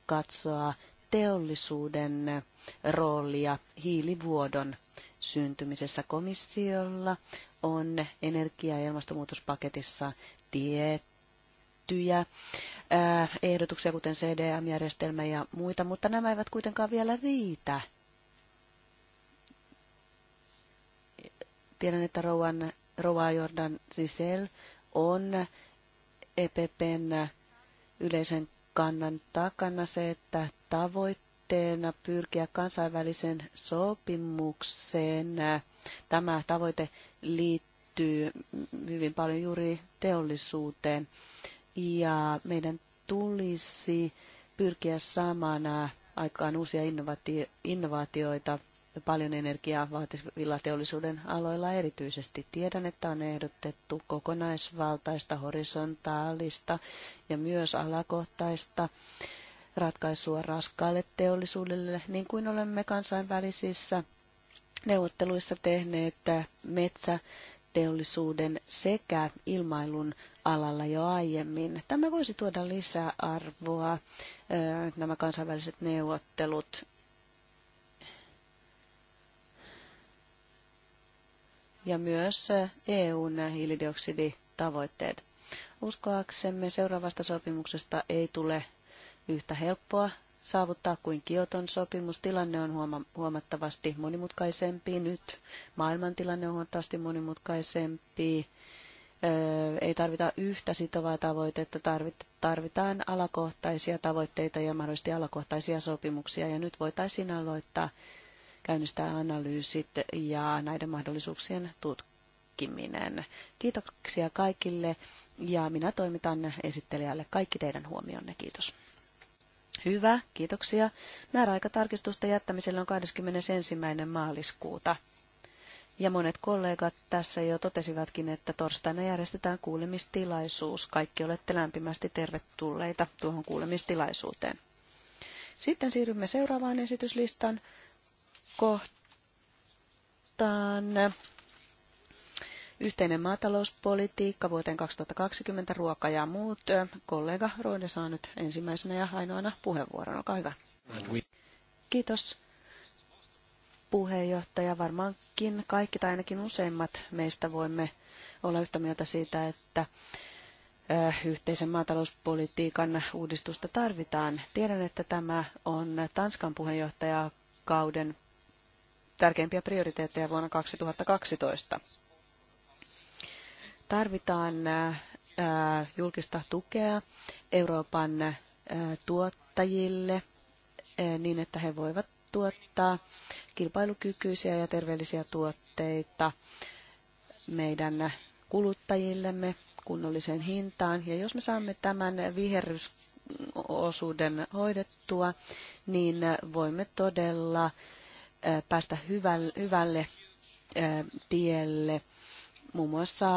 katsoa, teollisuuden roolia hiilivuodon syntymisessä. Komissiolla on energia- ja ilmastonmuutospaketissa tiettyjä ehdotuksia, kuten CDM-järjestelmä ja muita, mutta nämä eivät kuitenkaan vielä riitä. Tiedän, että Rouan, Roua Jordan Sisel on EPPn yleisen kannan takana se, että tavoitteena pyrkiä kansainväliseen sopimukseen. Tämä tavoite liittyy hyvin paljon juuri teollisuuteen ja meidän tulisi pyrkiä saamaan aikaan uusia innovaatioita paljon energiaa vaativilla teollisuuden aloilla erityisesti. Tiedän, että on ehdotettu kokonaisvaltaista, horisontaalista ja myös alakohtaista ratkaisua raskaalle teollisuudelle, niin kuin olemme kansainvälisissä neuvotteluissa tehneet metsäteollisuuden sekä ilmailun alalla jo aiemmin. Tämä voisi tuoda lisäarvoa, nämä kansainväliset neuvottelut ja myös äh, EUn hiilidioksiditavoitteet. Uskoaksemme seuraavasta sopimuksesta ei tule yhtä helppoa saavuttaa kuin Kioton sopimus. Tilanne on huoma- huomattavasti monimutkaisempi nyt. Maailmantilanne on huomattavasti monimutkaisempi. Öö, ei tarvita yhtä sitovaa tavoitetta, tarvitaan alakohtaisia tavoitteita ja mahdollisesti alakohtaisia sopimuksia. Ja nyt voitaisiin aloittaa käynnistää analyysit ja näiden mahdollisuuksien tutkiminen. Kiitoksia kaikille ja minä toimitan esittelijälle kaikki teidän huomionne. Kiitos. Hyvä, kiitoksia. Määräaikatarkistusta jättämiselle on 21. maaliskuuta. Ja monet kollegat tässä jo totesivatkin, että torstaina järjestetään kuulemistilaisuus. Kaikki olette lämpimästi tervetulleita tuohon kuulemistilaisuuteen. Sitten siirrymme seuraavaan esityslistan kohtaan. Yhteinen maatalouspolitiikka vuoteen 2020, ruoka ja muut. Kollega Roine saa nyt ensimmäisenä ja ainoana puheenvuoron. Olkaa hyvä. Kiitos puheenjohtaja. Varmaankin kaikki tai ainakin useimmat meistä voimme olla yhtä mieltä siitä, että yhteisen maatalouspolitiikan uudistusta tarvitaan. Tiedän, että tämä on Tanskan puheenjohtajakauden tärkeimpiä prioriteetteja vuonna 2012. Tarvitaan julkista tukea Euroopan tuottajille niin, että he voivat tuottaa kilpailukykyisiä ja terveellisiä tuotteita meidän kuluttajillemme kunnolliseen hintaan. Ja jos me saamme tämän viherrysosuuden hoidettua, niin voimme todella päästä hyvälle tielle muun muassa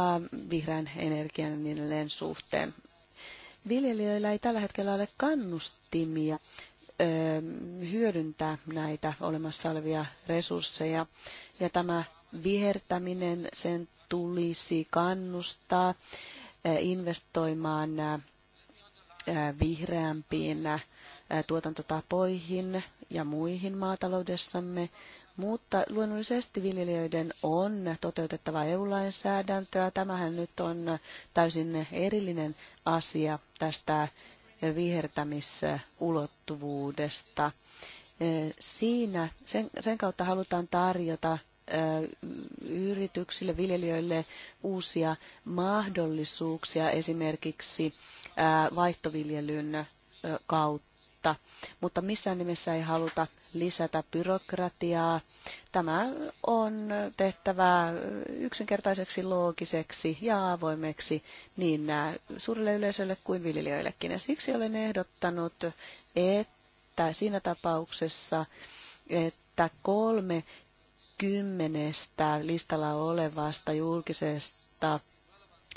vihreän energian ja niin edelleen suhteen. Viljelijöillä ei tällä hetkellä ole kannustimia hyödyntää näitä olemassa olevia resursseja. Ja tämä vihertäminen, sen tulisi kannustaa investoimaan vihreämpiin tuotantotapoihin, ja muihin maataloudessamme, mutta luonnollisesti viljelijöiden on toteutettava EU-lainsäädäntöä. Tämähän nyt on täysin erillinen asia tästä vihertämisulottuvuudesta. Siinä sen, sen kautta halutaan tarjota yrityksille, viljelijöille uusia mahdollisuuksia esimerkiksi vaihtoviljelyn kautta totta, mutta missään nimessä ei haluta lisätä byrokratiaa. Tämä on tehtävä yksinkertaiseksi, loogiseksi ja avoimeksi niin suurelle yleisölle kuin viljelijöillekin. Ja siksi olen ehdottanut, että siinä tapauksessa, että kolme kymmenestä listalla olevasta julkisesta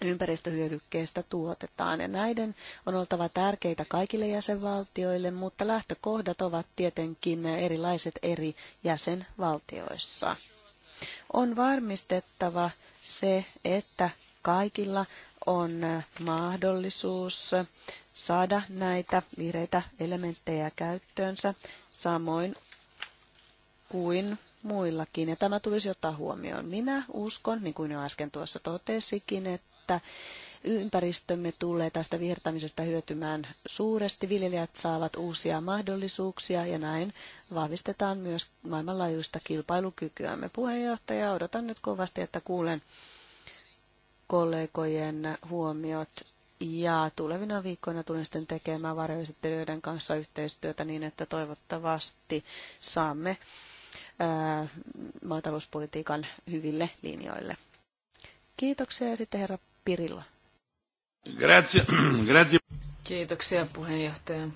ympäristöhyödykkeestä tuotetaan. Ja näiden on oltava tärkeitä kaikille jäsenvaltioille, mutta lähtökohdat ovat tietenkin erilaiset eri jäsenvaltioissa. On varmistettava se, että kaikilla on mahdollisuus saada näitä vireitä elementtejä käyttöönsä, samoin kuin muillakin. Ja tämä tulisi ottaa huomioon. Minä uskon, niin kuin jo äsken tuossa totesikin, että että ympäristömme tulee tästä virtaamisesta hyötymään suuresti. Viljelijät saavat uusia mahdollisuuksia ja näin vahvistetaan myös maailmanlaajuista kilpailukykyämme. Puheenjohtaja, odotan nyt kovasti, että kuulen kollegojen huomiot ja tulevina viikkoina tulen sitten tekemään varjoesittelijöiden kanssa yhteistyötä niin, että toivottavasti saamme ää, maatalouspolitiikan hyville linjoille. Kiitoksia ja sitten herra Pirilla. Grazie. Grazie. Kiitoksia puheenjohtaja.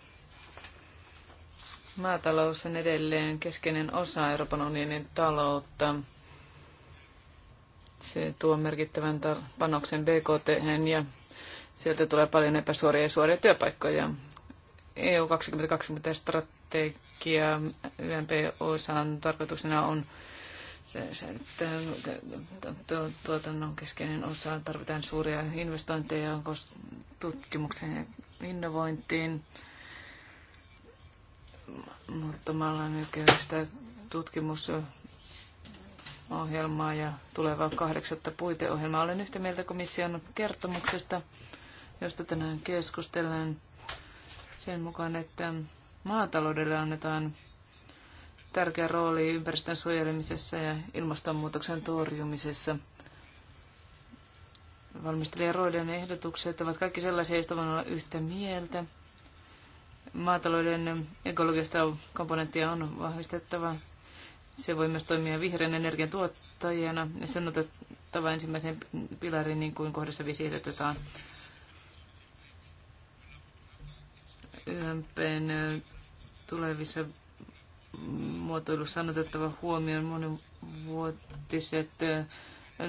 Maatalous on edelleen keskeinen osa Euroopan unionin taloutta. Se tuo merkittävän panoksen BKT ja sieltä tulee paljon epäsuoria ja suoria työpaikkoja. EU 2020 strategia YMP-osan tarkoituksena on se tuotannon keskeinen osa. Tarvitaan suuria investointeja tutkimukseen ja innovointiin. ollaan nykyistä tutkimusohjelmaa ja tulevaa kahdeksatta puiteohjelmaa. Olen yhtä mieltä komission kertomuksesta, josta tänään keskustellaan sen mukaan, että maataloudelle annetaan tärkeä rooli ympäristön suojelemisessa ja ilmastonmuutoksen torjumisessa. Valmistelijan Roiden ehdotukset ovat kaikki sellaisia, joista voin olla yhtä mieltä. Maatalouden ekologista komponenttia on vahvistettava. Se voi myös toimia vihreän energian tuottajana ja sen otettava ensimmäisen pilarin niin kuin kohdassa 5 ehdotetaan. YMPn tulevissa muotoilussa on otettava huomioon monivuotiset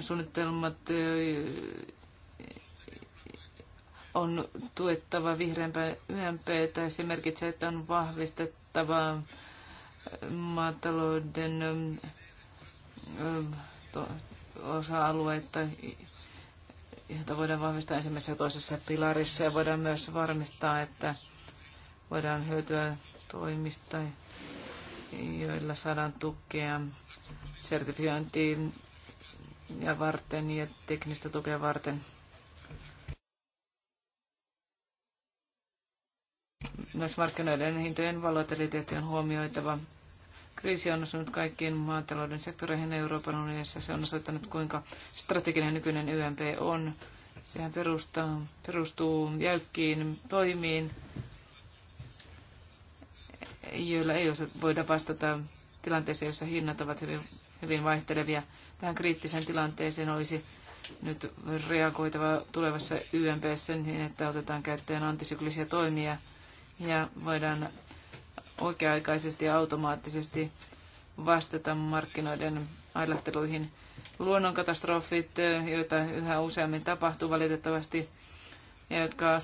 suunnitelmat on tuettava vihreämpää tai Se merkitsee, että on vahvistettava maatalouden osa-alueita, joita voidaan vahvistaa ensimmäisessä ja toisessa pilarissa ja voidaan myös varmistaa, että voidaan hyötyä toimista, joilla saadaan tukea sertifiointiin ja varten ja teknistä tukea varten. Myös markkinoiden hintojen volatiliteetti on huomioitava. Kriisi on osunut kaikkiin maatalouden sektoreihin Euroopan unionissa. Se on osoittanut, kuinka strateginen nykyinen YMP on. Sehän perustuu perustuu jäykkiin toimiin, joilla ei voida vastata tilanteeseen, jossa hinnat ovat hyvin, hyvin vaihtelevia. Tähän kriittiseen tilanteeseen olisi nyt reagoitava tulevassa YMP niin, että otetaan käyttöön antisyklisiä toimia ja voidaan oikea-aikaisesti ja automaattisesti vastata markkinoiden ailahteluihin. Luonnonkatastrofit, joita yhä useammin tapahtuu valitettavasti, ja jotka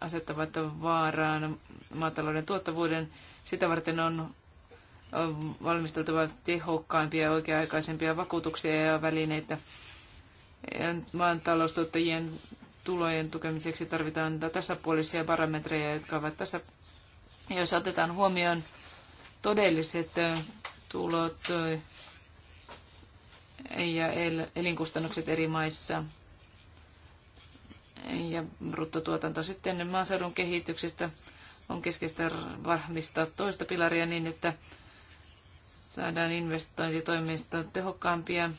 asettavat vaaraan maatalouden tuottavuuden, sitä varten on valmisteltava tehokkaimpia ja oikea-aikaisempia vakuutuksia ja välineitä. Maan taloustuottajien tulojen tukemiseksi tarvitaan tasapuolisia parametreja, jotka ovat tasa... Jos otetaan huomioon todelliset tulot ja elinkustannukset eri maissa ja bruttotuotanto sitten maaseudun kehityksestä, on keskeistä varmistaa toista pilaria niin, että saadaan investointitoimista tehokkaampia,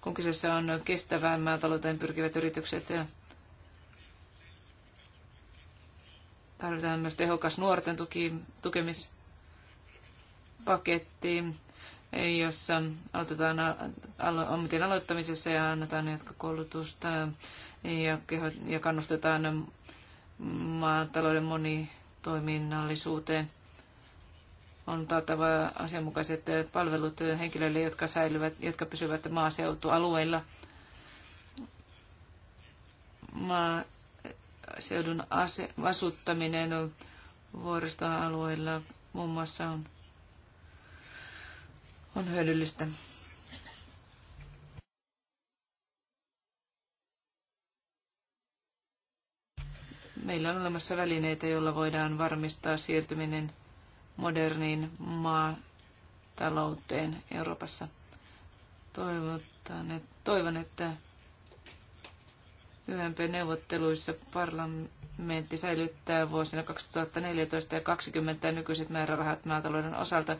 kun kyseessä on kestävään maatalouteen pyrkivät yritykset. Ja tarvitaan myös tehokas nuorten tuki, tukemispaketti, jossa autetaan ammatin aloittamisessa ja annetaan jatkokoulutusta ja, keho, ja kannustetaan maatalouden moni toiminnallisuuteen. On taattava asianmukaiset palvelut henkilöille, jotka, säilyvät, jotka pysyvät maaseutualueilla. Maaseudun ase- asuttaminen vuoristoalueilla muun muassa on, on hyödyllistä. Meillä on olemassa välineitä, joilla voidaan varmistaa siirtyminen moderniin maatalouteen Euroopassa. toivon, että YMP-neuvotteluissa parlamentti säilyttää vuosina 2014 ja 2020 nykyiset määrärahat maatalouden osalta.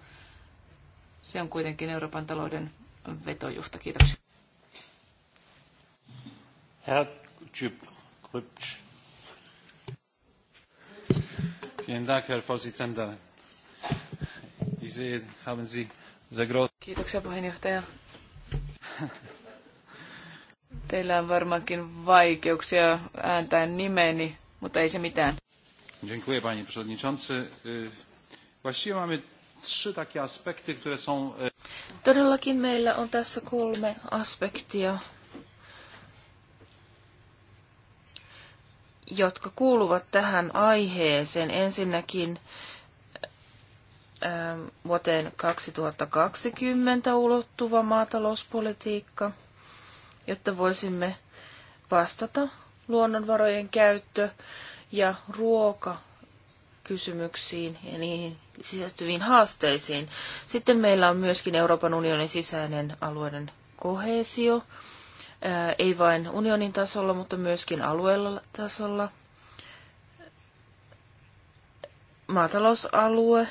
Se on kuitenkin Euroopan talouden vetojuhta. Kiitoksia. Herr Grübsch. Kiitoksia puheenjohtaja. Teillä on varmaankin vaikeuksia ääntää nimeni, mutta ei se mitään. Dziękuję panie przewodniczący. Właściwie mamy trzy takie aspekty, które są... E- Todellakin meillä on tässä kolme aspektia, jotka kuuluvat tähän aiheeseen. Ensinnäkin ähm, vuoteen 2020 ulottuva maatalouspolitiikka, jotta voisimme vastata luonnonvarojen käyttö- ja ruokakysymyksiin ja niihin sisältyviin haasteisiin. Sitten meillä on myöskin Euroopan unionin sisäinen alueiden kohesio, ei vain unionin tasolla, mutta myöskin alueella tasolla. Maatalousalue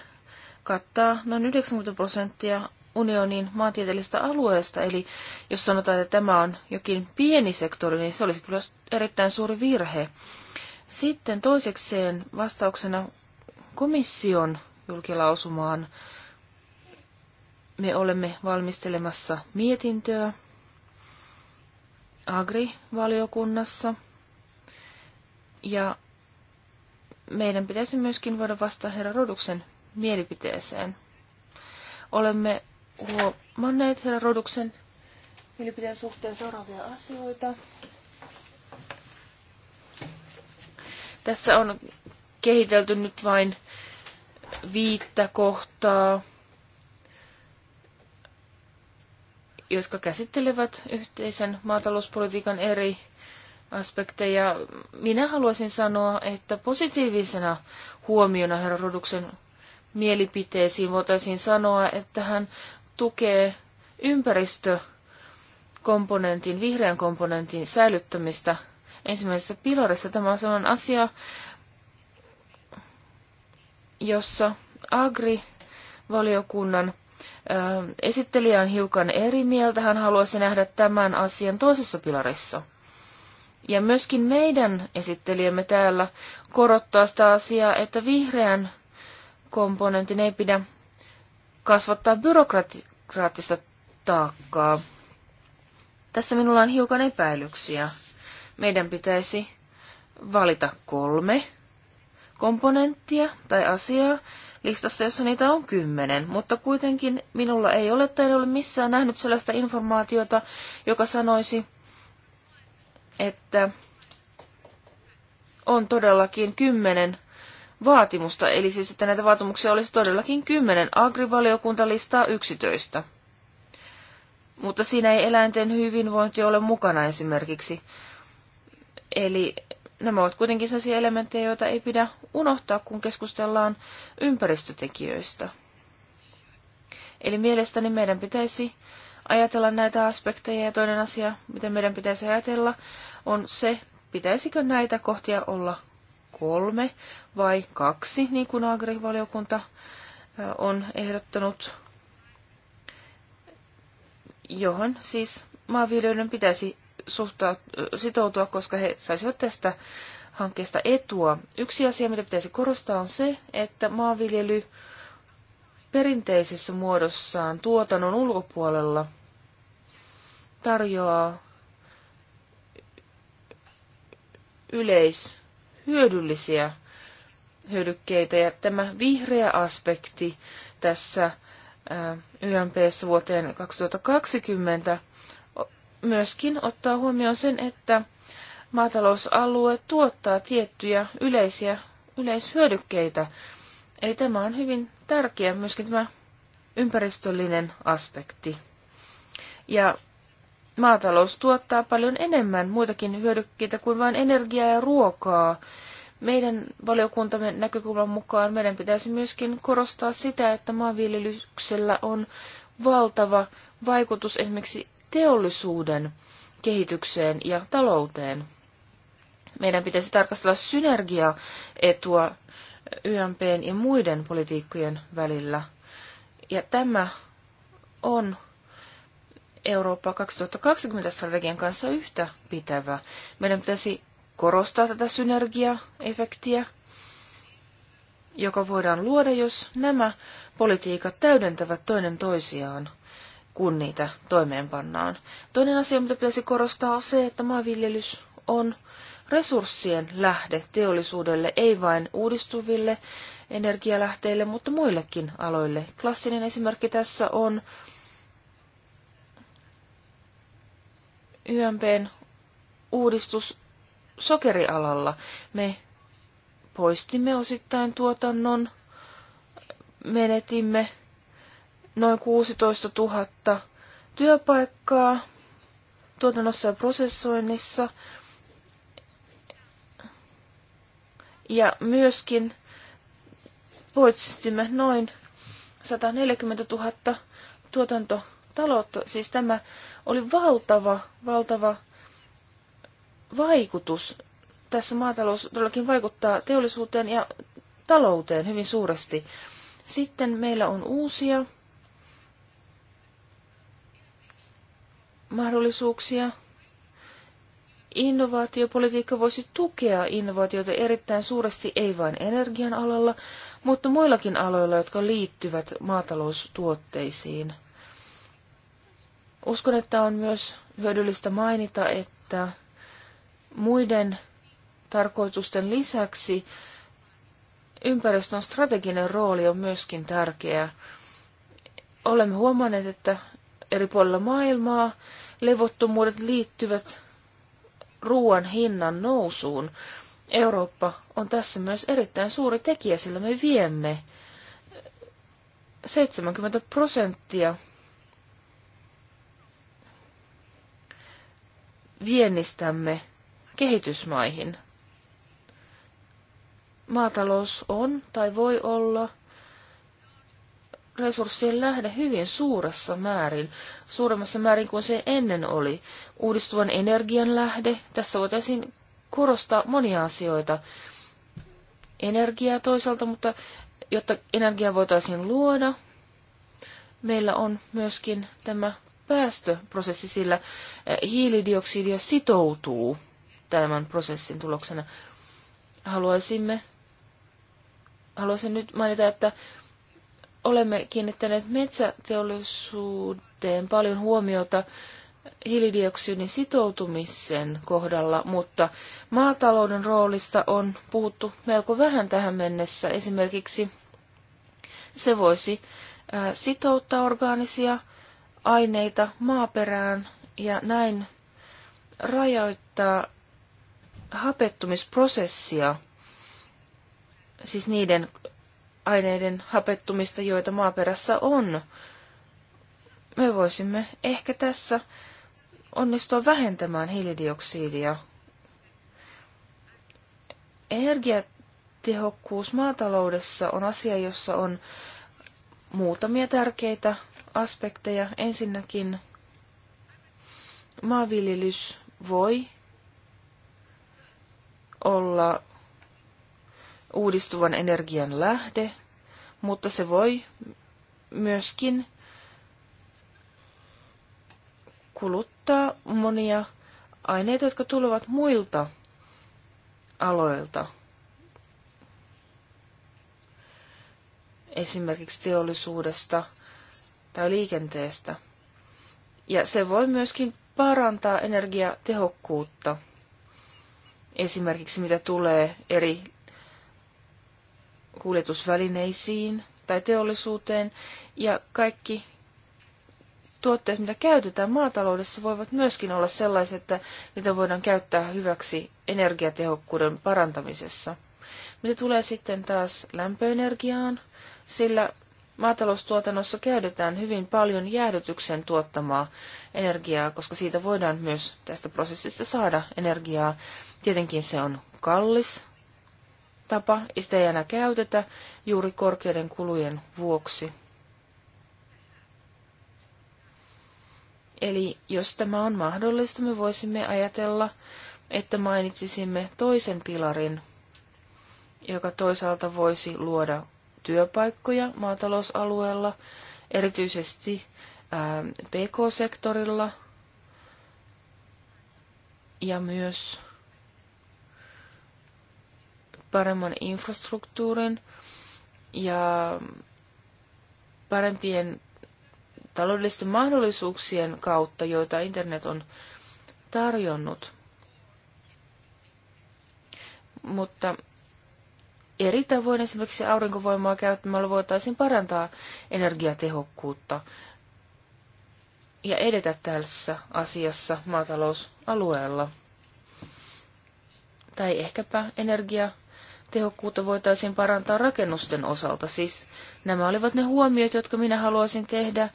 kattaa noin 90 prosenttia unionin maantieteellisestä alueesta, eli jos sanotaan, että tämä on jokin pieni sektori, niin se olisi kyllä erittäin suuri virhe. Sitten toisekseen vastauksena komission julkilausumaan me olemme valmistelemassa mietintöä agrivaliokunnassa. Ja meidän pitäisi myöskin voida vastata herra Roduksen mielipiteeseen. Olemme huomanneet herra Roduksen mielipiteen suhteen seuraavia asioita. Tässä on kehitelty nyt vain viittä kohtaa jotka käsittelevät yhteisen maatalouspolitiikan eri aspekteja. Minä haluaisin sanoa, että positiivisena huomiona herra Roduksen mielipiteisiin voitaisiin sanoa, että hän tukee ympäristökomponentin, vihreän komponentin säilyttämistä ensimmäisessä pilarissa. Tämä on sellainen asia, jossa agri-valiokunnan Esittelijä on hiukan eri mieltä. Hän haluaisi nähdä tämän asian toisessa pilarissa. Ja myöskin meidän esittelijämme täällä korottaa sitä asiaa, että vihreän komponentin ei pidä kasvattaa byrokraattista taakkaa. Tässä minulla on hiukan epäilyksiä. Meidän pitäisi valita kolme komponenttia tai asiaa, listassa, jossa niitä on kymmenen, mutta kuitenkin minulla ei ole tai ei ole missään nähnyt sellaista informaatiota, joka sanoisi, että on todellakin kymmenen vaatimusta, eli siis, että näitä vaatimuksia olisi todellakin kymmenen. Agrivaliokunta listaa yksitöistä. Mutta siinä ei eläinten hyvinvointi ole mukana esimerkiksi. Eli nämä ovat kuitenkin sellaisia elementtejä, joita ei pidä unohtaa, kun keskustellaan ympäristötekijöistä. Eli mielestäni meidän pitäisi ajatella näitä aspekteja ja toinen asia, mitä meidän pitäisi ajatella, on se, pitäisikö näitä kohtia olla kolme vai kaksi, niin kuin agrivaliokunta on ehdottanut, johon siis maanviljelijöiden pitäisi suhtaa, sitoutua, koska he saisivat tästä hankkeesta etua. Yksi asia, mitä pitäisi korostaa, on se, että maanviljely perinteisessä muodossaan tuotannon ulkopuolella tarjoaa yleishyödyllisiä hyödykkeitä. Ja tämä vihreä aspekti tässä YMPssä vuoteen 2020 myöskin ottaa huomioon sen, että maatalousalue tuottaa tiettyjä yleisiä yleishyödykkeitä. Eli tämä on hyvin tärkeä myöskin tämä ympäristöllinen aspekti. Ja maatalous tuottaa paljon enemmän muitakin hyödykkeitä kuin vain energiaa ja ruokaa. Meidän valiokuntamme näkökulman mukaan meidän pitäisi myöskin korostaa sitä, että maanviljelyksellä on valtava vaikutus esimerkiksi teollisuuden kehitykseen ja talouteen. Meidän pitäisi tarkastella synergiaetua YMPn ja muiden politiikkojen välillä. Ja tämä on Eurooppa 2020-strategian kanssa yhtä pitävä. Meidän pitäisi korostaa tätä synergiaefektiä, joka voidaan luoda, jos nämä politiikat täydentävät toinen toisiaan kun niitä toimeenpannaan. Toinen asia, mitä pitäisi korostaa, on se, että maanviljelys on resurssien lähde teollisuudelle, ei vain uudistuville energialähteille, mutta muillekin aloille. Klassinen esimerkki tässä on YMPn uudistus sokerialalla. Me poistimme osittain tuotannon, menetimme noin 16 000 työpaikkaa tuotannossa ja prosessoinnissa. Ja myöskin poistimme noin 140 000 tuotantotaloutta. Siis tämä oli valtava, valtava vaikutus. Tässä maatalous todellakin vaikuttaa teollisuuteen ja talouteen hyvin suuresti. Sitten meillä on uusia mahdollisuuksia. Innovaatiopolitiikka voisi tukea innovaatioita erittäin suuresti, ei vain energian alalla, mutta muillakin aloilla, jotka liittyvät maataloustuotteisiin. Uskon, että on myös hyödyllistä mainita, että muiden tarkoitusten lisäksi ympäristön strateginen rooli on myöskin tärkeä. Olemme huomanneet, että eri puolilla maailmaa levottomuudet liittyvät ruoan hinnan nousuun. Eurooppa on tässä myös erittäin suuri tekijä, sillä me viemme 70 prosenttia viennistämme kehitysmaihin. Maatalous on tai voi olla – resurssien lähde hyvin suuressa määrin, suuremmassa määrin kuin se ennen oli. Uudistuvan energian lähde, tässä voitaisiin korostaa monia asioita. Energiaa toisaalta, mutta jotta energiaa voitaisiin luoda, meillä on myöskin tämä päästöprosessi, sillä eh, hiilidioksidia sitoutuu tämän prosessin tuloksena. Haluaisimme, haluaisin nyt mainita, että olemme kiinnittäneet metsäteollisuuteen paljon huomiota hiilidioksidin sitoutumisen kohdalla, mutta maatalouden roolista on puhuttu melko vähän tähän mennessä. Esimerkiksi se voisi sitouttaa orgaanisia aineita maaperään ja näin rajoittaa hapettumisprosessia, siis niiden aineiden hapettumista, joita maaperässä on. Me voisimme ehkä tässä onnistua vähentämään hiilidioksidia. Energiatehokkuus maataloudessa on asia, jossa on muutamia tärkeitä aspekteja. Ensinnäkin maanviljelys voi olla uudistuvan energian lähde, mutta se voi myöskin kuluttaa monia aineita, jotka tulevat muilta aloilta. Esimerkiksi teollisuudesta tai liikenteestä. Ja se voi myöskin parantaa energiatehokkuutta. Esimerkiksi mitä tulee eri kuljetusvälineisiin tai teollisuuteen ja kaikki tuotteet, mitä käytetään maataloudessa, voivat myöskin olla sellaisia, että niitä voidaan käyttää hyväksi energiatehokkuuden parantamisessa. Mitä tulee sitten taas lämpöenergiaan, sillä maataloustuotannossa käytetään hyvin paljon jäähdytyksen tuottamaa energiaa, koska siitä voidaan myös tästä prosessista saada energiaa. Tietenkin se on kallis tapa, ja sitä ei enää käytetä juuri korkeiden kulujen vuoksi. Eli jos tämä on mahdollista, me voisimme ajatella, että mainitsisimme toisen pilarin, joka toisaalta voisi luoda työpaikkoja maatalousalueella, erityisesti PK-sektorilla ja myös paremman infrastruktuurin ja parempien taloudellisten mahdollisuuksien kautta, joita internet on tarjonnut. Mutta eri tavoin esimerkiksi aurinkovoimaa käyttämällä voitaisiin parantaa energiatehokkuutta ja edetä tässä asiassa maatalousalueella. Tai ehkäpä energia tehokkuutta voitaisiin parantaa rakennusten osalta. Siis nämä olivat ne huomiot, jotka minä haluaisin tehdä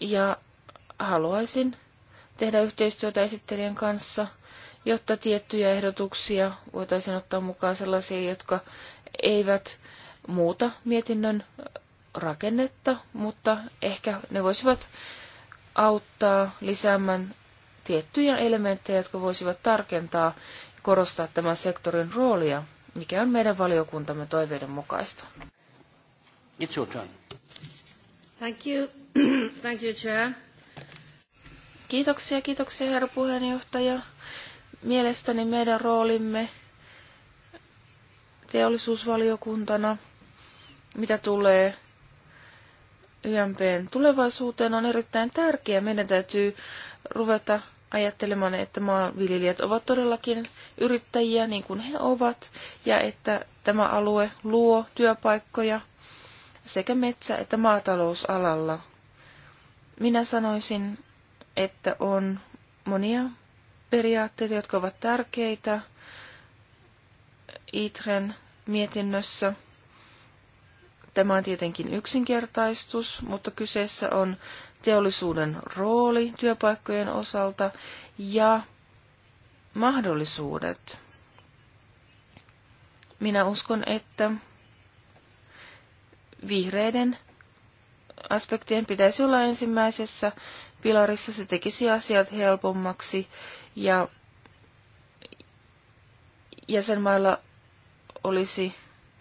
ja haluaisin tehdä yhteistyötä esittelijän kanssa, jotta tiettyjä ehdotuksia voitaisiin ottaa mukaan sellaisia, jotka eivät muuta mietinnön rakennetta, mutta ehkä ne voisivat auttaa lisäämään tiettyjä elementtejä, jotka voisivat tarkentaa ja korostaa tämän sektorin roolia mikä on meidän valiokuntamme toiveiden mukaista. It's your turn. Thank you. Thank you, Chair. Kiitoksia, kiitoksia herra puheenjohtaja. Mielestäni meidän roolimme teollisuusvaliokuntana, mitä tulee YMPn tulevaisuuteen, on erittäin tärkeä. Meidän täytyy ruveta ajattelemaan, että maanviljelijät ovat todellakin yrittäjiä niin kuin he ovat ja että tämä alue luo työpaikkoja sekä metsä- että maatalousalalla. Minä sanoisin, että on monia periaatteita, jotka ovat tärkeitä ITREN mietinnössä. Tämä on tietenkin yksinkertaistus, mutta kyseessä on teollisuuden rooli työpaikkojen osalta ja mahdollisuudet. Minä uskon, että vihreiden aspektien pitäisi olla ensimmäisessä pilarissa. Se tekisi asiat helpommaksi ja jäsenmailla olisi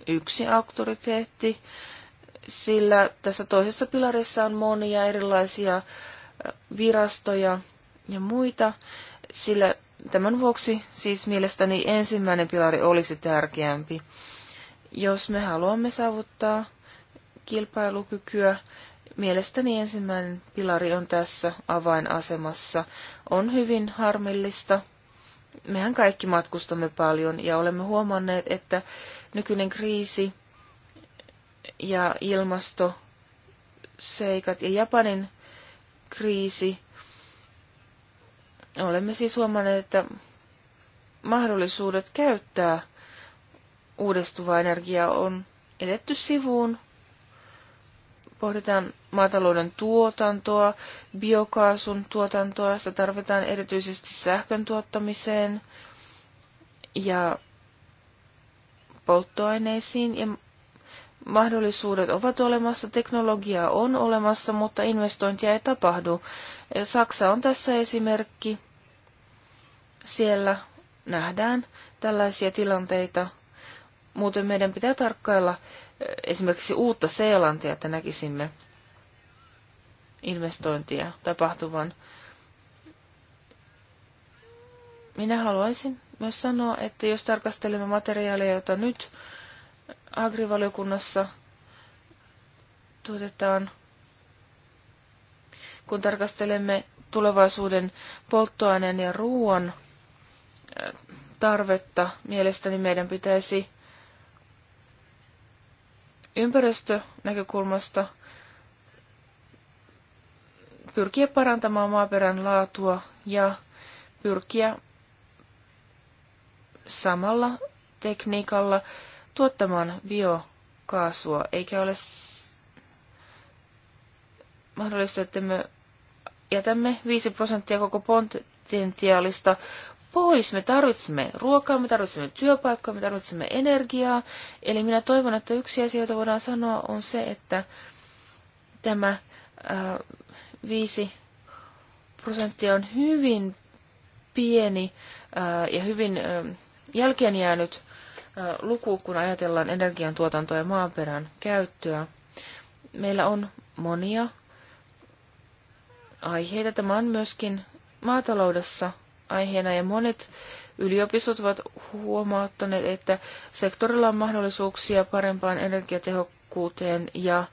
yksi auktoriteetti, sillä tässä toisessa pilarissa on monia erilaisia virastoja ja muita, sillä Tämän vuoksi siis mielestäni ensimmäinen pilari olisi tärkeämpi. Jos me haluamme saavuttaa kilpailukykyä, mielestäni ensimmäinen pilari on tässä avainasemassa. On hyvin harmillista. Mehän kaikki matkustamme paljon ja olemme huomanneet, että nykyinen kriisi ja ilmasto seikat ja Japanin kriisi Olemme siis huomanneet, että mahdollisuudet käyttää uudistuvaa energiaa on edetty sivuun. Pohditaan maatalouden tuotantoa, biokaasun tuotantoa, sitä tarvitaan erityisesti sähkön tuottamiseen ja polttoaineisiin ja mahdollisuudet ovat olemassa, teknologiaa on olemassa, mutta investointia ei tapahdu. Saksa on tässä esimerkki. Siellä nähdään tällaisia tilanteita. Muuten meidän pitää tarkkailla eh, esimerkiksi uutta Seelantia, että näkisimme investointia tapahtuvan. Minä haluaisin myös sanoa, että jos tarkastelemme materiaaleja, joita nyt agrivaliokunnassa tuotetaan, kun tarkastelemme tulevaisuuden polttoaineen ja ruoan äh, tarvetta, mielestäni meidän pitäisi ympäristönäkökulmasta pyrkiä parantamaan maaperän laatua ja pyrkiä samalla tekniikalla tuottamaan biokaasua, eikä ole mahdollista, että me jätämme 5 prosenttia koko potentiaalista pois. Me tarvitsemme ruokaa, me tarvitsemme työpaikkoja, me tarvitsemme energiaa. Eli minä toivon, että yksi asia, jota voidaan sanoa, on se, että tämä ää, äh, 5 prosenttia on hyvin pieni ää, äh, ja hyvin ää, äh, jälkeen jäänyt luku, kun ajatellaan energiantuotantoa ja maaperän käyttöä. Meillä on monia aiheita. Tämä on myöskin maataloudessa aiheena ja monet yliopistot ovat huomauttaneet, että sektorilla on mahdollisuuksia parempaan energiatehokkuuteen ja,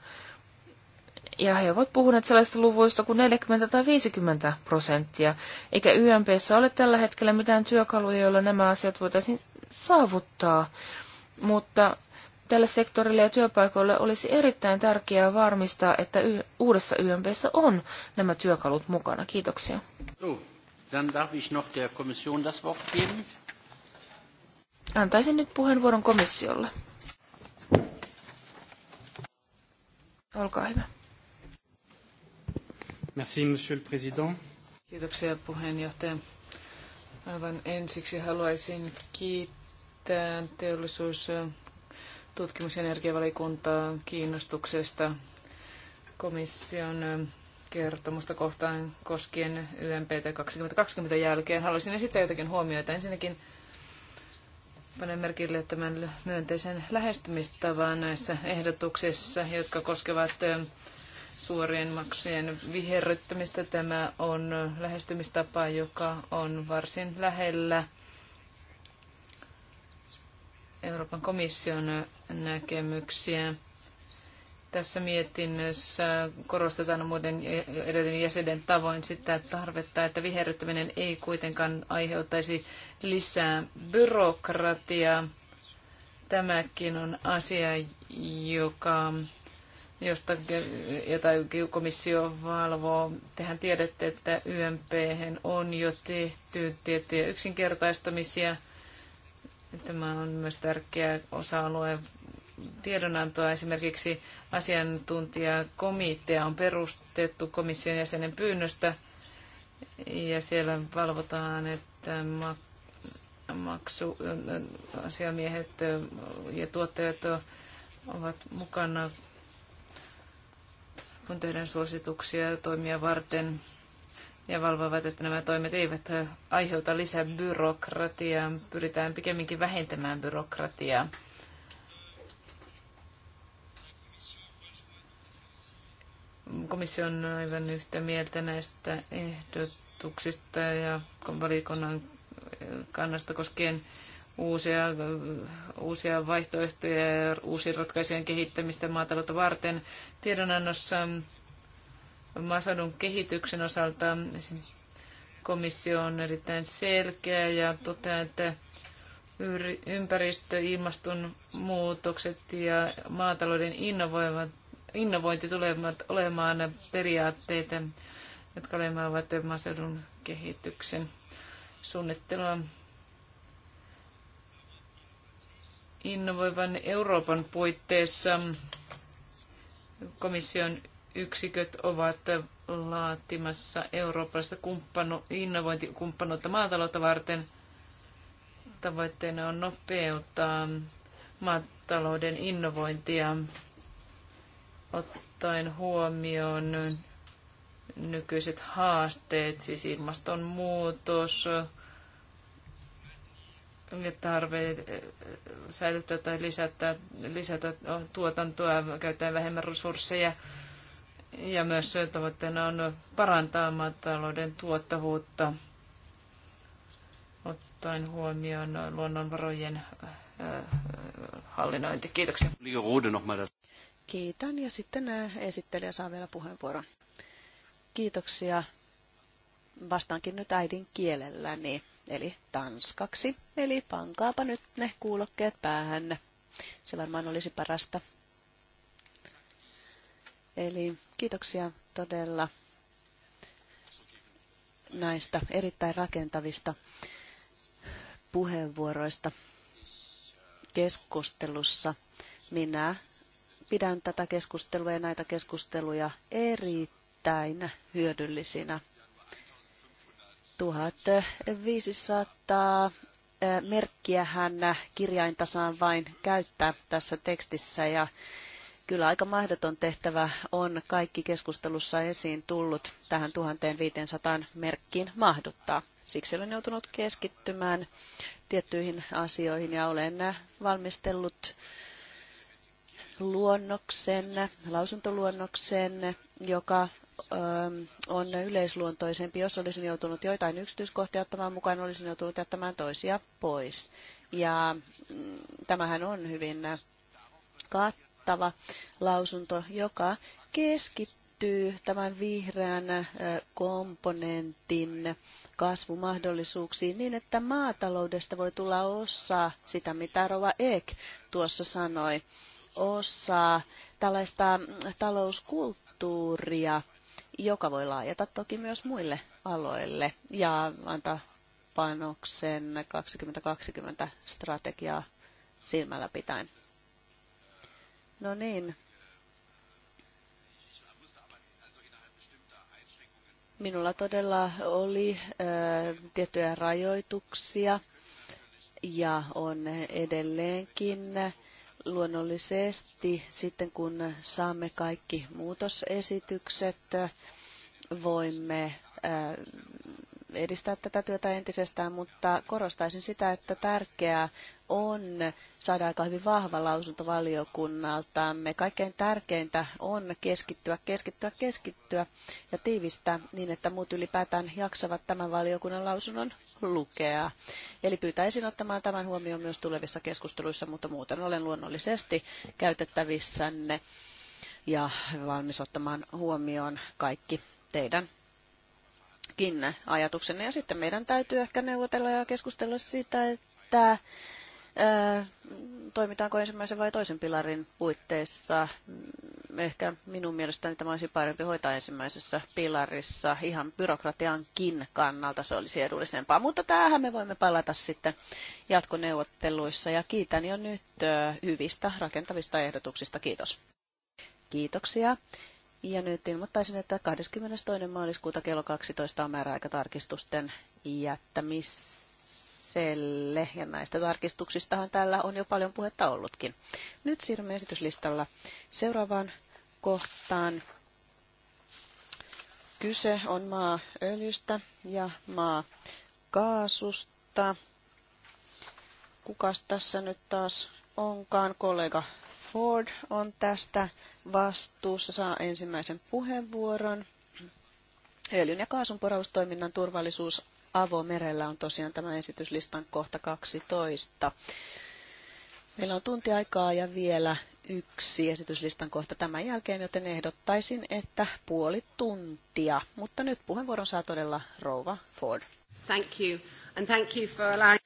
ja he ovat puhuneet sellaista luvuista kuin 40 tai 50 prosenttia, eikä YMPssä ole tällä hetkellä mitään työkaluja, joilla nämä asiat voitaisiin saavuttaa, mutta tälle sektorille ja työpaikoille olisi erittäin tärkeää varmistaa, että uudessa YMPssä on nämä työkalut mukana. Kiitoksia. Antaisin nyt puheenvuoron komissiolle. Olkaa hyvä. Merci, monsieur le président. Kiitoksia puheenjohtaja. Aivan ensiksi haluaisin kiittää että teollisuus tutkimus- ja energiavalikuntaa kiinnostuksesta komission kertomusta kohtaan koskien YMPT 2020 jälkeen. Haluaisin esittää jotakin huomioita. Ensinnäkin panen merkille tämän myönteisen lähestymistavan näissä ehdotuksissa, jotka koskevat suorien maksujen viherryttämistä. Tämä on lähestymistapa, joka on varsin lähellä Euroopan komission näkemyksiä. Tässä mietinnössä korostetaan muiden edellinen jäsenen tavoin sitä tarvetta, että viherryttäminen ei kuitenkaan aiheuttaisi lisää byrokratiaa. Tämäkin on asia, joka, josta, jota komissio valvoo. Tehän tiedätte, että YMP on jo tehty tiettyjä yksinkertaistamisia – Tämä on myös tärkeä osa-alue tiedonantoa. Esimerkiksi asiantuntijakomitea on perustettu komission jäsenen pyynnöstä ja siellä valvotaan, että maksu, asiamiehet ja tuottajat ovat mukana, kun tehdään suosituksia toimia varten ja valvovat, että nämä toimet eivät aiheuta lisää byrokratiaa. Pyritään pikemminkin vähentämään byrokratiaa. Komissio on aivan yhtä mieltä näistä ehdotuksista ja valikunnan kannasta koskien uusia, uusia vaihtoehtoja ja uusien ratkaisujen kehittämistä maataloutta varten. Tiedonannossa maaseudun kehityksen osalta komissio on erittäin selkeä ja toteaa, että ympäristö, ilmastonmuutokset ja maatalouden innovointi tulevat olemaan periaatteita, jotka olemaan maaseudun kehityksen suunnittelua. Innovoivan Euroopan puitteissa komission yksiköt ovat laatimassa Euroopasta kumppano, innovointikumppanuutta maataloutta varten. Tavoitteena on nopeuttaa maatalouden innovointia ottaen huomioon nykyiset haasteet, siis ilmastonmuutos ja tarve säilyttää tai lisätä, lisätä tuotantoa, käyttää vähemmän resursseja ja myös tavoitteena on parantaa maatalouden tuottavuutta ottaen huomioon luonnonvarojen äh, äh, hallinnointi. Kiitoksia. Kiitän ja sitten äh, esittelijä saa vielä puheenvuoron. Kiitoksia. Vastaankin nyt äidin kielelläni, eli tanskaksi. Eli pankaapa nyt ne kuulokkeet päähän. Se varmaan olisi parasta. Eli Kiitoksia todella näistä erittäin rakentavista puheenvuoroista keskustelussa. Minä pidän tätä keskustelua ja näitä keskusteluja erittäin hyödyllisinä. 1500 eh, merkkiä hän kirjaintasaan vain käyttää tässä tekstissä ja Kyllä aika mahdoton tehtävä on kaikki keskustelussa esiin tullut tähän 1500 merkkiin mahduttaa. Siksi olen joutunut keskittymään tiettyihin asioihin ja olen valmistellut luonnoksen, lausuntoluonnoksen, joka ähm, on yleisluontoisempi. Jos olisin joutunut joitain yksityiskohtia ottamaan mukaan, olisin joutunut jättämään toisia pois. Ja mm, tämähän on hyvin kattava kattava lausunto, joka keskittyy tämän vihreän komponentin kasvumahdollisuuksiin niin, että maataloudesta voi tulla osa sitä, mitä Rova Ek tuossa sanoi, osa tällaista talouskulttuuria, joka voi laajata toki myös muille aloille ja antaa panoksen 2020 strategiaa silmällä pitäen. No niin. Minulla todella oli äh, tiettyjä rajoituksia ja on edelleenkin luonnollisesti sitten kun saamme kaikki muutosesitykset, voimme edistää tätä työtä entisestään, mutta korostaisin sitä, että tärkeää on saada aika hyvin vahva lausunto valiokunnaltamme. Kaikkein tärkeintä on keskittyä, keskittyä, keskittyä ja tiivistää niin, että muut ylipäätään jaksavat tämän valiokunnan lausunnon lukea. Eli pyytäisin ottamaan tämän huomioon myös tulevissa keskusteluissa, mutta muuten olen luonnollisesti käytettävissänne ja valmis ottamaan huomioon kaikki teidän ajatuksenne. Ja sitten meidän täytyy ehkä neuvotella ja keskustella siitä, että toimitaanko ensimmäisen vai toisen pilarin puitteissa. Mm, ehkä minun mielestäni tämä olisi parempi hoitaa ensimmäisessä pilarissa. Ihan byrokratiankin kannalta se olisi edullisempaa. Mutta tämähän me voimme palata sitten jatkoneuvotteluissa. Ja kiitän jo nyt hyvistä rakentavista ehdotuksista. Kiitos. Kiitoksia. Ja nyt ilmoittaisin, että 22. maaliskuuta kello 12 on määräaikatarkistusten tarkistusten jättämis Liiselle, ja näistä tarkistuksistahan täällä on jo paljon puhetta ollutkin. Nyt siirrymme esityslistalla seuraavaan kohtaan. Kyse on öljystä ja kaasusta. Kukas tässä nyt taas onkaan? Kollega Ford on tästä vastuussa, saa ensimmäisen puheenvuoron. Öljyn ja kaasun poraustoiminnan turvallisuus avomerellä on tosiaan tämä esityslistan kohta 12. Meillä on tunti aikaa ja vielä yksi esityslistan kohta tämän jälkeen, joten ehdottaisin, että puoli tuntia. Mutta nyt puheenvuoron saa todella Rova Ford. Thank you. And thank you for allowing...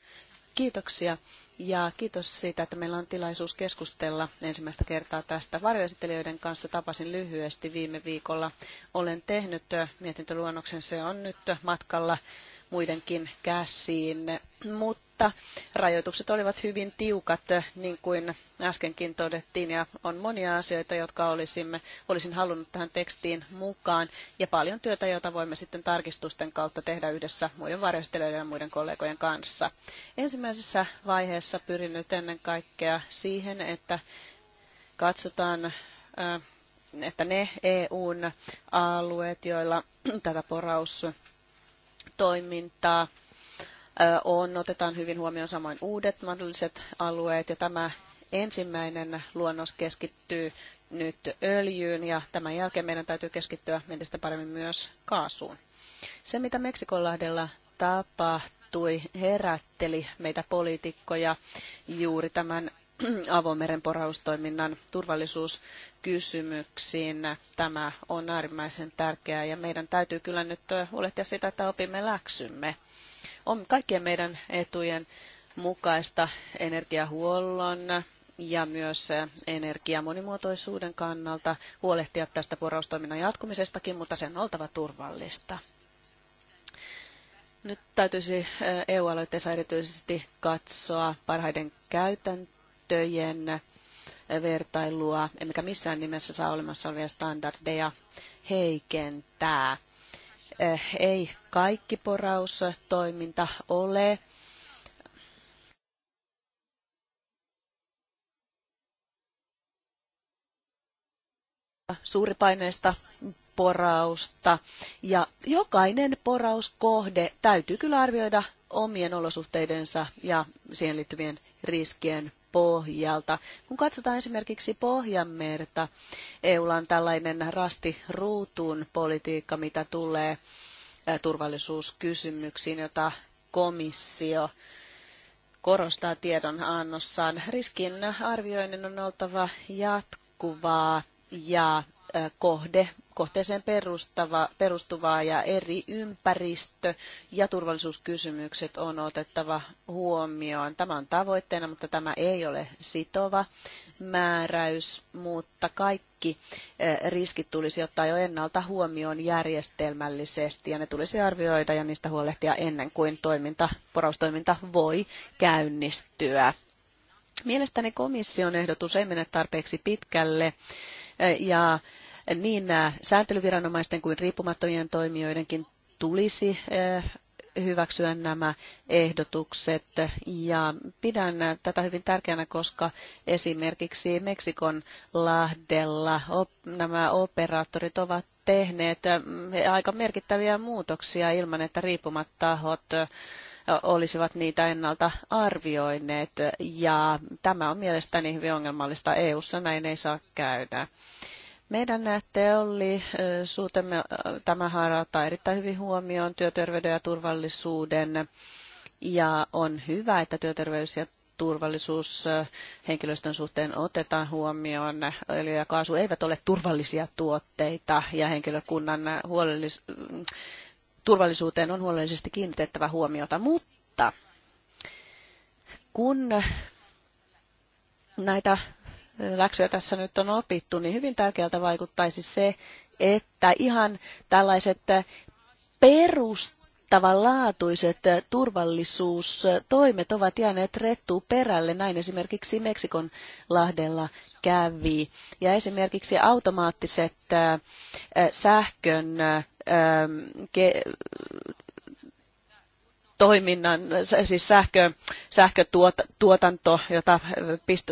Kiitoksia. Ja kiitos siitä, että meillä on tilaisuus keskustella ensimmäistä kertaa tästä. Varjoesittelijöiden kanssa tapasin lyhyesti viime viikolla. Olen tehnyt äh, mietintöluonnoksen, se on nyt matkalla muidenkin käsiin. Mutta rajoitukset olivat hyvin tiukat, niin kuin äskenkin todettiin, ja on monia asioita, jotka olisimme, olisin halunnut tähän tekstiin mukaan, ja paljon työtä, jota voimme sitten tarkistusten kautta tehdä yhdessä muiden varjostelijoiden ja muiden kollegojen kanssa. Ensimmäisessä vaiheessa pyrin nyt ennen kaikkea siihen, että katsotaan että ne EUn alueet, joilla tätä poraus toimintaa on, otetaan hyvin huomioon samoin uudet mahdolliset alueet ja tämä ensimmäinen luonnos keskittyy nyt öljyyn ja tämän jälkeen meidän täytyy keskittyä entistä paremmin myös kaasuun. Se, mitä Meksikonlahdella tapahtui, herätteli meitä poliitikkoja juuri tämän avomeren poraustoiminnan turvallisuuskysymyksiin. Tämä on äärimmäisen tärkeää ja meidän täytyy kyllä nyt huolehtia sitä, että opimme läksymme. On kaikkien meidän etujen mukaista energiahuollon ja myös energiamonimuotoisuuden kannalta huolehtia tästä poraustoiminnan jatkumisestakin, mutta sen on oltava turvallista. Nyt täytyisi EU-aloitteessa erityisesti katsoa parhaiden käytäntöjen sääntöjen vertailua, emmekä missään nimessä saa olemassa olevia standardeja heikentää. Eh, ei kaikki poraustoiminta ole suuripaineista porausta. Ja jokainen porauskohde täytyy kyllä arvioida omien olosuhteidensa ja siihen liittyvien riskien pohjalta. Kun katsotaan esimerkiksi Pohjanmerta, EUlla on tällainen rasti ruutuun politiikka, mitä tulee turvallisuuskysymyksiin, jota komissio korostaa annossaan. Riskin arvioinnin on oltava jatkuvaa ja kohde kohteeseen perustava, perustuvaa ja eri ympäristö- ja turvallisuuskysymykset on otettava huomioon. Tämä on tavoitteena, mutta tämä ei ole sitova määräys, mutta kaikki eh, riskit tulisi ottaa jo ennalta huomioon järjestelmällisesti ja ne tulisi arvioida ja niistä huolehtia ennen kuin toiminta, poraustoiminta voi käynnistyä. Mielestäni komission ehdotus ei mene tarpeeksi pitkälle eh, ja niin äh, sääntelyviranomaisten kuin riippumattomien toimijoidenkin tulisi äh, hyväksyä nämä ehdotukset. Ja pidän äh, tätä hyvin tärkeänä, koska esimerkiksi Meksikon lahdella nämä operaattorit ovat tehneet aika merkittäviä muutoksia ilman, että riippumat tahot olisivat niitä ennalta arvioineet. Ja tämä on mielestäni hyvin ongelmallista. EU-ssa näin ei saa käydä. Meidän teollisuutemme tämä harjoittaa erittäin hyvin huomioon työterveyden ja turvallisuuden. Ja on hyvä, että työterveys ja turvallisuus henkilöstön suhteen otetaan huomioon. Öljy ja kaasu eivät ole turvallisia tuotteita ja henkilökunnan huolellis- mm, turvallisuuteen on huolellisesti kiinnitettävä huomiota. Mutta kun näitä läksyjä tässä nyt on opittu, niin hyvin tärkeältä vaikuttaisi se, että ihan tällaiset perustavanlaatuiset turvallisuustoimet ovat jääneet rettuun perälle. Näin esimerkiksi Meksikon lahdella kävi. Ja esimerkiksi automaattiset äh, sähkön äh, toiminnan, siis sähkö, sähkötuotanto, jota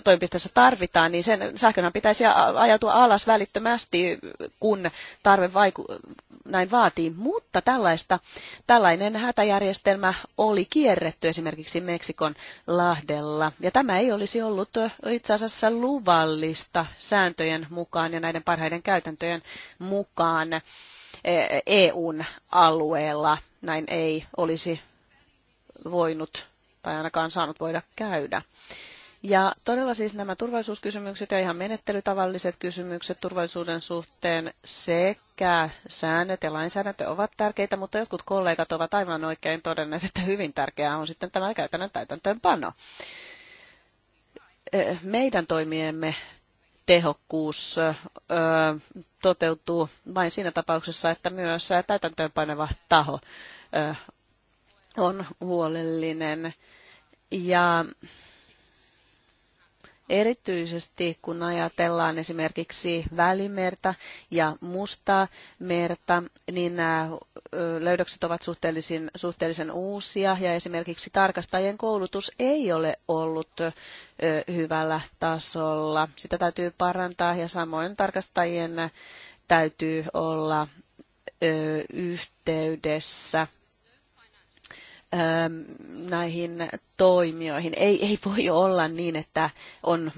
toimipisteessä tarvitaan, niin sen sähkönhän pitäisi ajautua alas välittömästi, kun tarve vaiku, näin vaatii. Mutta tällaista, tällainen hätäjärjestelmä oli kierretty esimerkiksi Meksikon lahdella. Ja tämä ei olisi ollut itse asiassa luvallista sääntöjen mukaan ja näiden parhaiden käytäntöjen mukaan. EUn e-, e alueella näin ei olisi voinut tai ainakaan saanut voida käydä. Ja todella siis nämä turvallisuuskysymykset ja ihan menettelytavalliset kysymykset turvallisuuden suhteen sekä säännöt ja lainsäädäntö ovat tärkeitä, mutta jotkut kollegat ovat aivan oikein todenneet, että hyvin tärkeää on sitten tämä käytännön täytäntöönpano. Meidän toimiemme tehokkuus toteutuu vain siinä tapauksessa, että myös täytäntöönpaneva taho on huolellinen. Ja erityisesti kun ajatellaan esimerkiksi välimerta ja mustaa merta, niin nämä löydökset ovat suhteellisen, suhteellisen uusia ja esimerkiksi tarkastajien koulutus ei ole ollut hyvällä tasolla. Sitä täytyy parantaa ja samoin tarkastajien täytyy olla yhteydessä Ähm, näihin toimijoihin. Ei, ei voi olla niin, että on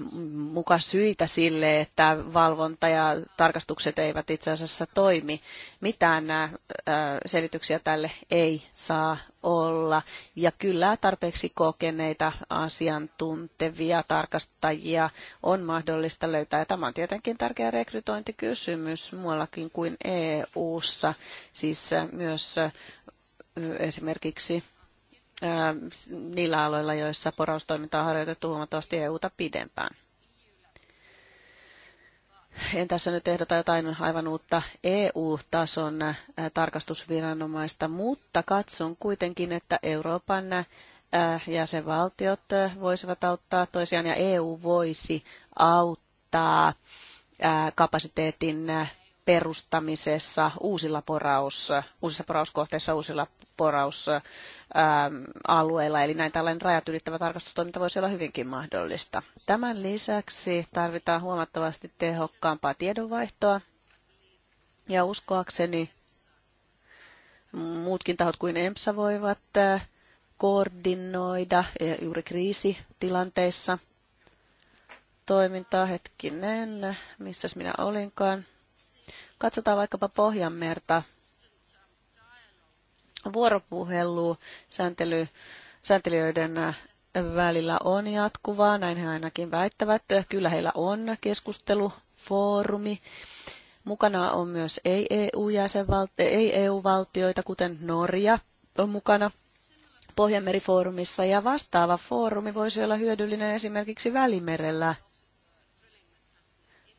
muka syitä sille, että valvonta ja tarkastukset eivät itse asiassa toimi. Mitään nämä äh, selityksiä tälle ei saa olla. Ja kyllä tarpeeksi kokeneita asiantuntevia tarkastajia on mahdollista löytää. Ja tämä on tietenkin tärkeä rekrytointikysymys muuallakin kuin EU-ssa, siis äh, myös äh, esimerkiksi niillä aloilla, joissa poraustoiminta on harjoitettu huomattavasti EUta pidempään. En tässä nyt ehdota jotain aivan uutta EU-tason tarkastusviranomaista, mutta katson kuitenkin, että Euroopan jäsenvaltiot voisivat auttaa toisiaan ja EU voisi auttaa kapasiteetin perustamisessa uusilla poraus, uusissa porauskohteissa, uusilla porausalueilla. Ähm, Eli näin tällainen rajat ylittävä tarkastustoiminta voisi olla hyvinkin mahdollista. Tämän lisäksi tarvitaan huomattavasti tehokkaampaa tiedonvaihtoa. Ja uskoakseni muutkin tahot kuin EMSA voivat äh, koordinoida juuri kriisitilanteissa toimintaa. Hetkinen, missäs minä olinkaan. Katsotaan vaikkapa Pohjanmerta. Vuoropuhelu sääntely, sääntelijöiden äh, välillä on jatkuvaa, näin he ainakin väittävät. Kyllä heillä on keskustelufoorumi. Mukana on myös ei-EU-valtioita, e kuten Norja on mukana Pohjanmerifoorumissa, ja vastaava foorumi voisi olla hyödyllinen esimerkiksi Välimerellä –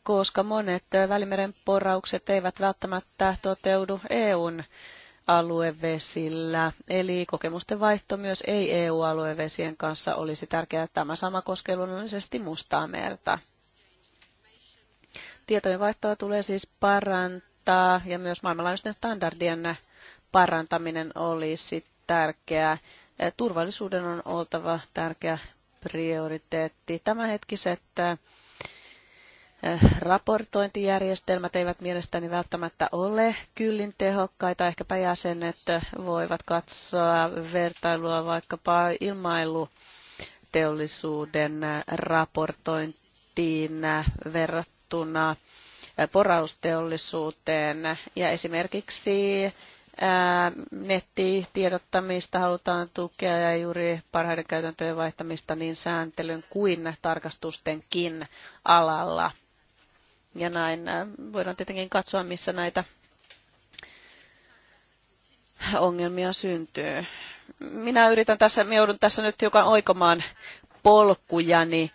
koska monet Välimeren poraukset eivät välttämättä toteudu EUn aluevesillä. Eli kokemusten vaihto myös ei-EU-aluevesien kanssa olisi tärkeää. Tämä sama koskee luonnollisesti Mustaa merta. Tietojen vaihtoa tulee siis parantaa ja myös maailmanlaajuisten standardien parantaminen olisi tärkeää. Turvallisuuden on oltava tärkeä prioriteetti. Tämänhetkiset Äh, raportointijärjestelmät eivät mielestäni välttämättä ole kyllin tehokkaita. Ehkäpä jäsenet voivat katsoa vertailua vaikkapa ilmailuteollisuuden raportointiin verrattuna äh, porausteollisuuteen ja esimerkiksi äh, nettitiedottamista halutaan tukea ja juuri parhaiden käytäntöjen vaihtamista niin sääntelyn kuin tarkastustenkin alalla ja näin. Äh, voidaan tietenkin katsoa, missä näitä ongelmia syntyy. Minä yritän tässä, minä joudun tässä nyt hiukan oikomaan polkujani.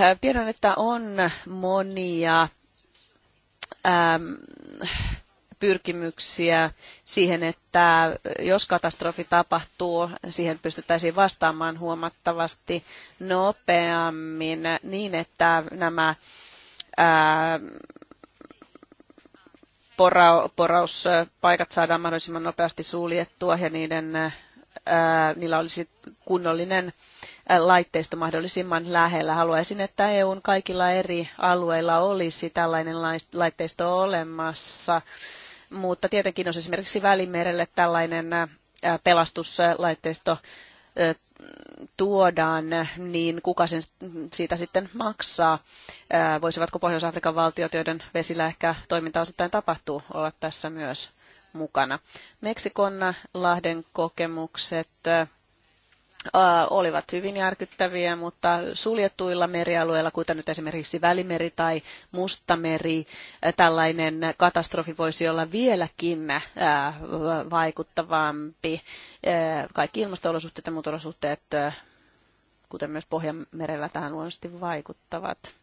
Äh, tiedän, että on monia ähm, pyrkimyksiä siihen, että jos katastrofi tapahtuu, siihen pystyttäisiin vastaamaan huomattavasti nopeammin niin, että nämä porauspaikat saadaan mahdollisimman nopeasti suljettua ja niiden, ää, niillä olisi kunnollinen laitteisto mahdollisimman lähellä. Haluaisin, että EUn kaikilla eri alueilla olisi tällainen laitteisto olemassa, mutta tietenkin jos esimerkiksi Välimerelle tällainen pelastuslaitteisto tuodaan, niin kuka sen siitä sitten maksaa? Voisivatko Pohjois-Afrikan valtiot, joiden vesillä ehkä toiminta osittain tapahtuu, olla tässä myös mukana? Meksikon lahden kokemukset olivat hyvin järkyttäviä, mutta suljettuilla merialueilla, kuten nyt esimerkiksi Välimeri tai Mustameri, tällainen katastrofi voisi olla vieläkin vaikuttavampi. Kaikki ilmasto-olosuhteet ja muut olosuhteet, kuten myös Pohjanmerellä, tähän luonnollisesti vaikuttavat.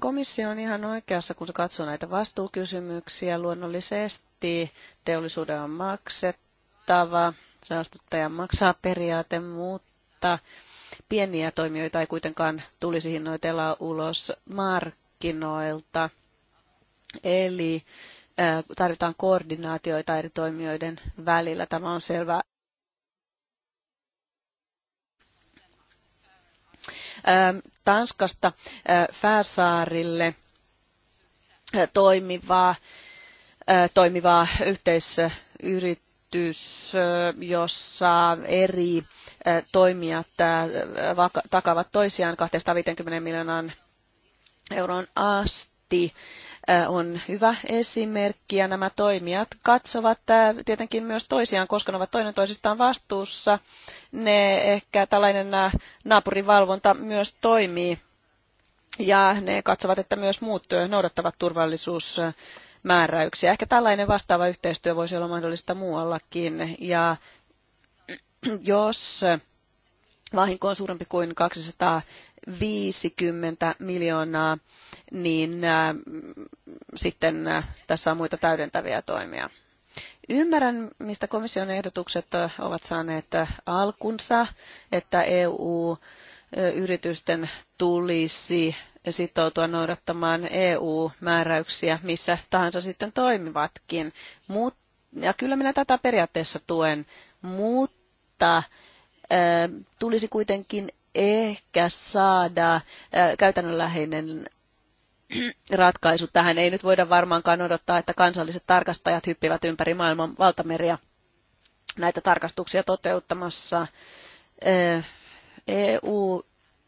komissio on ihan oikeassa, kun se katsoo näitä vastuukysymyksiä. Luonnollisesti teollisuuden on maksettu vastaava saastuttaja maksaa periaate, mutta pieniä toimijoita ei kuitenkaan tulisi hinnoitella ulos markkinoilta. Eli tarvitaan koordinaatioita eri toimijoiden välillä. Tämä on selvä. Tanskasta Färsaarille toimivaa, toimivaa yhteisyritystä yritys, jossa eri toimijat takavat toisiaan 250 miljoonan euron asti on hyvä esimerkki ja nämä toimijat katsovat tietenkin myös toisiaan, koska ne ovat toinen toisistaan vastuussa. Ne ehkä tällainen naapurivalvonta myös toimii ja ne katsovat, että myös muut noudattavat turvallisuus määräyksiä. Ehkä tällainen vastaava yhteistyö voisi olla mahdollista muuallakin. Ja jos vahinko on suurempi kuin 250 miljoonaa, niin sitten tässä on muita täydentäviä toimia. Ymmärrän, mistä komission ehdotukset ovat saaneet alkunsa, että EU-yritysten tulisi sitoutua noudattamaan EU-määräyksiä, missä tahansa sitten toimivatkin. Mut, ja kyllä minä tätä periaatteessa tuen, mutta tulisi kuitenkin ehkä saada käytännönläheinen ratkaisu tähän. Ei nyt voida varmaankaan odottaa, että kansalliset tarkastajat hyppivät ympäri maailman valtameriä näitä tarkastuksia toteuttamassa. EU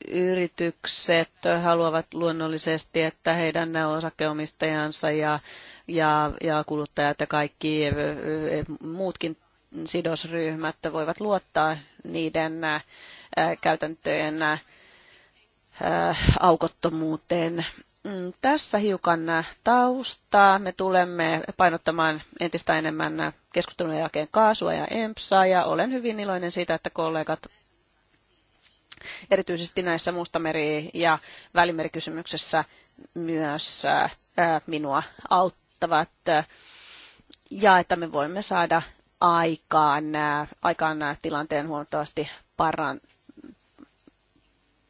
yritykset haluavat luonnollisesti, että heidän osakeomistajansa ja, ja, ja kuluttajat ja kaikki e, e, muutkin sidosryhmät voivat luottaa niiden käytäntöjen aukottomuuteen. Mm, tässä hiukan taustaa. Me tulemme painottamaan entistä enemmän keskustelun jälkeen kaasua ja EMPSA ja olen hyvin iloinen siitä, että kollegat erityisesti näissä Mustameri- ja Välimerikysymyksessä myös äh, minua auttavat äh, ja että me voimme saada aikaan, äh, aikaan tilanteen huomattavasti paran,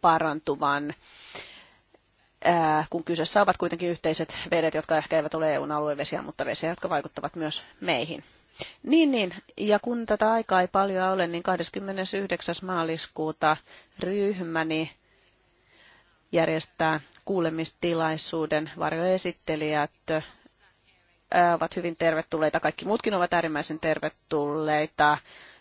parantuvan, kun kyseessä ovat kuitenkin yhteiset vedet, jotka ehkä eivät ole EUn aluevesiä, mutta vesiä, jotka vaikuttavat myös meihin. Niin, niin. Ja kun tätä aikaa ei paljon ole, niin 29. maaliskuuta ryhmäni järjestää kuulemistilaisuuden. Varjoesittelijät äh, ovat hyvin tervetulleita. Kaikki muutkin ovat äärimmäisen tervetulleita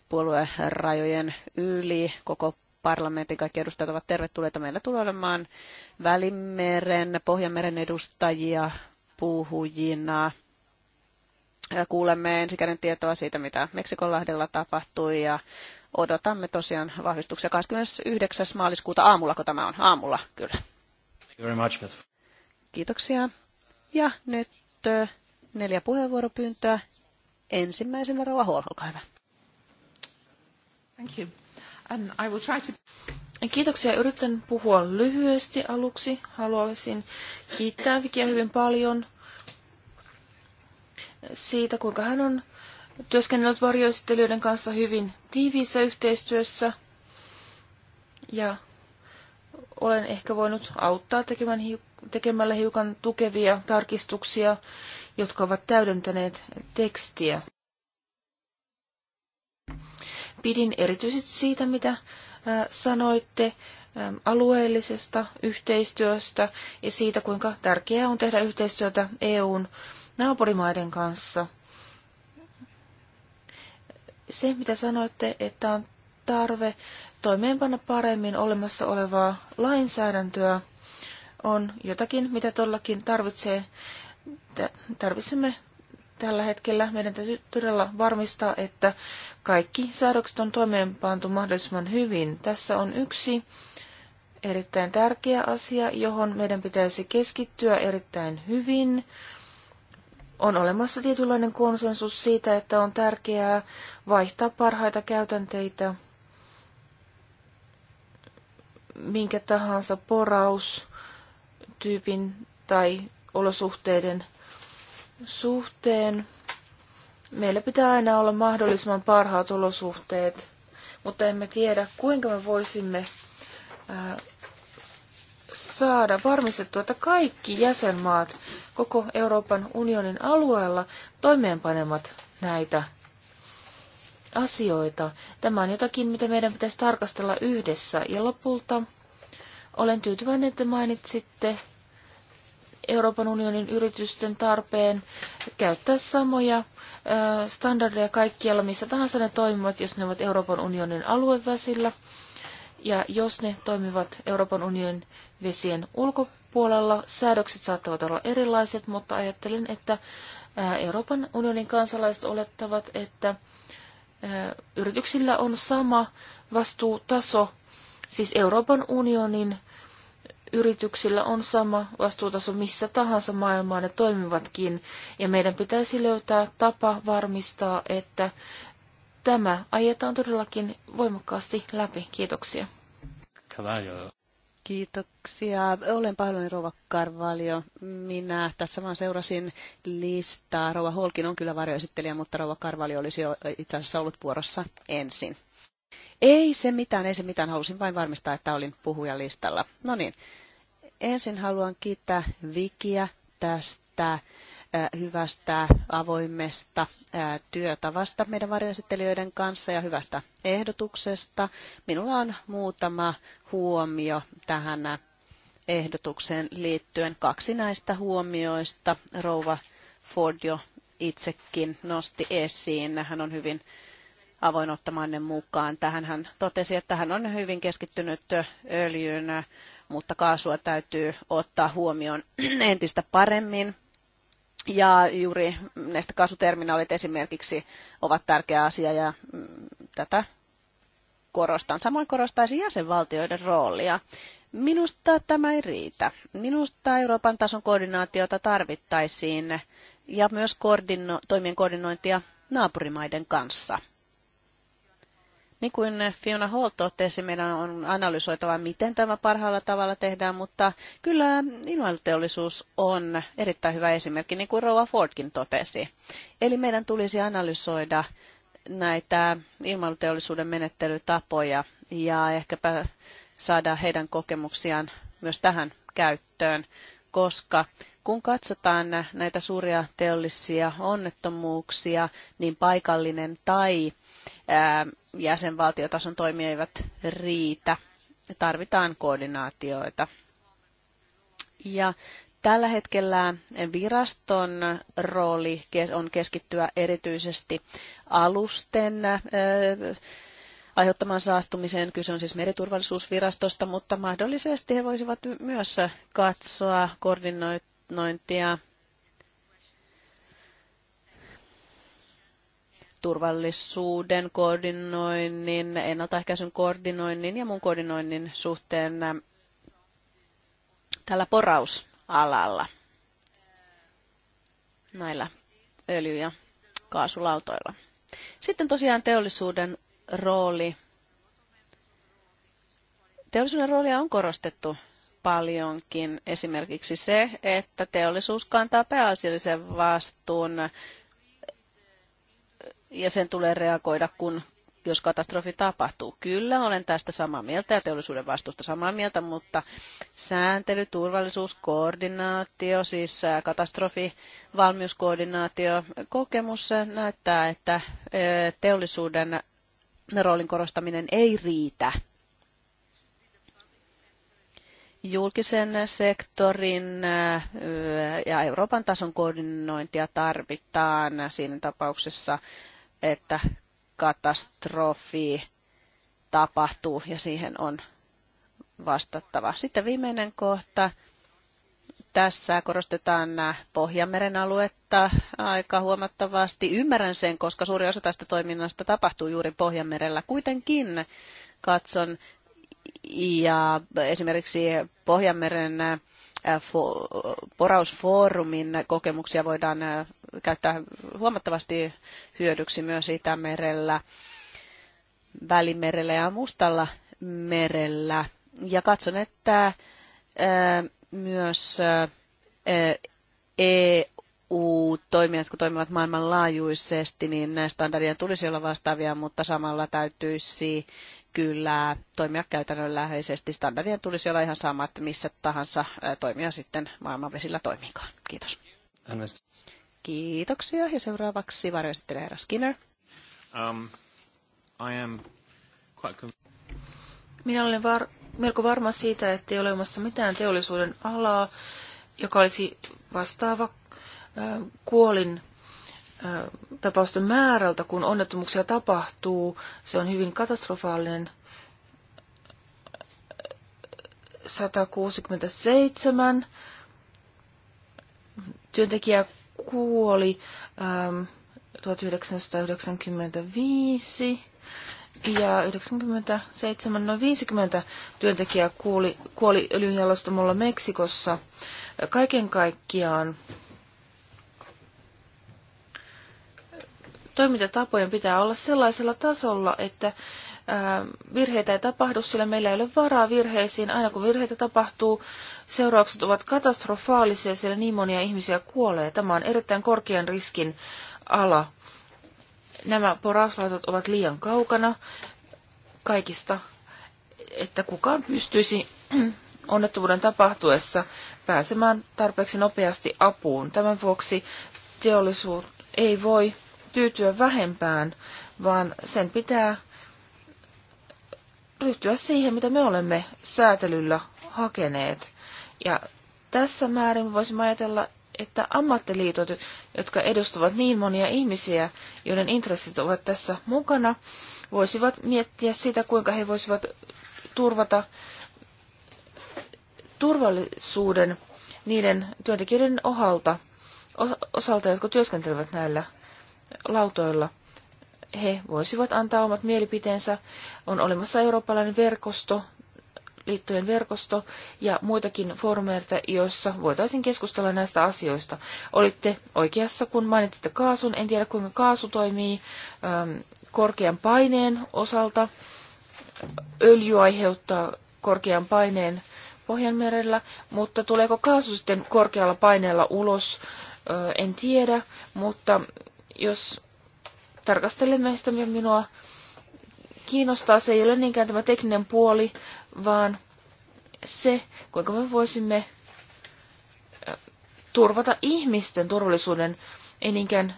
puoluerajojen yli. Koko parlamentin kaikki edustajat ovat tervetulleita. Meillä tulee olemaan Välimeren, Pohjanmeren edustajia puhujina kuulemme ensikäden tietoa siitä, mitä Meksikonlahdella tapahtui ja odotamme tosiaan vahvistuksia 29. maaliskuuta aamulla, kun tämä on aamulla kyllä. Kiitoksia. Ja nyt neljä puheenvuoropyyntöä. Ensimmäisenä Rauha Huol, olkaa hyvä. Thank you. And um, I will try to... Kiitoksia. Yritän puhua lyhyesti aluksi. Haluaisin kiittää Vikiä hyvin paljon siitä, kuinka hän on työskennellyt varjoesittelijöiden kanssa hyvin tiiviissä yhteistyössä. Ja olen ehkä voinut auttaa tekemään, tekemällä hiukan tukevia tarkistuksia, jotka ovat täydentäneet tekstiä. Pidin erityisesti siitä, mitä sanoitte alueellisesta yhteistyöstä ja siitä, kuinka tärkeää on tehdä yhteistyötä EUn naapurimaiden kanssa. Se, mitä sanoitte, että on tarve toimeenpanna paremmin olemassa olevaa lainsäädäntöä, on jotakin, mitä todellakin tarvitsee, tarvitsemme tällä hetkellä. Meidän täytyy todella varmistaa, että kaikki säädökset on toimeenpantu mahdollisimman hyvin. Tässä on yksi erittäin tärkeä asia, johon meidän pitäisi keskittyä erittäin hyvin on olemassa tietynlainen konsensus siitä, että on tärkeää vaihtaa parhaita käytänteitä minkä tahansa poraustyypin tai olosuhteiden suhteen. Meillä pitää aina olla mahdollisimman parhaat olosuhteet, mutta emme tiedä, kuinka me voisimme saada varmistettua, että kaikki jäsenmaat koko Euroopan unionin alueella toimeenpanemat näitä asioita. Tämä on jotakin, mitä meidän pitäisi tarkastella yhdessä. Ja lopulta olen tyytyväinen, että mainitsitte Euroopan unionin yritysten tarpeen käyttää samoja standardeja kaikkialla, missä tahansa ne toimivat, jos ne ovat Euroopan unionin aluevälillä ja jos ne toimivat Euroopan unionin vesien ulkopuolella, säädökset saattavat olla erilaiset, mutta ajattelen, että äh, Euroopan unionin kansalaiset olettavat, että äh, yrityksillä on sama vastuutaso, siis Euroopan unionin yrityksillä on sama vastuutaso missä tahansa maailmaa ne toimivatkin, ja meidän pitäisi löytää tapa varmistaa, että tämä ajetaan todellakin voimakkaasti läpi. Kiitoksia. Kiitoksia. Olen pahoillani Rova karvalio. Minä tässä vaan seurasin listaa. Rova Holkin on kyllä varjoesittelijä, mutta Rova karvalio olisi jo itse asiassa ollut vuorossa ensin. Ei se mitään, ei se mitään. Halusin vain varmistaa, että olin puhujalistalla. No niin, ensin haluan kiittää Vikiä tästä Äh, hyvästä avoimesta äh, työtavasta meidän varjoesittelijöiden kanssa ja hyvästä ehdotuksesta. Minulla on muutama huomio tähän äh, ehdotukseen liittyen. Kaksi näistä huomioista Rouva Ford jo itsekin nosti esiin. Hän on hyvin avoin ottamaan ne mukaan. Tähän hän totesi, että hän on hyvin keskittynyt öljyyn, mutta kaasua täytyy ottaa huomioon entistä paremmin. Ja juuri näistä kaasuterminaalit esimerkiksi ovat tärkeä asia ja mm, tätä korostan. Samoin korostaisin jäsenvaltioiden roolia. Minusta tämä ei riitä. Minusta Euroopan tason koordinaatiota tarvittaisiin ja myös koordino- toimien koordinointia naapurimaiden kanssa – niin kuin Fiona Holt totesi, meidän on analysoitava, miten tämä parhaalla tavalla tehdään, mutta kyllä ilmailuteollisuus on erittäin hyvä esimerkki, niin kuin Rova Fordkin totesi. Eli meidän tulisi analysoida näitä ilmailuteollisuuden menettelytapoja ja ehkäpä saada heidän kokemuksiaan myös tähän käyttöön, koska kun katsotaan näitä suuria teollisia onnettomuuksia, niin paikallinen tai jäsenvaltiotason toimia eivät riitä. Tarvitaan koordinaatioita. Ja tällä hetkellä viraston rooli on keskittyä erityisesti alusten aiheuttamaan saastumiseen. Kyse on siis meriturvallisuusvirastosta, mutta mahdollisesti he voisivat myös katsoa koordinointia turvallisuuden koordinoinnin, ennaltaehkäisyn koordinoinnin ja mun koordinoinnin suhteen tällä porausalalla näillä öljy- ja kaasulautoilla. Sitten tosiaan teollisuuden rooli. Teollisuuden roolia on korostettu paljonkin. Esimerkiksi se, että teollisuus kantaa pääasiallisen vastuun ja sen tulee reagoida, kun jos katastrofi tapahtuu. Kyllä, olen tästä samaa mieltä ja teollisuuden vastuusta samaa mieltä, mutta sääntely, turvallisuus, koordinaatio, siis katastrofi, valmiuskoordinaatio, kokemus näyttää, että teollisuuden roolin korostaminen ei riitä. Julkisen sektorin ja Euroopan tason koordinointia tarvitaan siinä tapauksessa, että katastrofi tapahtuu ja siihen on vastattava. Sitten viimeinen kohta. Tässä korostetaan Pohjanmeren aluetta aika huomattavasti. Ymmärrän sen, koska suuri osa tästä toiminnasta tapahtuu juuri Pohjanmerellä. Kuitenkin katson ja esimerkiksi Pohjanmeren Äh, porausfoorumin kokemuksia voidaan äh, käyttää huomattavasti hyödyksi myös Itämerellä, Välimerellä ja Mustalla merellä. Ja katson, että äh, myös EU-toimijat, kun toimivat maailmanlaajuisesti, niin standardien tulisi olla vastaavia, mutta samalla täytyisi kyllä toimia käytännönläheisesti. Standardien tulisi olla ihan samat missä tahansa toimia sitten maailmanvesillä toimikaan. Kiitos. Kiitoksia. Ja seuraavaksi varjoesittelee herra Skinner. Um, I am quite... Minä olen var- melko varma siitä, että ei ole olemassa mitään teollisuuden alaa, joka olisi vastaava äh, kuolin tapausten määrältä, kun onnettomuuksia tapahtuu. Se on hyvin katastrofaalinen 167 työntekijä kuoli ähm, 1995 ja 97, noin 50 työntekijää kuoli, kuoli öljynjalostamolla Meksikossa. Kaiken kaikkiaan toimintatapojen pitää olla sellaisella tasolla, että virheitä ei tapahdu, sillä meillä ei ole varaa virheisiin. Aina kun virheitä tapahtuu, seuraukset ovat katastrofaalisia, sillä niin monia ihmisiä kuolee. Tämä on erittäin korkean riskin ala. Nämä porauslaitot ovat liian kaukana kaikista, että kukaan pystyisi onnettomuuden tapahtuessa pääsemään tarpeeksi nopeasti apuun. Tämän vuoksi teollisuus ei voi tyytyä vähempään, vaan sen pitää ryhtyä siihen, mitä me olemme säätelyllä hakeneet. Ja tässä määrin voisi voisimme ajatella, että ammattiliitot, jotka edustavat niin monia ihmisiä, joiden intressit ovat tässä mukana, voisivat miettiä sitä, kuinka he voisivat turvata turvallisuuden niiden työntekijöiden ohalta, osalta, jotka työskentelevät näillä lautoilla. He voisivat antaa omat mielipiteensä. On olemassa eurooppalainen verkosto, liittojen verkosto ja muitakin foorumeita, joissa voitaisiin keskustella näistä asioista. Olitte oikeassa, kun mainitsitte kaasun. En tiedä, kuinka kaasu toimii ähm, korkean paineen osalta. Öljy aiheuttaa korkean paineen Pohjanmerellä, mutta tuleeko kaasu sitten korkealla paineella ulos, en tiedä, mutta jos tarkastelemme sitä, minua kiinnostaa, se ei ole niinkään tämä tekninen puoli, vaan se, kuinka me voisimme turvata ihmisten turvallisuuden, ei niinkään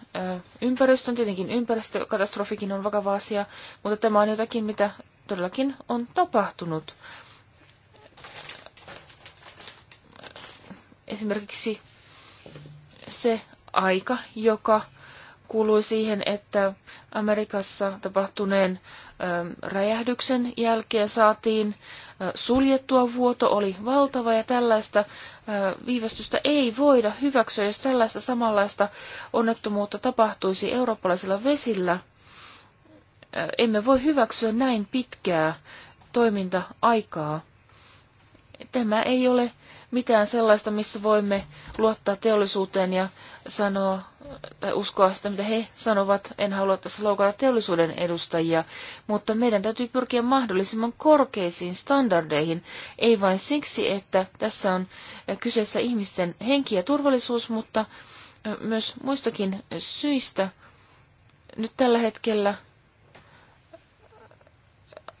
ympäristön, tietenkin ympäristökatastrofikin on vakava asia, mutta tämä on jotakin, mitä todellakin on tapahtunut. Esimerkiksi se aika, joka kuului siihen, että Amerikassa tapahtuneen räjähdyksen jälkeen saatiin suljettua vuoto, oli valtava ja tällaista viivästystä ei voida hyväksyä, jos tällaista samanlaista onnettomuutta tapahtuisi eurooppalaisilla vesillä. Emme voi hyväksyä näin pitkää toiminta-aikaa. Tämä ei ole mitään sellaista, missä voimme luottaa teollisuuteen ja sanoa tai uskoa sitä, mitä he sanovat. En halua tässä loukata teollisuuden edustajia, mutta meidän täytyy pyrkiä mahdollisimman korkeisiin standardeihin. Ei vain siksi, että tässä on kyseessä ihmisten henki ja turvallisuus, mutta myös muistakin syistä. Nyt tällä hetkellä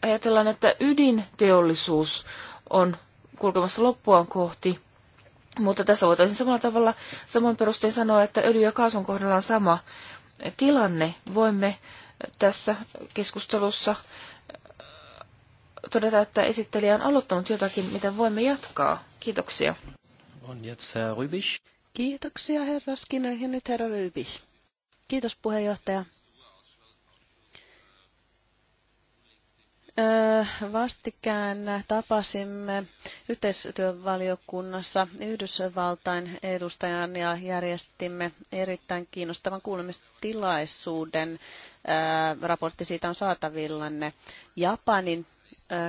ajatellaan, että ydinteollisuus on kulkemassa loppuaan kohti. Mutta tässä voitaisiin samalla tavalla samoin perustein sanoa, että öljy ja kaasun kohdalla on sama tilanne. Voimme tässä keskustelussa todeta, että esittelijä on aloittanut jotakin, mitä voimme jatkaa. Kiitoksia. On jetzt Kiitoksia herra Skinner ja nyt herra Rübig. Kiitos puheenjohtaja. Vastikään tapasimme yhteistyövaliokunnassa Yhdysvaltain edustajan ja järjestimme erittäin kiinnostavan kuulemistilaisuuden. Raportti siitä on saatavillanne. Japanin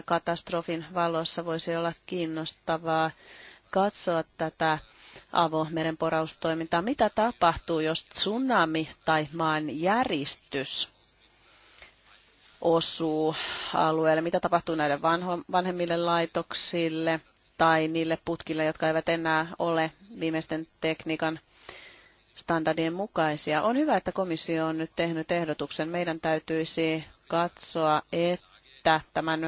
katastrofin valossa voisi olla kiinnostavaa katsoa tätä avomerenporaustoimintaa. Mitä tapahtuu, jos tsunami tai maan järistys osuu alueelle, mitä tapahtuu näille vanho, vanhemmille laitoksille tai niille putkille, jotka eivät enää ole viimeisten tekniikan standardien mukaisia. On hyvä, että komissio on nyt tehnyt ehdotuksen. Meidän täytyisi katsoa, että tämän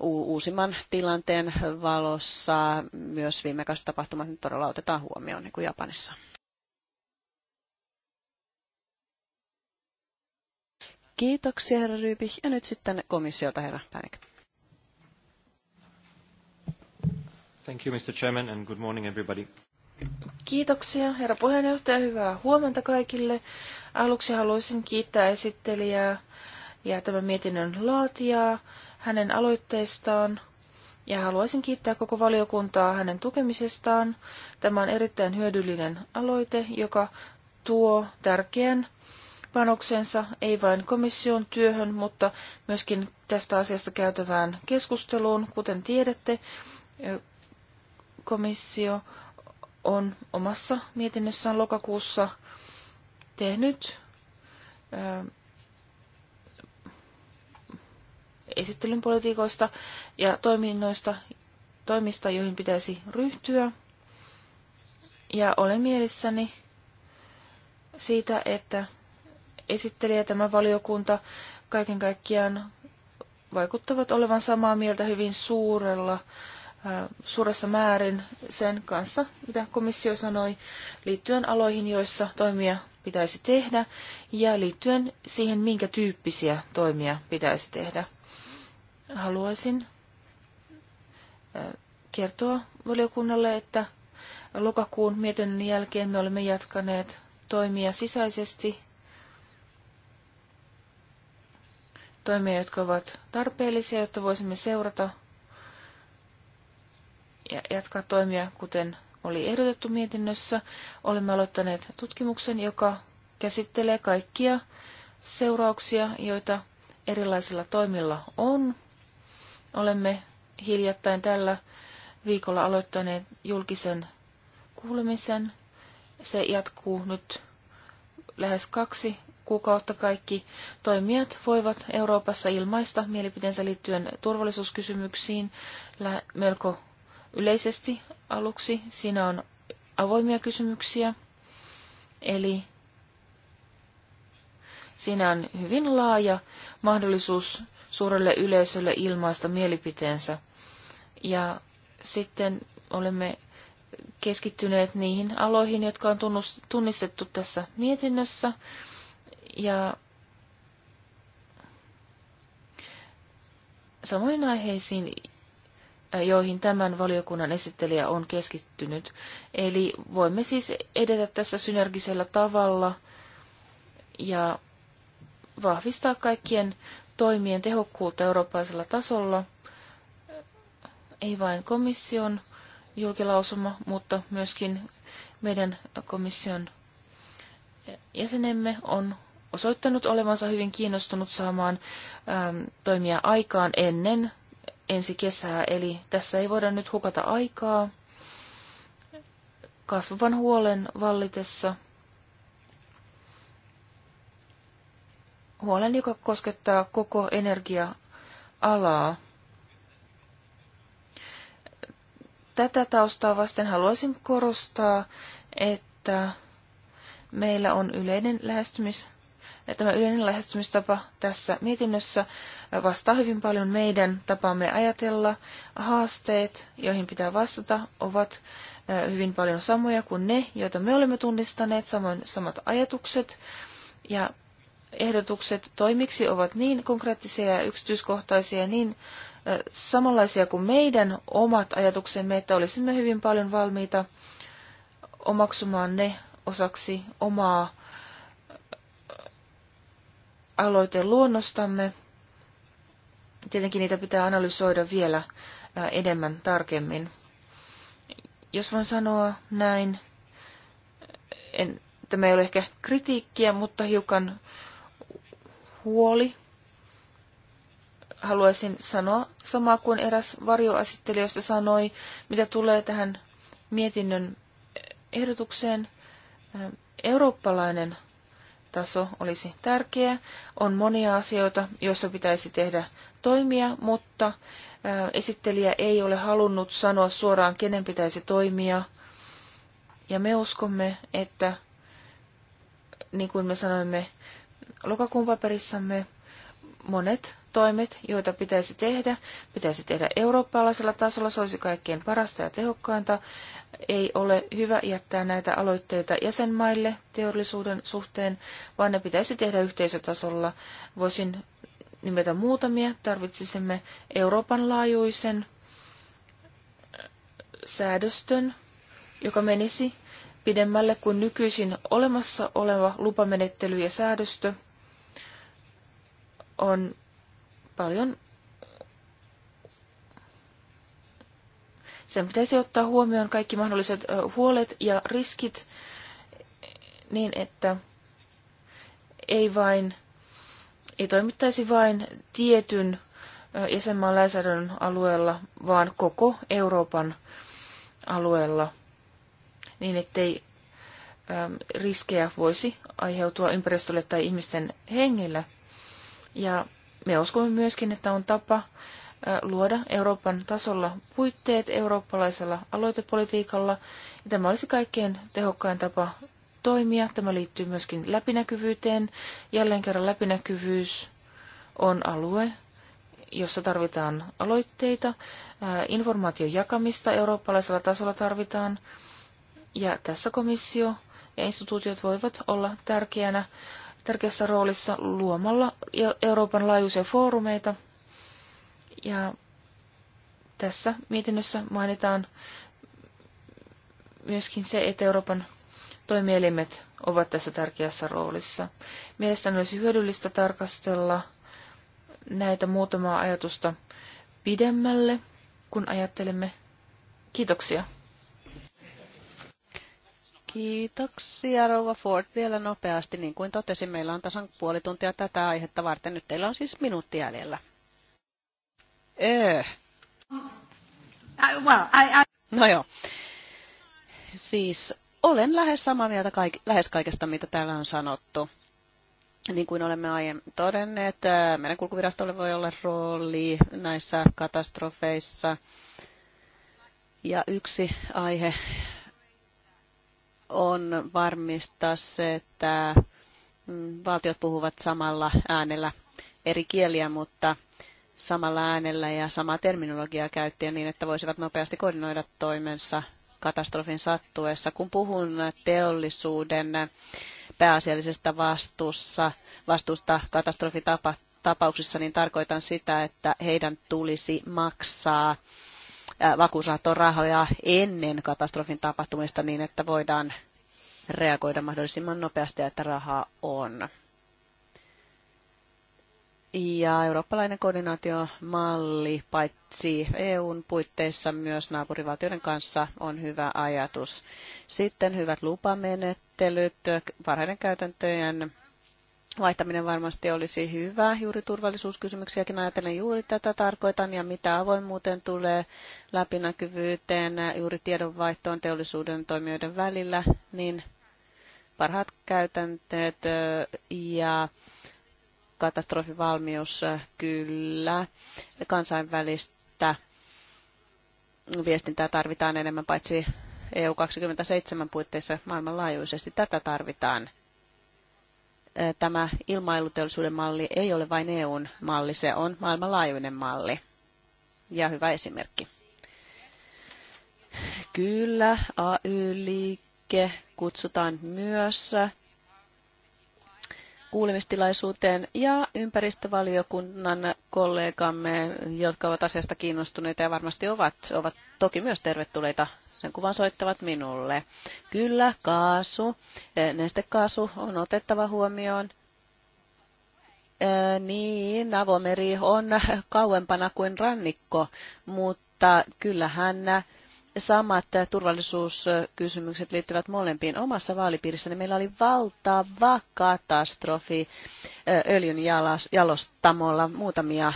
uusimman tilanteen valossa myös viime tapahtumat nyt todella otetaan huomioon, niin kuin Japanissa. Kiitoksia, herra Ryypi. Ja nyt sitten komissiota, herra Pänik. Thank you, Mr. Chairman, and good morning, everybody. Kiitoksia, herra puheenjohtaja. Hyvää huomenta kaikille. Aluksi haluaisin kiittää esittelijää ja tämän mietinnön laatijaa hänen aloitteestaan ja haluaisin kiittää koko valiokuntaa hänen tukemisestaan. Tämä on erittäin hyödyllinen aloite, joka tuo tärkeän panoksensa ei vain komission työhön, mutta myöskin tästä asiasta käytävään keskusteluun. Kuten tiedätte, komissio on omassa mietinnössään lokakuussa tehnyt esittelyn politiikoista ja toiminnoista, toimista, joihin pitäisi ryhtyä. Ja olen mielissäni siitä, että esittelijä, tämä valiokunta kaiken kaikkiaan vaikuttavat olevan samaa mieltä hyvin suurella, suuressa määrin sen kanssa, mitä komissio sanoi liittyen aloihin, joissa toimia pitäisi tehdä ja liittyen siihen, minkä tyyppisiä toimia pitäisi tehdä. Haluaisin kertoa valiokunnalle, että lokakuun mietinnön jälkeen me olemme jatkaneet toimia sisäisesti toimia, jotka ovat tarpeellisia, jotta voisimme seurata ja jatkaa toimia, kuten oli ehdotettu mietinnössä. Olemme aloittaneet tutkimuksen, joka käsittelee kaikkia seurauksia, joita erilaisilla toimilla on. Olemme hiljattain tällä viikolla aloittaneet julkisen kuulemisen. Se jatkuu nyt lähes kaksi kuukautta kaikki toimijat voivat Euroopassa ilmaista mielipiteensä liittyen turvallisuuskysymyksiin melko yleisesti aluksi. Siinä on avoimia kysymyksiä, eli siinä on hyvin laaja mahdollisuus suurelle yleisölle ilmaista mielipiteensä. Ja sitten olemme keskittyneet niihin aloihin, jotka on tunnustettu tässä mietinnössä. Ja samoin aiheisiin, joihin tämän valiokunnan esittelijä on keskittynyt. Eli voimme siis edetä tässä synergisellä tavalla ja vahvistaa kaikkien toimien tehokkuutta eurooppalaisella tasolla, ei vain komission julkilausuma, mutta myöskin meidän komission jäsenemme on osoittanut olevansa hyvin kiinnostunut saamaan äm, toimia aikaan ennen ensi kesää. Eli tässä ei voida nyt hukata aikaa kasvavan huolen vallitessa. Huolen, joka koskettaa koko energia-alaa. Tätä taustaa vasten haluaisin korostaa, että meillä on yleinen lähestymis Tämä yleinen lähestymistapa tässä mietinnössä vastaa hyvin paljon meidän tapaamme ajatella. Haasteet, joihin pitää vastata, ovat hyvin paljon samoja kuin ne, joita me olemme tunnistaneet, samoin samat ajatukset. Ja ehdotukset toimiksi ovat niin konkreettisia ja yksityiskohtaisia ja niin samanlaisia kuin meidän omat ajatuksemme, että olisimme hyvin paljon valmiita omaksumaan ne osaksi omaa aloite luonnostamme. Tietenkin niitä pitää analysoida vielä enemmän tarkemmin. Jos voin sanoa näin, en, tämä ei ole ehkä kritiikkiä, mutta hiukan huoli. Haluaisin sanoa samaa kuin eräs varjoasittelijoista sanoi, mitä tulee tähän mietinnön ehdotukseen. Eurooppalainen taso olisi tärkeä. On monia asioita, joissa pitäisi tehdä toimia, mutta esittelijä ei ole halunnut sanoa suoraan, kenen pitäisi toimia. Ja me uskomme, että niin kuin me sanoimme lokakuun paperissamme, monet toimet, joita pitäisi tehdä, pitäisi tehdä eurooppalaisella tasolla, se olisi kaikkein parasta ja tehokkainta. Ei ole hyvä jättää näitä aloitteita jäsenmaille teollisuuden suhteen, vaan ne pitäisi tehdä yhteisötasolla. Voisin nimetä muutamia. Tarvitsisimme Euroopan laajuisen äh, säädöstön, joka menisi pidemmälle kuin nykyisin olemassa oleva lupamenettely ja säädöstö on paljon sen pitäisi ottaa huomioon kaikki mahdolliset huolet ja riskit niin, että ei vain, ei toimittaisi vain tietyn jäsenmaan lainsäädännön alueella, vaan koko Euroopan alueella, niin ettei riskejä voisi aiheutua ympäristölle tai ihmisten hengille. Ja me uskomme myöskin, että on tapa luoda Euroopan tasolla puitteet eurooppalaisella aloitepolitiikalla. Ja tämä olisi kaikkein tehokkain tapa toimia. Tämä liittyy myöskin läpinäkyvyyteen. Jälleen kerran läpinäkyvyys on alue, jossa tarvitaan aloitteita. Informaation jakamista eurooppalaisella tasolla tarvitaan. Ja tässä komissio ja instituutiot voivat olla tärkeänä tärkeässä roolissa luomalla Euroopan laajuisia foorumeita. Ja tässä mietinnössä mainitaan myöskin se, että Euroopan toimielimet ovat tässä tärkeässä roolissa. Mielestäni olisi hyödyllistä tarkastella näitä muutamaa ajatusta pidemmälle, kun ajattelemme. Kiitoksia. Kiitoksia, Rouva Ford. Vielä nopeasti, niin kuin totesin, meillä on tasan puoli tuntia tätä aihetta varten. Nyt teillä on siis minuutti jäljellä. Öö. Uh, no joo. Siis olen lähes samaa mieltä kaik- lähes kaikesta, mitä täällä on sanottu. Niin kuin olemme aiemmin todenneet, äh, meidän kulkuvirastolle voi olla rooli näissä katastrofeissa. Ja yksi aihe, on varmistaa se, että valtiot puhuvat samalla äänellä eri kieliä, mutta samalla äänellä ja samaa terminologiaa käyttäen niin, että voisivat nopeasti koordinoida toimensa katastrofin sattuessa. Kun puhun teollisuuden pääasiallisesta vastuussa, vastuusta katastrofitapauksissa, niin tarkoitan sitä, että heidän tulisi maksaa vakuusrahastorahoja ennen katastrofin tapahtumista niin, että voidaan reagoida mahdollisimman nopeasti, että rahaa on. Ja eurooppalainen koordinaatiomalli paitsi EUn puitteissa myös naapurivaltioiden kanssa on hyvä ajatus. Sitten hyvät lupamenettelyt, parhaiden käytäntöjen Vaihtaminen varmasti olisi hyvä, juuri turvallisuuskysymyksiäkin ajatellen juuri tätä tarkoitan ja mitä avoimuuteen tulee läpinäkyvyyteen, juuri tiedonvaihtoon teollisuuden toimijoiden välillä, niin parhaat käytänteet ja katastrofivalmius kyllä kansainvälistä viestintää tarvitaan enemmän paitsi EU27 puitteissa maailmanlaajuisesti. Tätä tarvitaan tämä ilmailuteollisuuden malli ei ole vain EUn malli, se on maailmanlaajuinen malli ja hyvä esimerkki. Kyllä, AY-liike kutsutaan myös kuulemistilaisuuteen ja ympäristövaliokunnan kollegamme, jotka ovat asiasta kiinnostuneita ja varmasti ovat, ovat toki myös tervetulleita kuvan soittavat minulle. Kyllä, kaasu, e, nestekaasu on otettava huomioon. E, niin, avomeri on kauempana kuin rannikko, mutta kyllähän samat turvallisuuskysymykset liittyvät molempiin. Omassa vaalipiirissäni meillä oli valtava katastrofi e, öljyn jalostamolla muutamia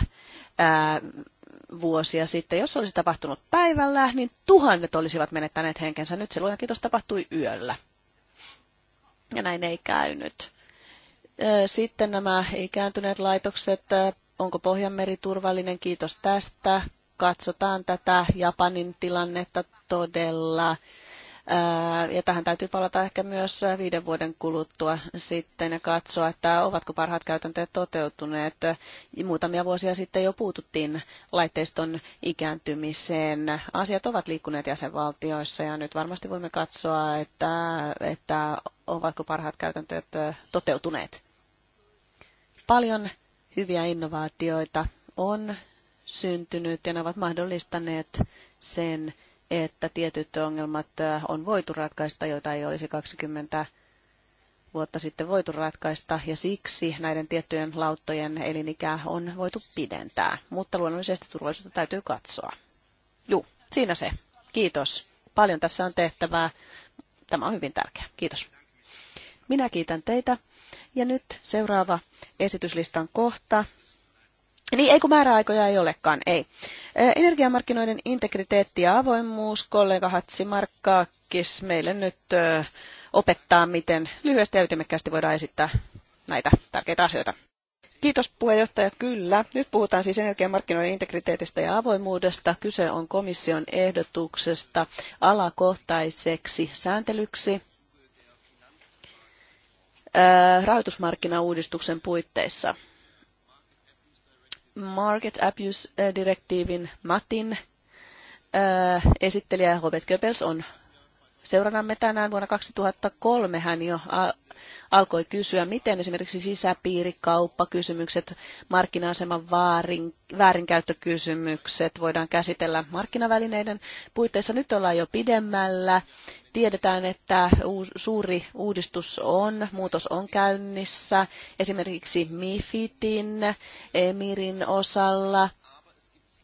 vuosia sitten. Jos olisi tapahtunut päivällä, niin tuhannet olisivat menettäneet henkensä. Nyt se luojan kiitos tapahtui yöllä. Ja näin ei käynyt. Sitten nämä ikääntyneet laitokset, onko Pohjanmeri turvallinen? Kiitos tästä. Katsotaan tätä Japanin tilannetta todella ja tähän täytyy palata ehkä myös viiden vuoden kuluttua sitten ja katsoa, että ovatko parhaat käytänteet toteutuneet. Muutamia vuosia sitten jo puututtiin laitteiston ikääntymiseen. Asiat ovat liikkuneet jäsenvaltioissa ja nyt varmasti voimme katsoa, että, että ovatko parhaat käytänteet toteutuneet. Paljon hyviä innovaatioita on syntynyt ja ne ovat mahdollistaneet sen, että tietyt ongelmat on voitu ratkaista, joita ei olisi 20 vuotta sitten voitu ratkaista, ja siksi näiden tiettyjen lauttojen elinikää on voitu pidentää. Mutta luonnollisesti turvallisuutta täytyy katsoa. Juu, siinä se. Kiitos. Paljon tässä on tehtävää. Tämä on hyvin tärkeä. Kiitos. Minä kiitän teitä. Ja nyt seuraava esityslistan kohta. Niin, ei kun määräaikoja ei olekaan, ei. Energiamarkkinoiden integriteetti ja avoimuus, kollega Markkaakis meille nyt opettaa, miten lyhyesti ja ytimekkäästi voidaan esittää näitä tärkeitä asioita. Kiitos puheenjohtaja, kyllä. Nyt puhutaan siis energiamarkkinoiden integriteetistä ja avoimuudesta. Kyse on komission ehdotuksesta alakohtaiseksi sääntelyksi rahoitusmarkkinauudistuksen puitteissa – Market Abuse-direktiivin eh, MATin eh, esittelijä Robert Goebbels on seurannamme tänään vuonna 2003 hän jo alkoi kysyä, miten esimerkiksi sisäpiirikauppakysymykset, markkina-aseman vaarin, väärinkäyttökysymykset voidaan käsitellä markkinavälineiden puitteissa. Nyt ollaan jo pidemmällä Tiedetään, että suuri uudistus on, muutos on käynnissä, esimerkiksi MIFITin, EMIRin osalla,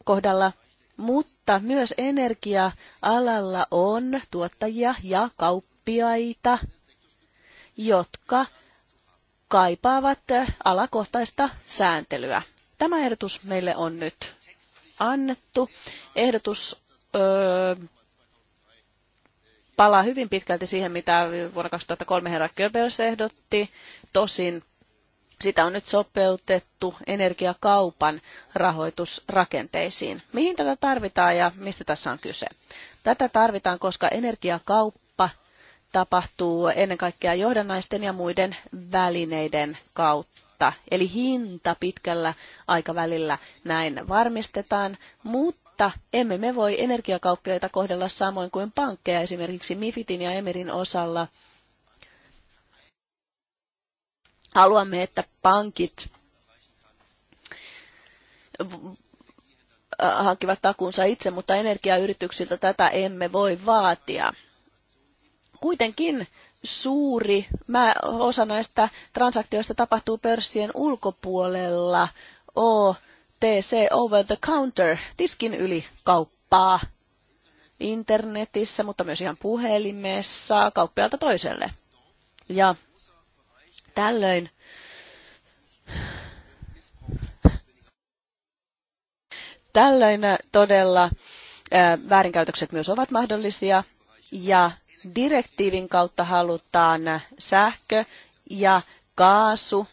kohdalla, mutta myös energia-alalla on tuottajia ja kauppiaita, jotka kaipaavat alakohtaista sääntelyä. Tämä ehdotus meille on nyt annettu. Ehdotus ö, palaa hyvin pitkälti siihen, mitä vuonna 2003 herra Goebbels ehdotti. Tosin sitä on nyt sopeutettu energiakaupan rahoitusrakenteisiin. Mihin tätä tarvitaan ja mistä tässä on kyse? Tätä tarvitaan, koska energiakauppa tapahtuu ennen kaikkea johdannaisten ja muiden välineiden kautta. Eli hinta pitkällä aikavälillä näin varmistetaan, mutta mutta emme me voi energiakauppiaita kohdella samoin kuin pankkeja esimerkiksi Mifitin ja Emerin osalla. Haluamme, että pankit hankkivat takuunsa itse, mutta energiayrityksiltä tätä emme voi vaatia. Kuitenkin suuri osa näistä transaktioista tapahtuu pörssien ulkopuolella. O OTC, over the counter, tiskin yli kauppaa internetissä, mutta myös ihan puhelimessa kauppialta toiselle. Ja tällöin tällöin äh, todella äh, väärinkäytökset myös ovat mahdollisia ja direktiivin kautta halutaan sähkö- ja kaasu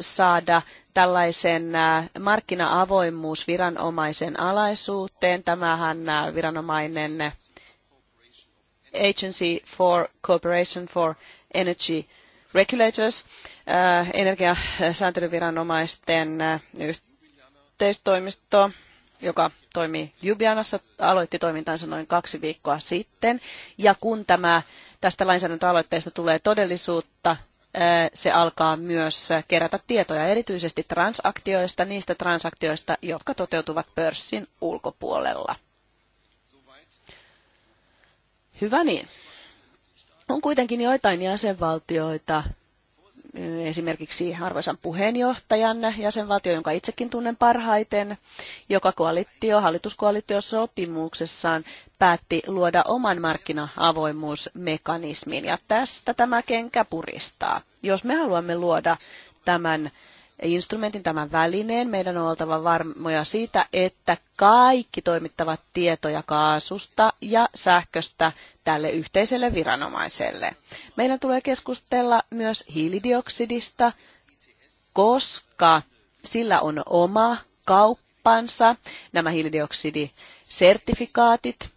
saada tällaisen markkina-avoimuusviranomaisen alaisuuteen. Tämähän viranomainen Agency for Cooperation for Energy Regulators, energiasääntelyviranomaisten yhteistoimisto, joka toimii Ljubljanassa, aloitti toimintansa noin kaksi viikkoa sitten. Ja kun tämä tästä lainsäädäntöaloitteesta tulee todellisuutta, se alkaa myös kerätä tietoja erityisesti transaktioista, niistä transaktioista, jotka toteutuvat pörssin ulkopuolella. Hyvä niin. On kuitenkin joitain jäsenvaltioita, esimerkiksi arvoisan puheenjohtajan jäsenvaltio, jonka itsekin tunnen parhaiten, joka koalitio, hallituskoalitiosopimuksessaan päätti luoda oman markkina-avoimuusmekanismin. Ja tästä tämä kenkä puristaa. Jos me haluamme luoda tämän instrumentin, tämän välineen. Meidän on oltava varmoja siitä, että kaikki toimittavat tietoja kaasusta ja sähköstä tälle yhteiselle viranomaiselle. Meidän tulee keskustella myös hiilidioksidista, koska sillä on oma kauppansa, nämä hiilidioksidisertifikaatit,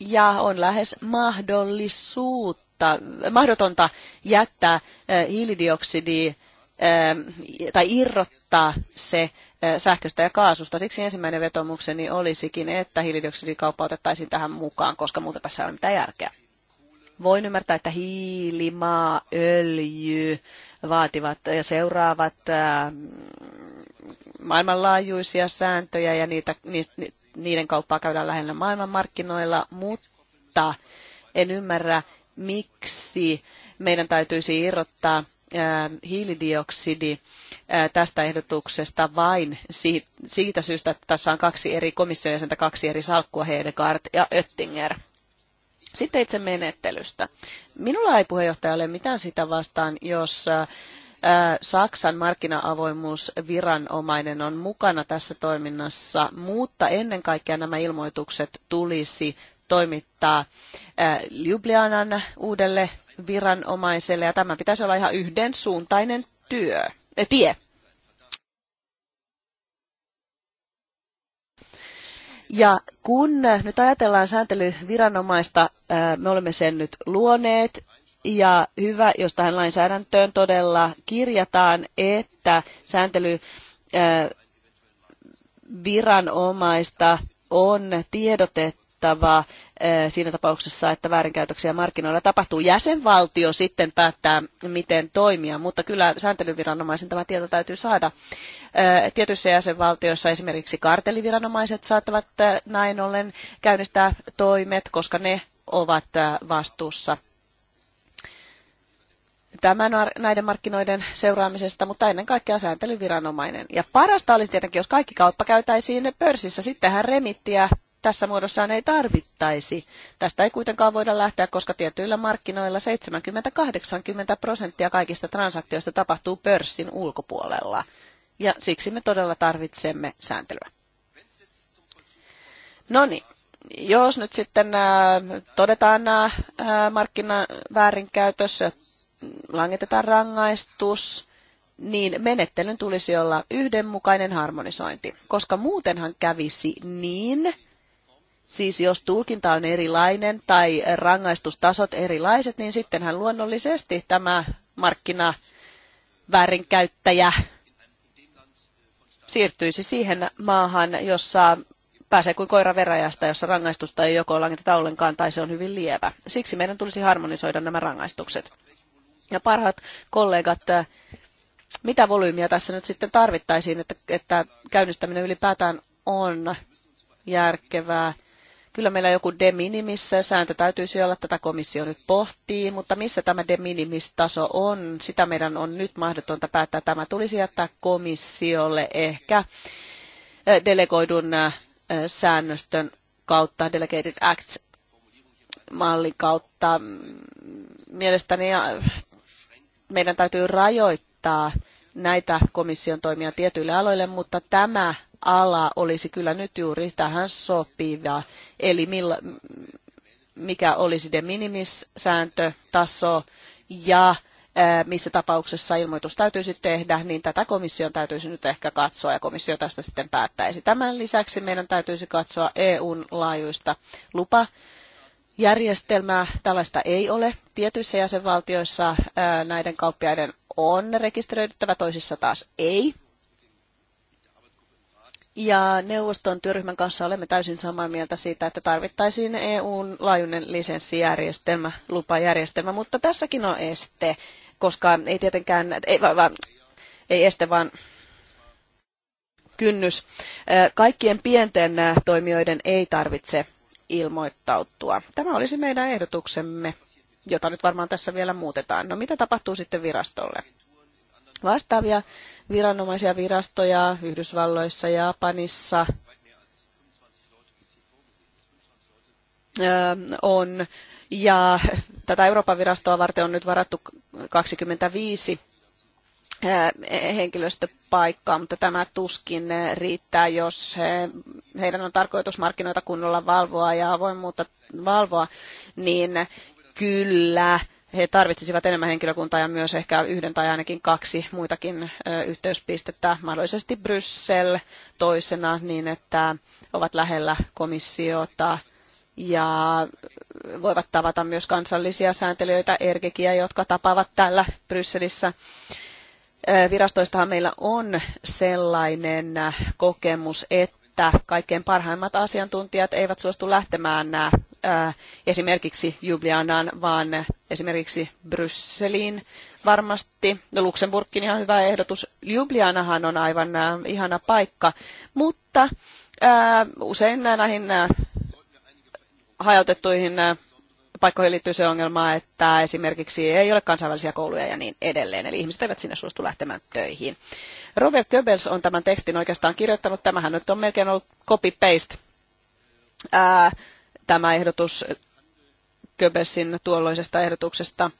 ja on lähes mahdollisuutta, mahdotonta jättää eh, hiilidioksidia. Ähm, tai irrottaa se äh, sähköstä ja kaasusta. Siksi ensimmäinen vetomukseni olisikin, että hiilidioksidikauppa otettaisiin tähän mukaan, koska muuta tässä ei ole mitään järkeä. Voin ymmärtää, että hiili, maa, öljy vaativat ja seuraavat ähm, maailmanlaajuisia sääntöjä ja niitä, niiden kauppaa käydään lähellä maailmanmarkkinoilla, mutta en ymmärrä, miksi meidän täytyisi irrottaa Ähm, hiilidioksidi äh, tästä ehdotuksesta vain siitä syystä, että tässä on kaksi eri komission jäsentä, kaksi eri salkkua, Hedegaard ja Oettinger. Sitten itse menettelystä. Minulla ei puheenjohtaja ole mitään sitä vastaan, jos äh, äh, Saksan markkina-avoimuusviranomainen on mukana tässä toiminnassa, mutta ennen kaikkea nämä ilmoitukset tulisi toimittaa Ljubljanan uudelle viranomaiselle ja tämä pitäisi olla ihan yhdensuuntainen työ, äh, tie. Ja kun nyt ajatellaan sääntelyviranomaista, eh, me olemme sen nyt luoneet ja hyvä, jos tähän lainsäädäntöön todella kirjataan, että sääntelyviranomaista eh, on tiedotettava siinä tapauksessa, että väärinkäytöksiä markkinoilla tapahtuu. Jäsenvaltio sitten päättää, miten toimia, mutta kyllä sääntelyviranomaisen tämä tieto täytyy saada. Tietyissä jäsenvaltioissa esimerkiksi karteliviranomaiset saattavat näin ollen käynnistää toimet, koska ne ovat vastuussa tämän, näiden markkinoiden seuraamisesta, mutta ennen kaikkea sääntelyviranomainen. Ja parasta olisi tietenkin, jos kaikki kauppa käytäisiin pörssissä, sittenhän remittiä tässä muodossaan ei tarvittaisi. Tästä ei kuitenkaan voida lähteä, koska tietyillä markkinoilla 70-80 prosenttia kaikista transaktioista tapahtuu pörssin ulkopuolella. Ja siksi me todella tarvitsemme sääntelyä. No niin, jos nyt sitten äh, todetaan äh, väärinkäytös, mm, langetetaan rangaistus, niin menettelyn tulisi olla yhdenmukainen harmonisointi, koska muutenhan kävisi niin, Siis jos tulkinta on erilainen tai rangaistustasot erilaiset, niin sittenhän luonnollisesti tämä markkina väärinkäyttäjä siirtyisi siihen maahan, jossa pääsee kuin koira veräjästä, jossa rangaistusta ei joko langiteta ollenkaan tai se on hyvin lievä. Siksi meidän tulisi harmonisoida nämä rangaistukset. Ja parhaat kollegat, mitä volyymiä tässä nyt sitten tarvittaisiin, että, että käynnistäminen ylipäätään on järkevää? Kyllä meillä joku de minimis sääntö täytyisi olla, tätä komissio nyt pohtii, mutta missä tämä de minimis taso on, sitä meidän on nyt mahdotonta päättää. Tämä tulisi jättää komissiolle ehkä eh, delegoidun eh, säännöstön kautta, delegated acts mallin kautta. Mm, mielestäni meidän täytyy rajoittaa näitä komission toimia tietyille aloille, mutta tämä ala olisi kyllä nyt juuri tähän sopiva. Eli milla, mikä olisi de minimis sääntötaso ja missä tapauksessa ilmoitus täytyisi tehdä, niin tätä komission täytyisi nyt ehkä katsoa ja komissio tästä sitten päättäisi. Tämän lisäksi meidän täytyisi katsoa EUn laajuista lupa järjestelmää. Tällaista ei ole. Tietyissä jäsenvaltioissa näiden kauppiaiden on rekisteröidyttävä, toisissa taas ei. Ja neuvoston työryhmän kanssa olemme täysin samaa mieltä siitä, että tarvittaisiin EUn laajuinen lisenssijärjestelmä, lupajärjestelmä, mutta tässäkin on este, koska ei tietenkään, ei, va, va, ei este, vaan kynnys. Kaikkien pienten toimijoiden ei tarvitse ilmoittautua. Tämä olisi meidän ehdotuksemme, jota nyt varmaan tässä vielä muutetaan. No mitä tapahtuu sitten virastolle? vastaavia viranomaisia virastoja Yhdysvalloissa, ja Japanissa on. Ja tätä Euroopan virastoa varten on nyt varattu 25 henkilöstöpaikkaa, mutta tämä tuskin riittää, jos he, heidän on tarkoitus markkinoita kunnolla valvoa ja avoimuutta valvoa, niin kyllä he tarvitsisivat enemmän henkilökuntaa ja myös ehkä yhden tai ainakin kaksi muitakin yhteyspistettä, mahdollisesti Bryssel toisena, niin että ovat lähellä komissiota ja voivat tavata myös kansallisia sääntelijöitä, ergekiä, jotka tapaavat täällä Brysselissä. Virastoistahan meillä on sellainen kokemus, että kaikkein parhaimmat asiantuntijat eivät suostu lähtemään esimerkiksi Ljubljanaan, vaan esimerkiksi Brysseliin varmasti. No, Luxemburgkin ihan hyvä ehdotus. Ljubljanahan on aivan ihana paikka, mutta usein näihin hajautettuihin paikkoihin liittyy se ongelma, että esimerkiksi ei ole kansainvälisiä kouluja ja niin edelleen, eli ihmiset eivät sinne suostu lähtemään töihin. Robert Goebbels on tämän tekstin oikeastaan kirjoittanut, tämähän nyt on melkein ollut copy-paste tämä ehdotus Köbesin tuolloisesta ehdotuksesta.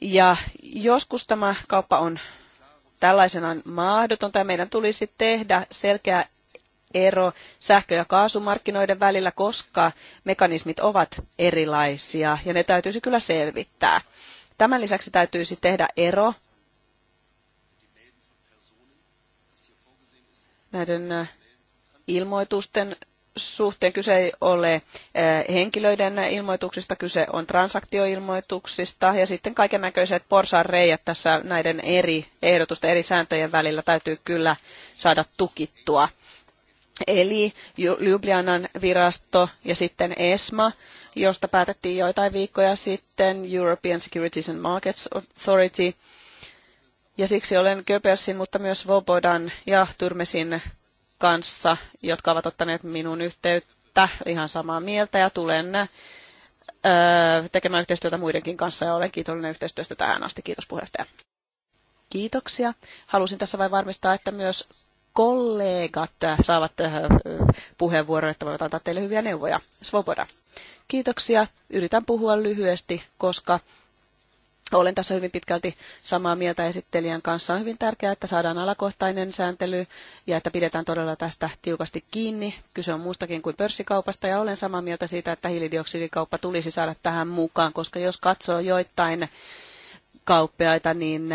Ja joskus tämä kauppa on tällaisenaan mahdotonta ja meidän tulisi tehdä selkeä ero sähkö- ja kaasumarkkinoiden välillä, koska mekanismit ovat erilaisia ja ne täytyisi kyllä selvittää. Tämän lisäksi täytyisi tehdä ero näiden äh, ilmoitusten suhteen kyse ei ole eh, henkilöiden ilmoituksista, kyse on transaktioilmoituksista ja sitten kaiken näköiset porsan tässä näiden eri ehdotusten, eri sääntöjen välillä täytyy kyllä saada tukittua. Eli Ljubljanan virasto ja sitten ESMA, josta päätettiin joitain viikkoja sitten, European Securities and Markets Authority, ja siksi olen Köpersin, mutta myös Vobodan ja Turmesin kanssa, jotka ovat ottaneet minun yhteyttä ihan samaa mieltä ja tulen tekemään yhteistyötä muidenkin kanssa ja olen kiitollinen yhteistyöstä tähän asti. Kiitos puheenjohtaja. Kiitoksia. Halusin tässä vain varmistaa, että myös kollegat saavat puheenvuoron, että voivat antaa teille hyviä neuvoja. Svoboda. Kiitoksia. Yritän puhua lyhyesti, koska olen tässä hyvin pitkälti samaa mieltä esittelijän kanssa. On hyvin tärkeää, että saadaan alakohtainen sääntely ja että pidetään todella tästä tiukasti kiinni. Kyse on muustakin kuin pörssikaupasta ja olen samaa mieltä siitä, että hiilidioksidikauppa tulisi saada tähän mukaan, koska jos katsoo joitain kauppiaita, niin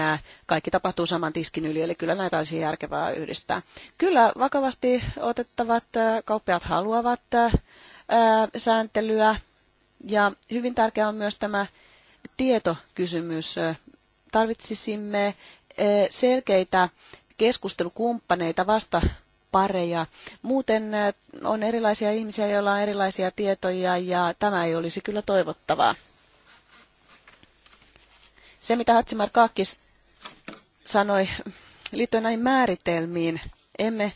kaikki tapahtuu saman tiskin yli, eli kyllä näitä olisi järkevää yhdistää. Kyllä vakavasti otettavat kauppiaat haluavat sääntelyä ja hyvin tärkeää on myös tämä tietokysymys. Tarvitsisimme eh, selkeitä keskustelukumppaneita vasta pareja. Muuten eh, on erilaisia ihmisiä, joilla on erilaisia tietoja ja tämä ei olisi kyllä toivottavaa. Se, mitä Hatsimar Kaakkis sanoi liittyen näihin määritelmiin, emme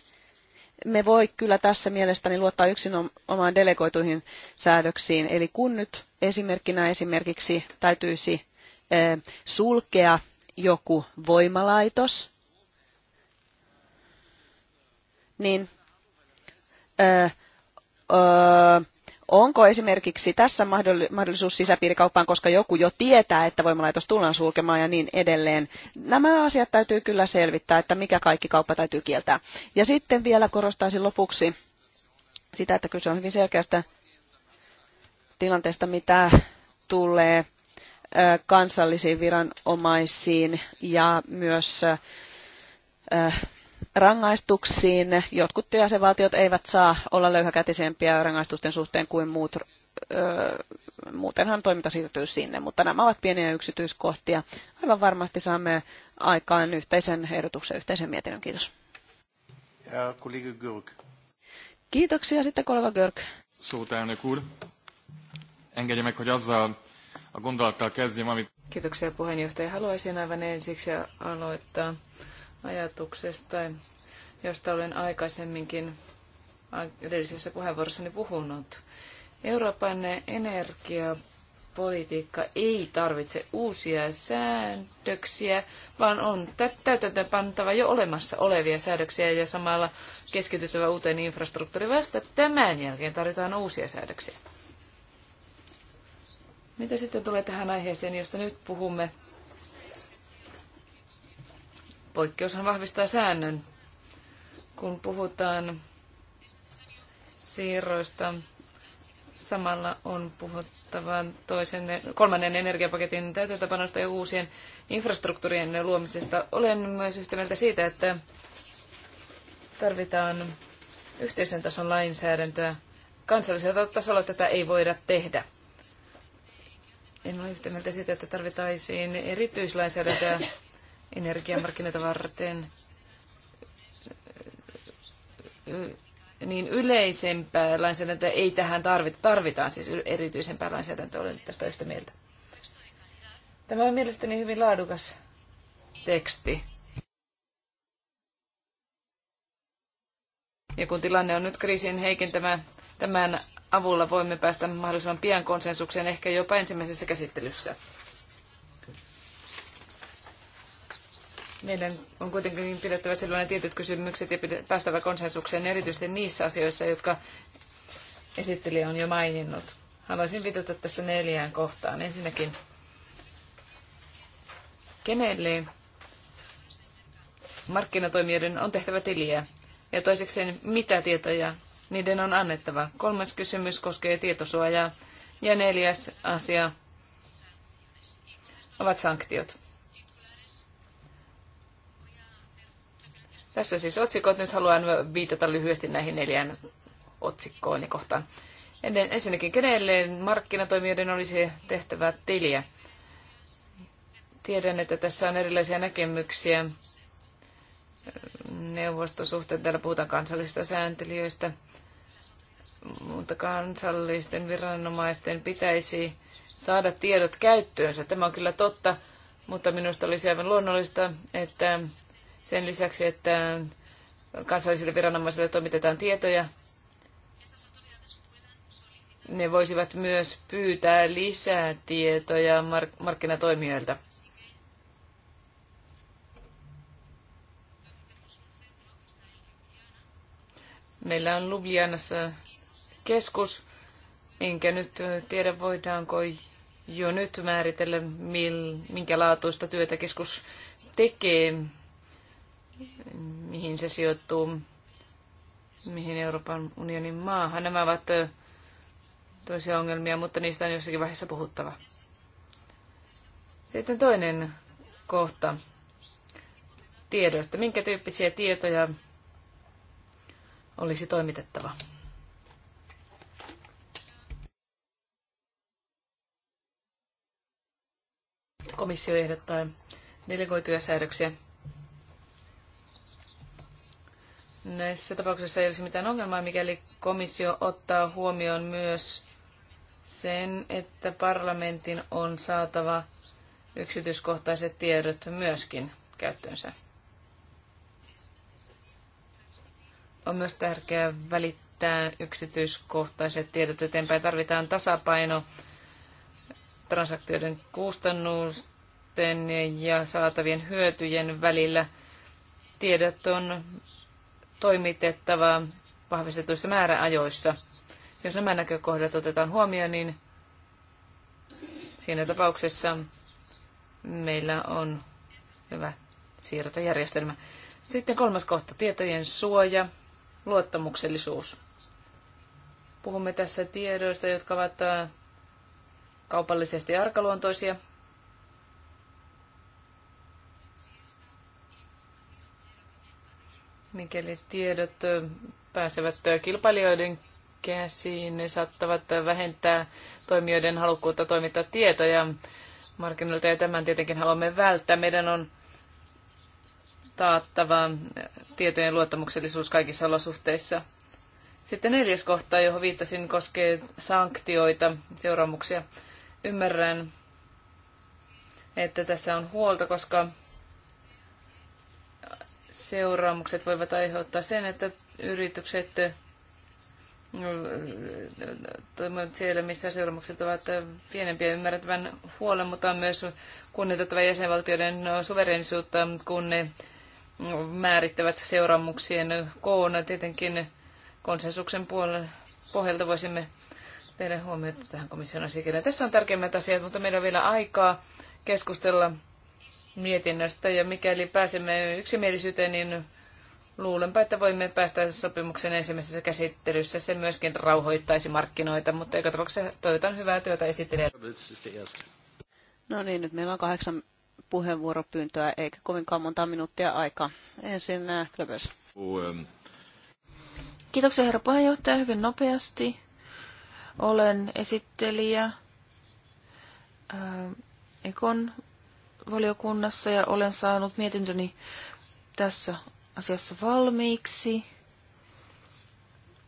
me voi kyllä tässä mielestäni luottaa yksin omaan delegoituihin säädöksiin. Eli kun nyt esimerkkinä esimerkiksi täytyisi sulkea joku voimalaitos, niin Onko esimerkiksi tässä mahdollisuus sisäpiirikauppaan, koska joku jo tietää, että voimalaitos tullaan sulkemaan ja niin edelleen? Nämä asiat täytyy kyllä selvittää, että mikä kaikki kauppa täytyy kieltää. Ja sitten vielä korostaisin lopuksi sitä, että kyse on hyvin selkeästä tilanteesta, mitä tulee kansallisiin viranomaisiin ja myös rangaistuksiin. Jotkut jäsenvaltiot eivät saa olla löyhäkätisempiä rangaistusten suhteen kuin muut. Muutenhan toiminta siirtyy sinne, mutta nämä ovat pieniä yksityiskohtia. Aivan varmasti saamme aikaan yhteisen ehdotuksen, yhteisen mietinnön. Kiitos. Ja kollega Görg. Kiitoksia sitten kollega Görg. Szót elnök úr. Engedje meg, hogy azzal a Kiitoksia puheenjohtaja. Haluaisin aivan ensiksi aloittaa ajatuksesta, josta olen aikaisemminkin edellisessä puheenvuorossani puhunut. Euroopan energiapolitiikka ei tarvitse uusia säädöksiä, vaan on täytäntöönpantava jo olemassa olevia säädöksiä ja samalla keskityttävä uuteen infrastruktuuriin. Vasta tämän jälkeen tarvitaan uusia säädöksiä. Mitä sitten tulee tähän aiheeseen, josta nyt puhumme? Poikkeushan vahvistaa säännön. Kun puhutaan siirroista, samalla on puhuttava toisen, kolmannen energiapaketin täytäntöpanosta ja uusien infrastruktuurien luomisesta. Olen myös yhtä mieltä siitä, että tarvitaan yhteisön tason lainsäädäntöä. Kansallisella tasolla tätä ei voida tehdä. En ole yhtä mieltä siitä, että tarvitaisiin erityislainsäädäntöä energiamarkkinoita varten niin yleisempää lainsäädäntöä ei tähän tarvita. Tarvitaan siis erityisempää lainsäädäntöä, olen tästä yhtä mieltä. Tämä on mielestäni hyvin laadukas teksti. Ja kun tilanne on nyt kriisin heikentämä, tämän avulla voimme päästä mahdollisimman pian konsensukseen, ehkä jopa ensimmäisessä käsittelyssä. Meidän on kuitenkin pidettävä silloin tietyt kysymykset ja päästävä konsensukseen erityisesti niissä asioissa, jotka esittelijä on jo maininnut. Haluaisin viitata tässä neljään kohtaan. Ensinnäkin, kenelle markkinatoimijoiden on tehtävä tiliä? Ja toisekseen, mitä tietoja niiden on annettava? Kolmas kysymys koskee tietosuojaa. Ja neljäs asia ovat sanktiot. Tässä siis otsikot. Nyt haluan viitata lyhyesti näihin neljään otsikkoon ja kohtaan. Ennen, ensinnäkin kenelle markkinatoimijoiden olisi tehtävä tiliä? Tiedän, että tässä on erilaisia näkemyksiä neuvostosuhteen. Täällä puhutaan kansallisista sääntelijöistä, mutta kansallisten viranomaisten pitäisi saada tiedot käyttöönsä. Tämä on kyllä totta, mutta minusta olisi aivan luonnollista, että sen lisäksi, että kansallisille viranomaisille toimitetaan tietoja, ne voisivat myös pyytää lisää tietoja mark- markkinatoimijoilta. Meillä on Ljubljanassa keskus, enkä nyt tiedä voidaanko jo nyt määritellä, mil, minkä laatuista työtä keskus tekee mihin se sijoittuu, mihin Euroopan unionin maahan. Nämä ovat toisia ongelmia, mutta niistä on jossakin vaiheessa puhuttava. Sitten toinen kohta tiedoista. Minkä tyyppisiä tietoja olisi toimitettava? Komissio ehdottaa delegoituja säädöksiä Näissä tapauksissa ei olisi mitään ongelmaa, mikäli komissio ottaa huomioon myös sen, että parlamentin on saatava yksityiskohtaiset tiedot myöskin käyttöönsä. On myös tärkeää välittää yksityiskohtaiset tiedot eteenpäin. Tarvitaan tasapaino transaktioiden kustannusten ja saatavien hyötyjen välillä. Tiedot on toimitettava vahvistetuissa määräajoissa. Jos nämä näkökohdat otetaan huomioon, niin siinä tapauksessa meillä on hyvä siirtojärjestelmä. Sitten kolmas kohta, tietojen suoja, luottamuksellisuus. Puhumme tässä tiedoista, jotka ovat kaupallisesti arkaluontoisia – mikäli tiedot pääsevät kilpailijoiden käsiin, ne saattavat vähentää toimijoiden halukkuutta toimittaa tietoja markkinoilta, ja tämän tietenkin haluamme välttää. Meidän on taattava tietojen luottamuksellisuus kaikissa olosuhteissa. Sitten neljäs kohta, johon viittasin, koskee sanktioita, seuraamuksia. Ymmärrän, että tässä on huolta, koska seuraamukset voivat aiheuttaa sen, että yritykset toimivat siellä, missä seuraamukset ovat pienempiä ymmärrettävän huolen, mutta on myös kunnioitettava jäsenvaltioiden suverenisuutta, kun ne määrittävät seuraamuksien koon. Tietenkin konsensuksen pohjalta voisimme tehdä huomiota tähän komission asiakirjaan. Tässä on tärkeimmät asiat, mutta meillä on vielä aikaa keskustella mietinnöstä ja mikäli pääsemme yksimielisyyteen, niin luulenpa, että voimme päästä sopimuksen ensimmäisessä käsittelyssä. Se myöskin rauhoittaisi markkinoita, mutta joka tapauksessa toivotan hyvää työtä esittelijälle. No niin, nyt meillä on kahdeksan puheenvuoropyyntöä, eikä kovinkaan monta minuuttia aikaa. Ensin äh, Klebers. Kiitoksia herra puheenjohtaja hyvin nopeasti. Olen esittelijä äh, Ekon valiokunnassa ja olen saanut mietintöni tässä asiassa valmiiksi.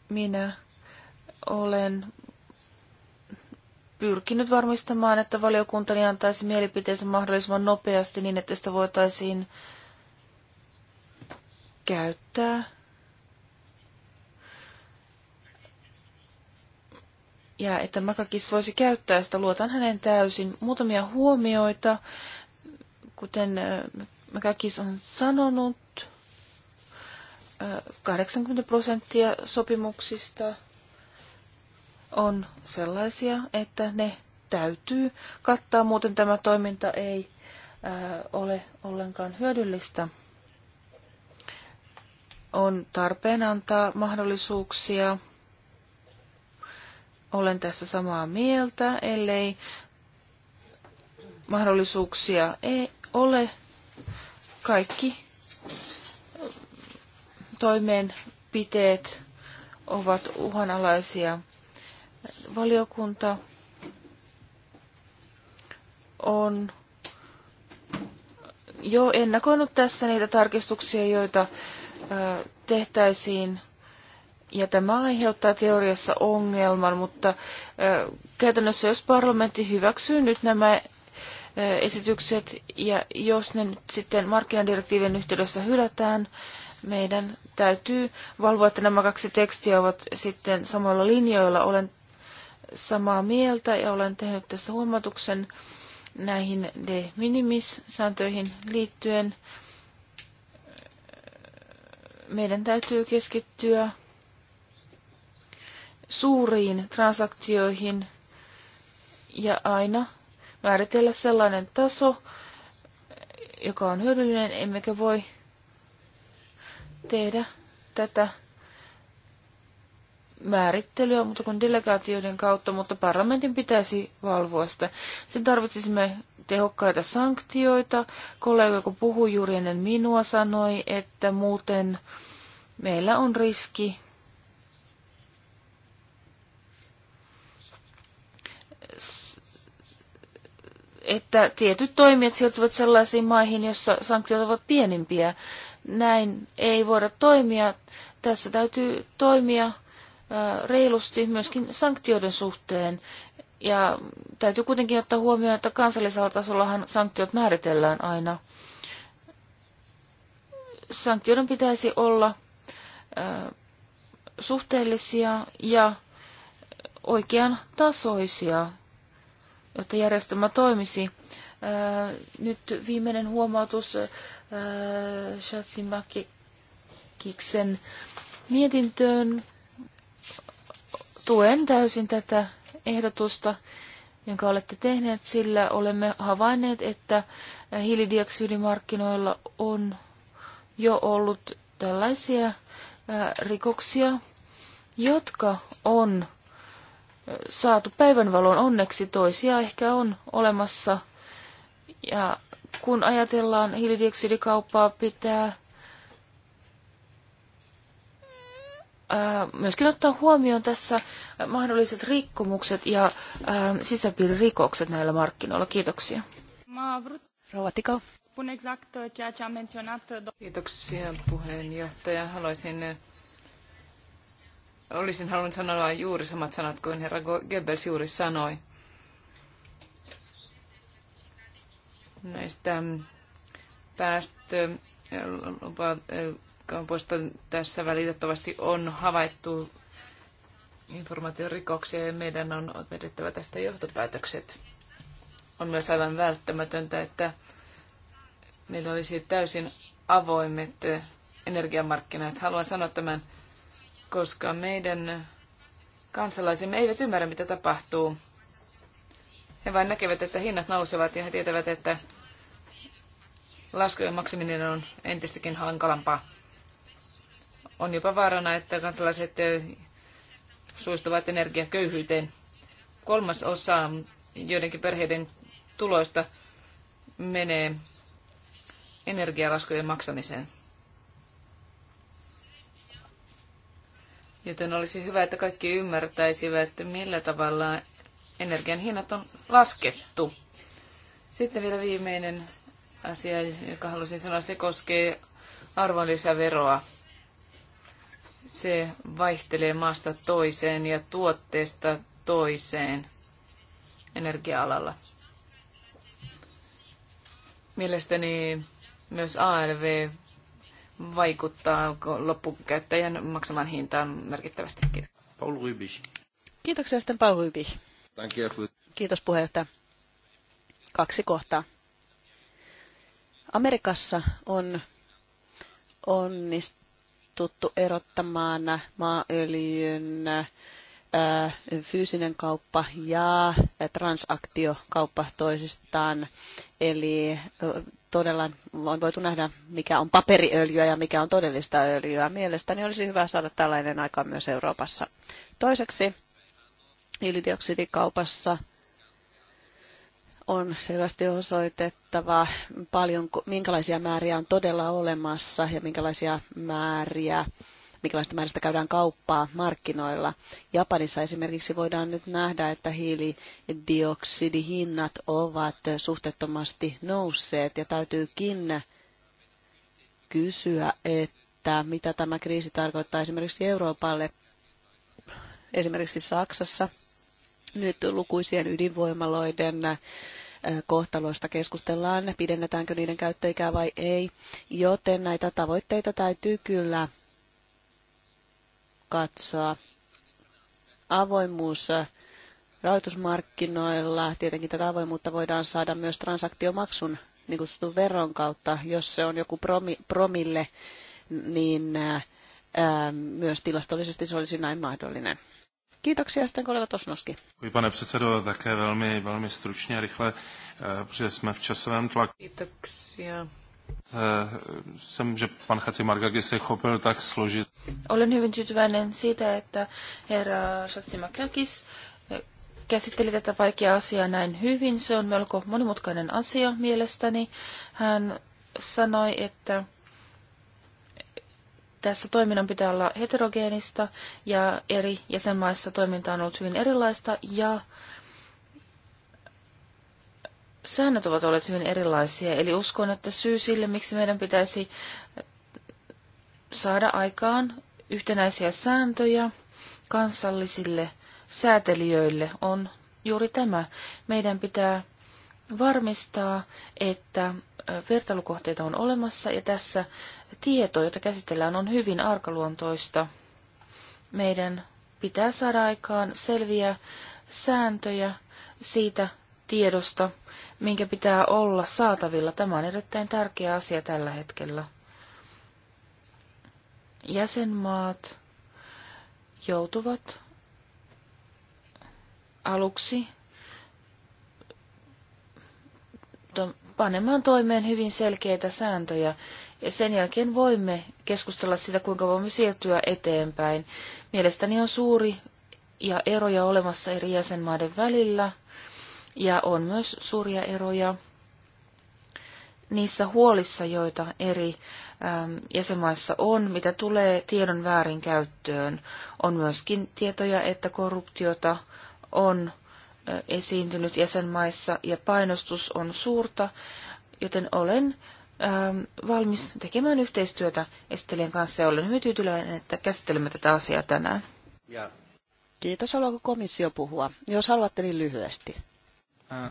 Minä olen pyrkinyt varmistamaan, että valiokuntani antaisi mielipiteensä mahdollisimman nopeasti niin, että sitä voitaisiin käyttää ja että Makakis voisi käyttää sitä, luotan hänen täysin. Muutamia huomioita Kuten Mäkäkis on sanonut, 80 prosenttia sopimuksista on sellaisia, että ne täytyy kattaa, muuten tämä toiminta ei ole ollenkaan hyödyllistä. On tarpeen antaa mahdollisuuksia. Olen tässä samaa mieltä, ellei mahdollisuuksia ei ole. Kaikki toimeenpiteet ovat uhanalaisia. Valiokunta on jo ennakoinut tässä niitä tarkistuksia, joita tehtäisiin. Ja tämä aiheuttaa teoriassa ongelman, mutta käytännössä jos parlamentti hyväksyy nyt nämä esitykset, ja jos ne nyt sitten markkinadirektiivin yhteydessä hylätään, meidän täytyy valvoa, että nämä kaksi tekstiä ovat sitten samoilla linjoilla. Olen samaa mieltä ja olen tehnyt tässä huomautuksen näihin de minimis-sääntöihin liittyen. Meidän täytyy keskittyä suuriin transaktioihin ja aina määritellä sellainen taso, joka on hyödyllinen, emmekä voi tehdä tätä määrittelyä, mutta kun delegaatioiden kautta, mutta parlamentin pitäisi valvoa sitä. Sen tarvitsisimme tehokkaita sanktioita. Kollega, joka puhui juuri ennen minua, sanoi, että muuten meillä on riski että tietyt toimijat sijoittuvat sellaisiin maihin, joissa sanktiot ovat pienempiä. Näin ei voida toimia. Tässä täytyy toimia reilusti myöskin sanktioiden suhteen. Ja täytyy kuitenkin ottaa huomioon, että kansallisella tasollahan sanktiot määritellään aina. Sanktioiden pitäisi olla suhteellisia ja oikean tasoisia jotta järjestelmä toimisi. Nyt viimeinen huomautus Shatsimakiksen mietintöön. Tuen täysin tätä ehdotusta, jonka olette tehneet, sillä olemme havainneet, että hiilidioksidimarkkinoilla on jo ollut tällaisia rikoksia, jotka on saatu päivänvalon. Onneksi toisia ehkä on olemassa. Ja kun ajatellaan hiilidioksidikauppaa, pitää myöskin ottaa huomioon tässä mahdolliset rikkomukset ja sisäpiiririkokset näillä markkinoilla. Kiitoksia. Rouva uh, uh, Kiitoksia puheenjohtaja. Haluaisin uh, Olisin halunnut sanoa juuri samat sanat kuin herra Goebbels juuri sanoi näistä mm, päästökaupoista tässä välitettävästi on havaittu informaatiorikoksia ja meidän on vedettävä tästä johtopäätökset. On myös aivan välttämätöntä, että meillä olisi täysin avoimet energiamarkkinat. Haluan sanoa tämän koska meidän kansalaisemme eivät ymmärrä, mitä tapahtuu. He vain näkevät, että hinnat nousevat ja he tietävät, että laskujen maksaminen on entistäkin hankalampaa. On jopa vaarana, että kansalaiset suistuvat energiaköyhyyteen. Kolmas osa joidenkin perheiden tuloista menee energialaskujen maksamiseen. Joten olisi hyvä, että kaikki ymmärtäisivät, että millä tavalla energian hinnat on laskettu. Sitten vielä viimeinen asia, joka halusin sanoa, se koskee arvonlisäveroa. Se vaihtelee maasta toiseen ja tuotteesta toiseen energia-alalla. Mielestäni myös ALV vaikuttaa loppukäyttäjän maksamaan hintaan merkittävästi. Kiitos. Paul Rybisch. Kiitoksia sitten Paul Rybisch. Kiitos puheenjohtaja. Kaksi kohtaa. Amerikassa on onnistuttu erottamaan maaöljyn äh, fyysinen kauppa ja transaktiokauppa toisistaan. Eli äh, todella on voitu nähdä, mikä on paperiöljyä ja mikä on todellista öljyä. Mielestäni olisi hyvä saada tällainen aika myös Euroopassa. Toiseksi hiilidioksidikaupassa on selvästi osoitettava, paljon, minkälaisia määriä on todella olemassa ja minkälaisia määriä minkälaista määrästä käydään kauppaa markkinoilla. Japanissa esimerkiksi voidaan nyt nähdä, että hiilidioksidihinnat ovat suhteettomasti nousseet ja täytyykin kysyä, että mitä tämä kriisi tarkoittaa esimerkiksi Euroopalle. Esimerkiksi Saksassa nyt lukuisien ydinvoimaloiden äh, kohtaloista keskustellaan, pidennetäänkö niiden käyttöikää vai ei, joten näitä tavoitteita täytyy kyllä katsoa. Avoimuus äh, rahoitusmarkkinoilla, tietenkin tätä avoimuutta voidaan saada myös transaktiomaksun niin kutsutun veron kautta, jos se on joku promi, promille, niin ää, äh, äh, myös tilastollisesti se olisi näin mahdollinen. Kiitoksia sitten kollega Tosnoski. Pane předsedo, také velmi, velmi stručně rychle, eh, protože jsme v časovém tlaku. Kiitoksia Eh, jsem, že pan Hatsimarkakis se chopil tak složit. Olen hyvin tyytyväinen siitä, että herra Hatsimarkakis eh, käsitteli tätä vaikeaa asiaa näin hyvin. Se on melko monimutkainen asia mielestäni. Hän sanoi, että tässä toiminnan pitää olla heterogeenista ja eri jäsenmaissa toiminta on ollut hyvin erilaista ja säännöt ovat olleet hyvin erilaisia, eli uskon, että syy sille, miksi meidän pitäisi saada aikaan yhtenäisiä sääntöjä kansallisille säätelijöille on juuri tämä. Meidän pitää varmistaa, että vertailukohteita on olemassa ja tässä tieto, jota käsitellään, on hyvin arkaluontoista. Meidän pitää saada aikaan selviä sääntöjä siitä tiedosta, minkä pitää olla saatavilla. Tämä on erittäin tärkeä asia tällä hetkellä. Jäsenmaat joutuvat aluksi panemaan toimeen hyvin selkeitä sääntöjä, ja sen jälkeen voimme keskustella sitä, kuinka voimme siirtyä eteenpäin. Mielestäni on suuri ja eroja olemassa eri jäsenmaiden välillä – ja on myös suuria eroja niissä huolissa, joita eri ähm, jäsenmaissa on, mitä tulee tiedon väärinkäyttöön. On myöskin tietoja, että korruptiota on äh, esiintynyt jäsenmaissa ja painostus on suurta, joten olen ähm, valmis tekemään yhteistyötä esittelijän kanssa ja olen hyvin tyytyväinen, että käsittelemme tätä asiaa tänään. Kiitos. Haluaako komissio puhua? Jos haluatte, niin lyhyesti. Uh,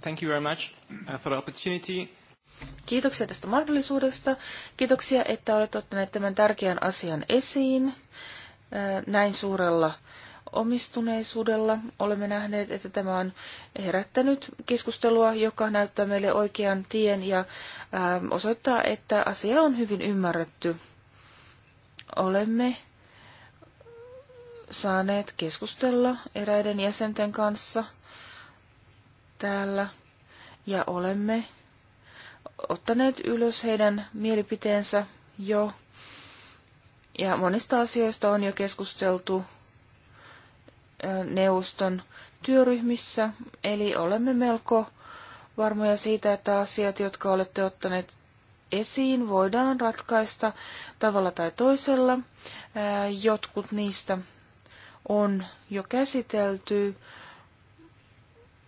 thank you very much uh, for the opportunity. Kiitoksia tästä mahdollisuudesta. Kiitoksia, että olette ottaneet tämän tärkeän asian esiin uh, näin suurella omistuneisuudella. Olemme nähneet, että tämä on herättänyt keskustelua, joka näyttää meille oikean tien ja osoittaa, että asia on hyvin ymmärretty. Olemme saaneet keskustella eräiden jäsenten kanssa – täällä ja olemme ottaneet ylös heidän mielipiteensä jo. Ja monista asioista on jo keskusteltu neuvoston työryhmissä, eli olemme melko varmoja siitä, että asiat, jotka olette ottaneet esiin, voidaan ratkaista tavalla tai toisella. Jotkut niistä on jo käsitelty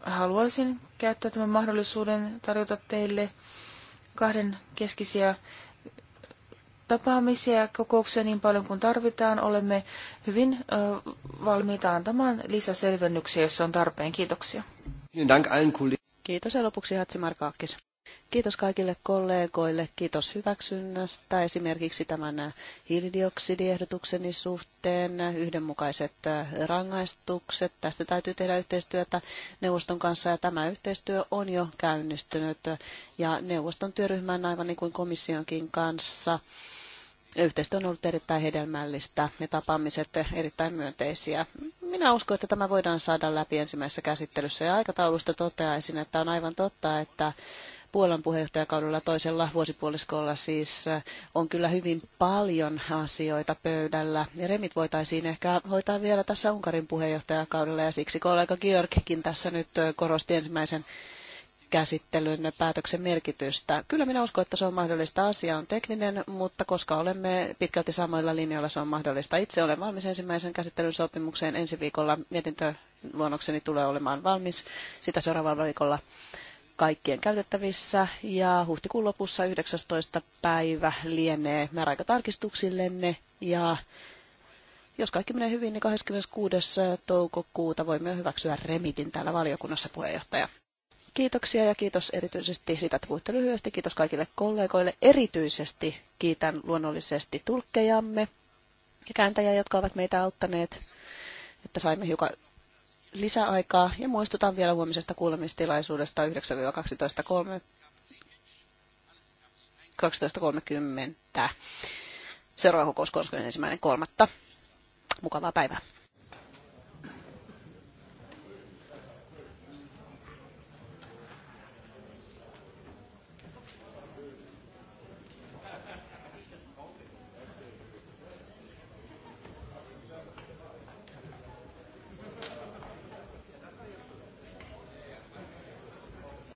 haluaisin käyttää tämän mahdollisuuden tarjota teille kahden keskisiä tapaamisia ja kokouksia niin paljon kuin tarvitaan. Olemme hyvin valmiita antamaan lisäselvennyksiä, jos on tarpeen. Kiitoksia. Kiitos ja lopuksi Hatsi Markaakis. Kiitos kaikille kollegoille, kiitos hyväksynnästä esimerkiksi tämän hiilidioksidiehdotukseni suhteen, yhdenmukaiset rangaistukset. Tästä täytyy tehdä yhteistyötä neuvoston kanssa ja tämä yhteistyö on jo käynnistynyt ja neuvoston työryhmän aivan niin kuin komissionkin kanssa. Yhteistyö on ollut erittäin hedelmällistä ja tapaamiset erittäin myönteisiä. Minä uskon, että tämä voidaan saada läpi ensimmäisessä käsittelyssä ja aikataulusta toteaisin, että on aivan totta, että Puolan puheenjohtajakaudella toisella vuosipuoliskolla siis äh, on kyllä hyvin paljon asioita pöydällä. Ja remit voitaisiin ehkä hoitaa vielä tässä Unkarin puheenjohtajakaudella ja siksi kollega Georgkin tässä nyt äh, korosti ensimmäisen käsittelyn päätöksen merkitystä. Kyllä minä uskon, että se on mahdollista. Asia on tekninen, mutta koska olemme pitkälti samoilla linjoilla, se on mahdollista. Itse olen valmis ensimmäisen käsittelyn sopimukseen ensi viikolla. Mietintöluonnokseni luonnokseni tulee olemaan valmis sitä seuraavalla viikolla kaikkien käytettävissä ja huhtikuun lopussa 19. päivä lienee määräaikatarkistuksillenne ja jos kaikki menee hyvin, niin 26. toukokuuta voimme hyväksyä remitin täällä valiokunnassa puheenjohtaja. Kiitoksia ja kiitos erityisesti siitä, että puhutte lyhyesti. Kiitos kaikille kollegoille. Erityisesti kiitän luonnollisesti tulkkejamme ja kääntäjiä, jotka ovat meitä auttaneet, että saimme hiukan lisäaikaa ja muistutan vielä huomisesta kuulemistilaisuudesta 9-12.30. Seuraava kokous 31.3. Mukavaa päivää.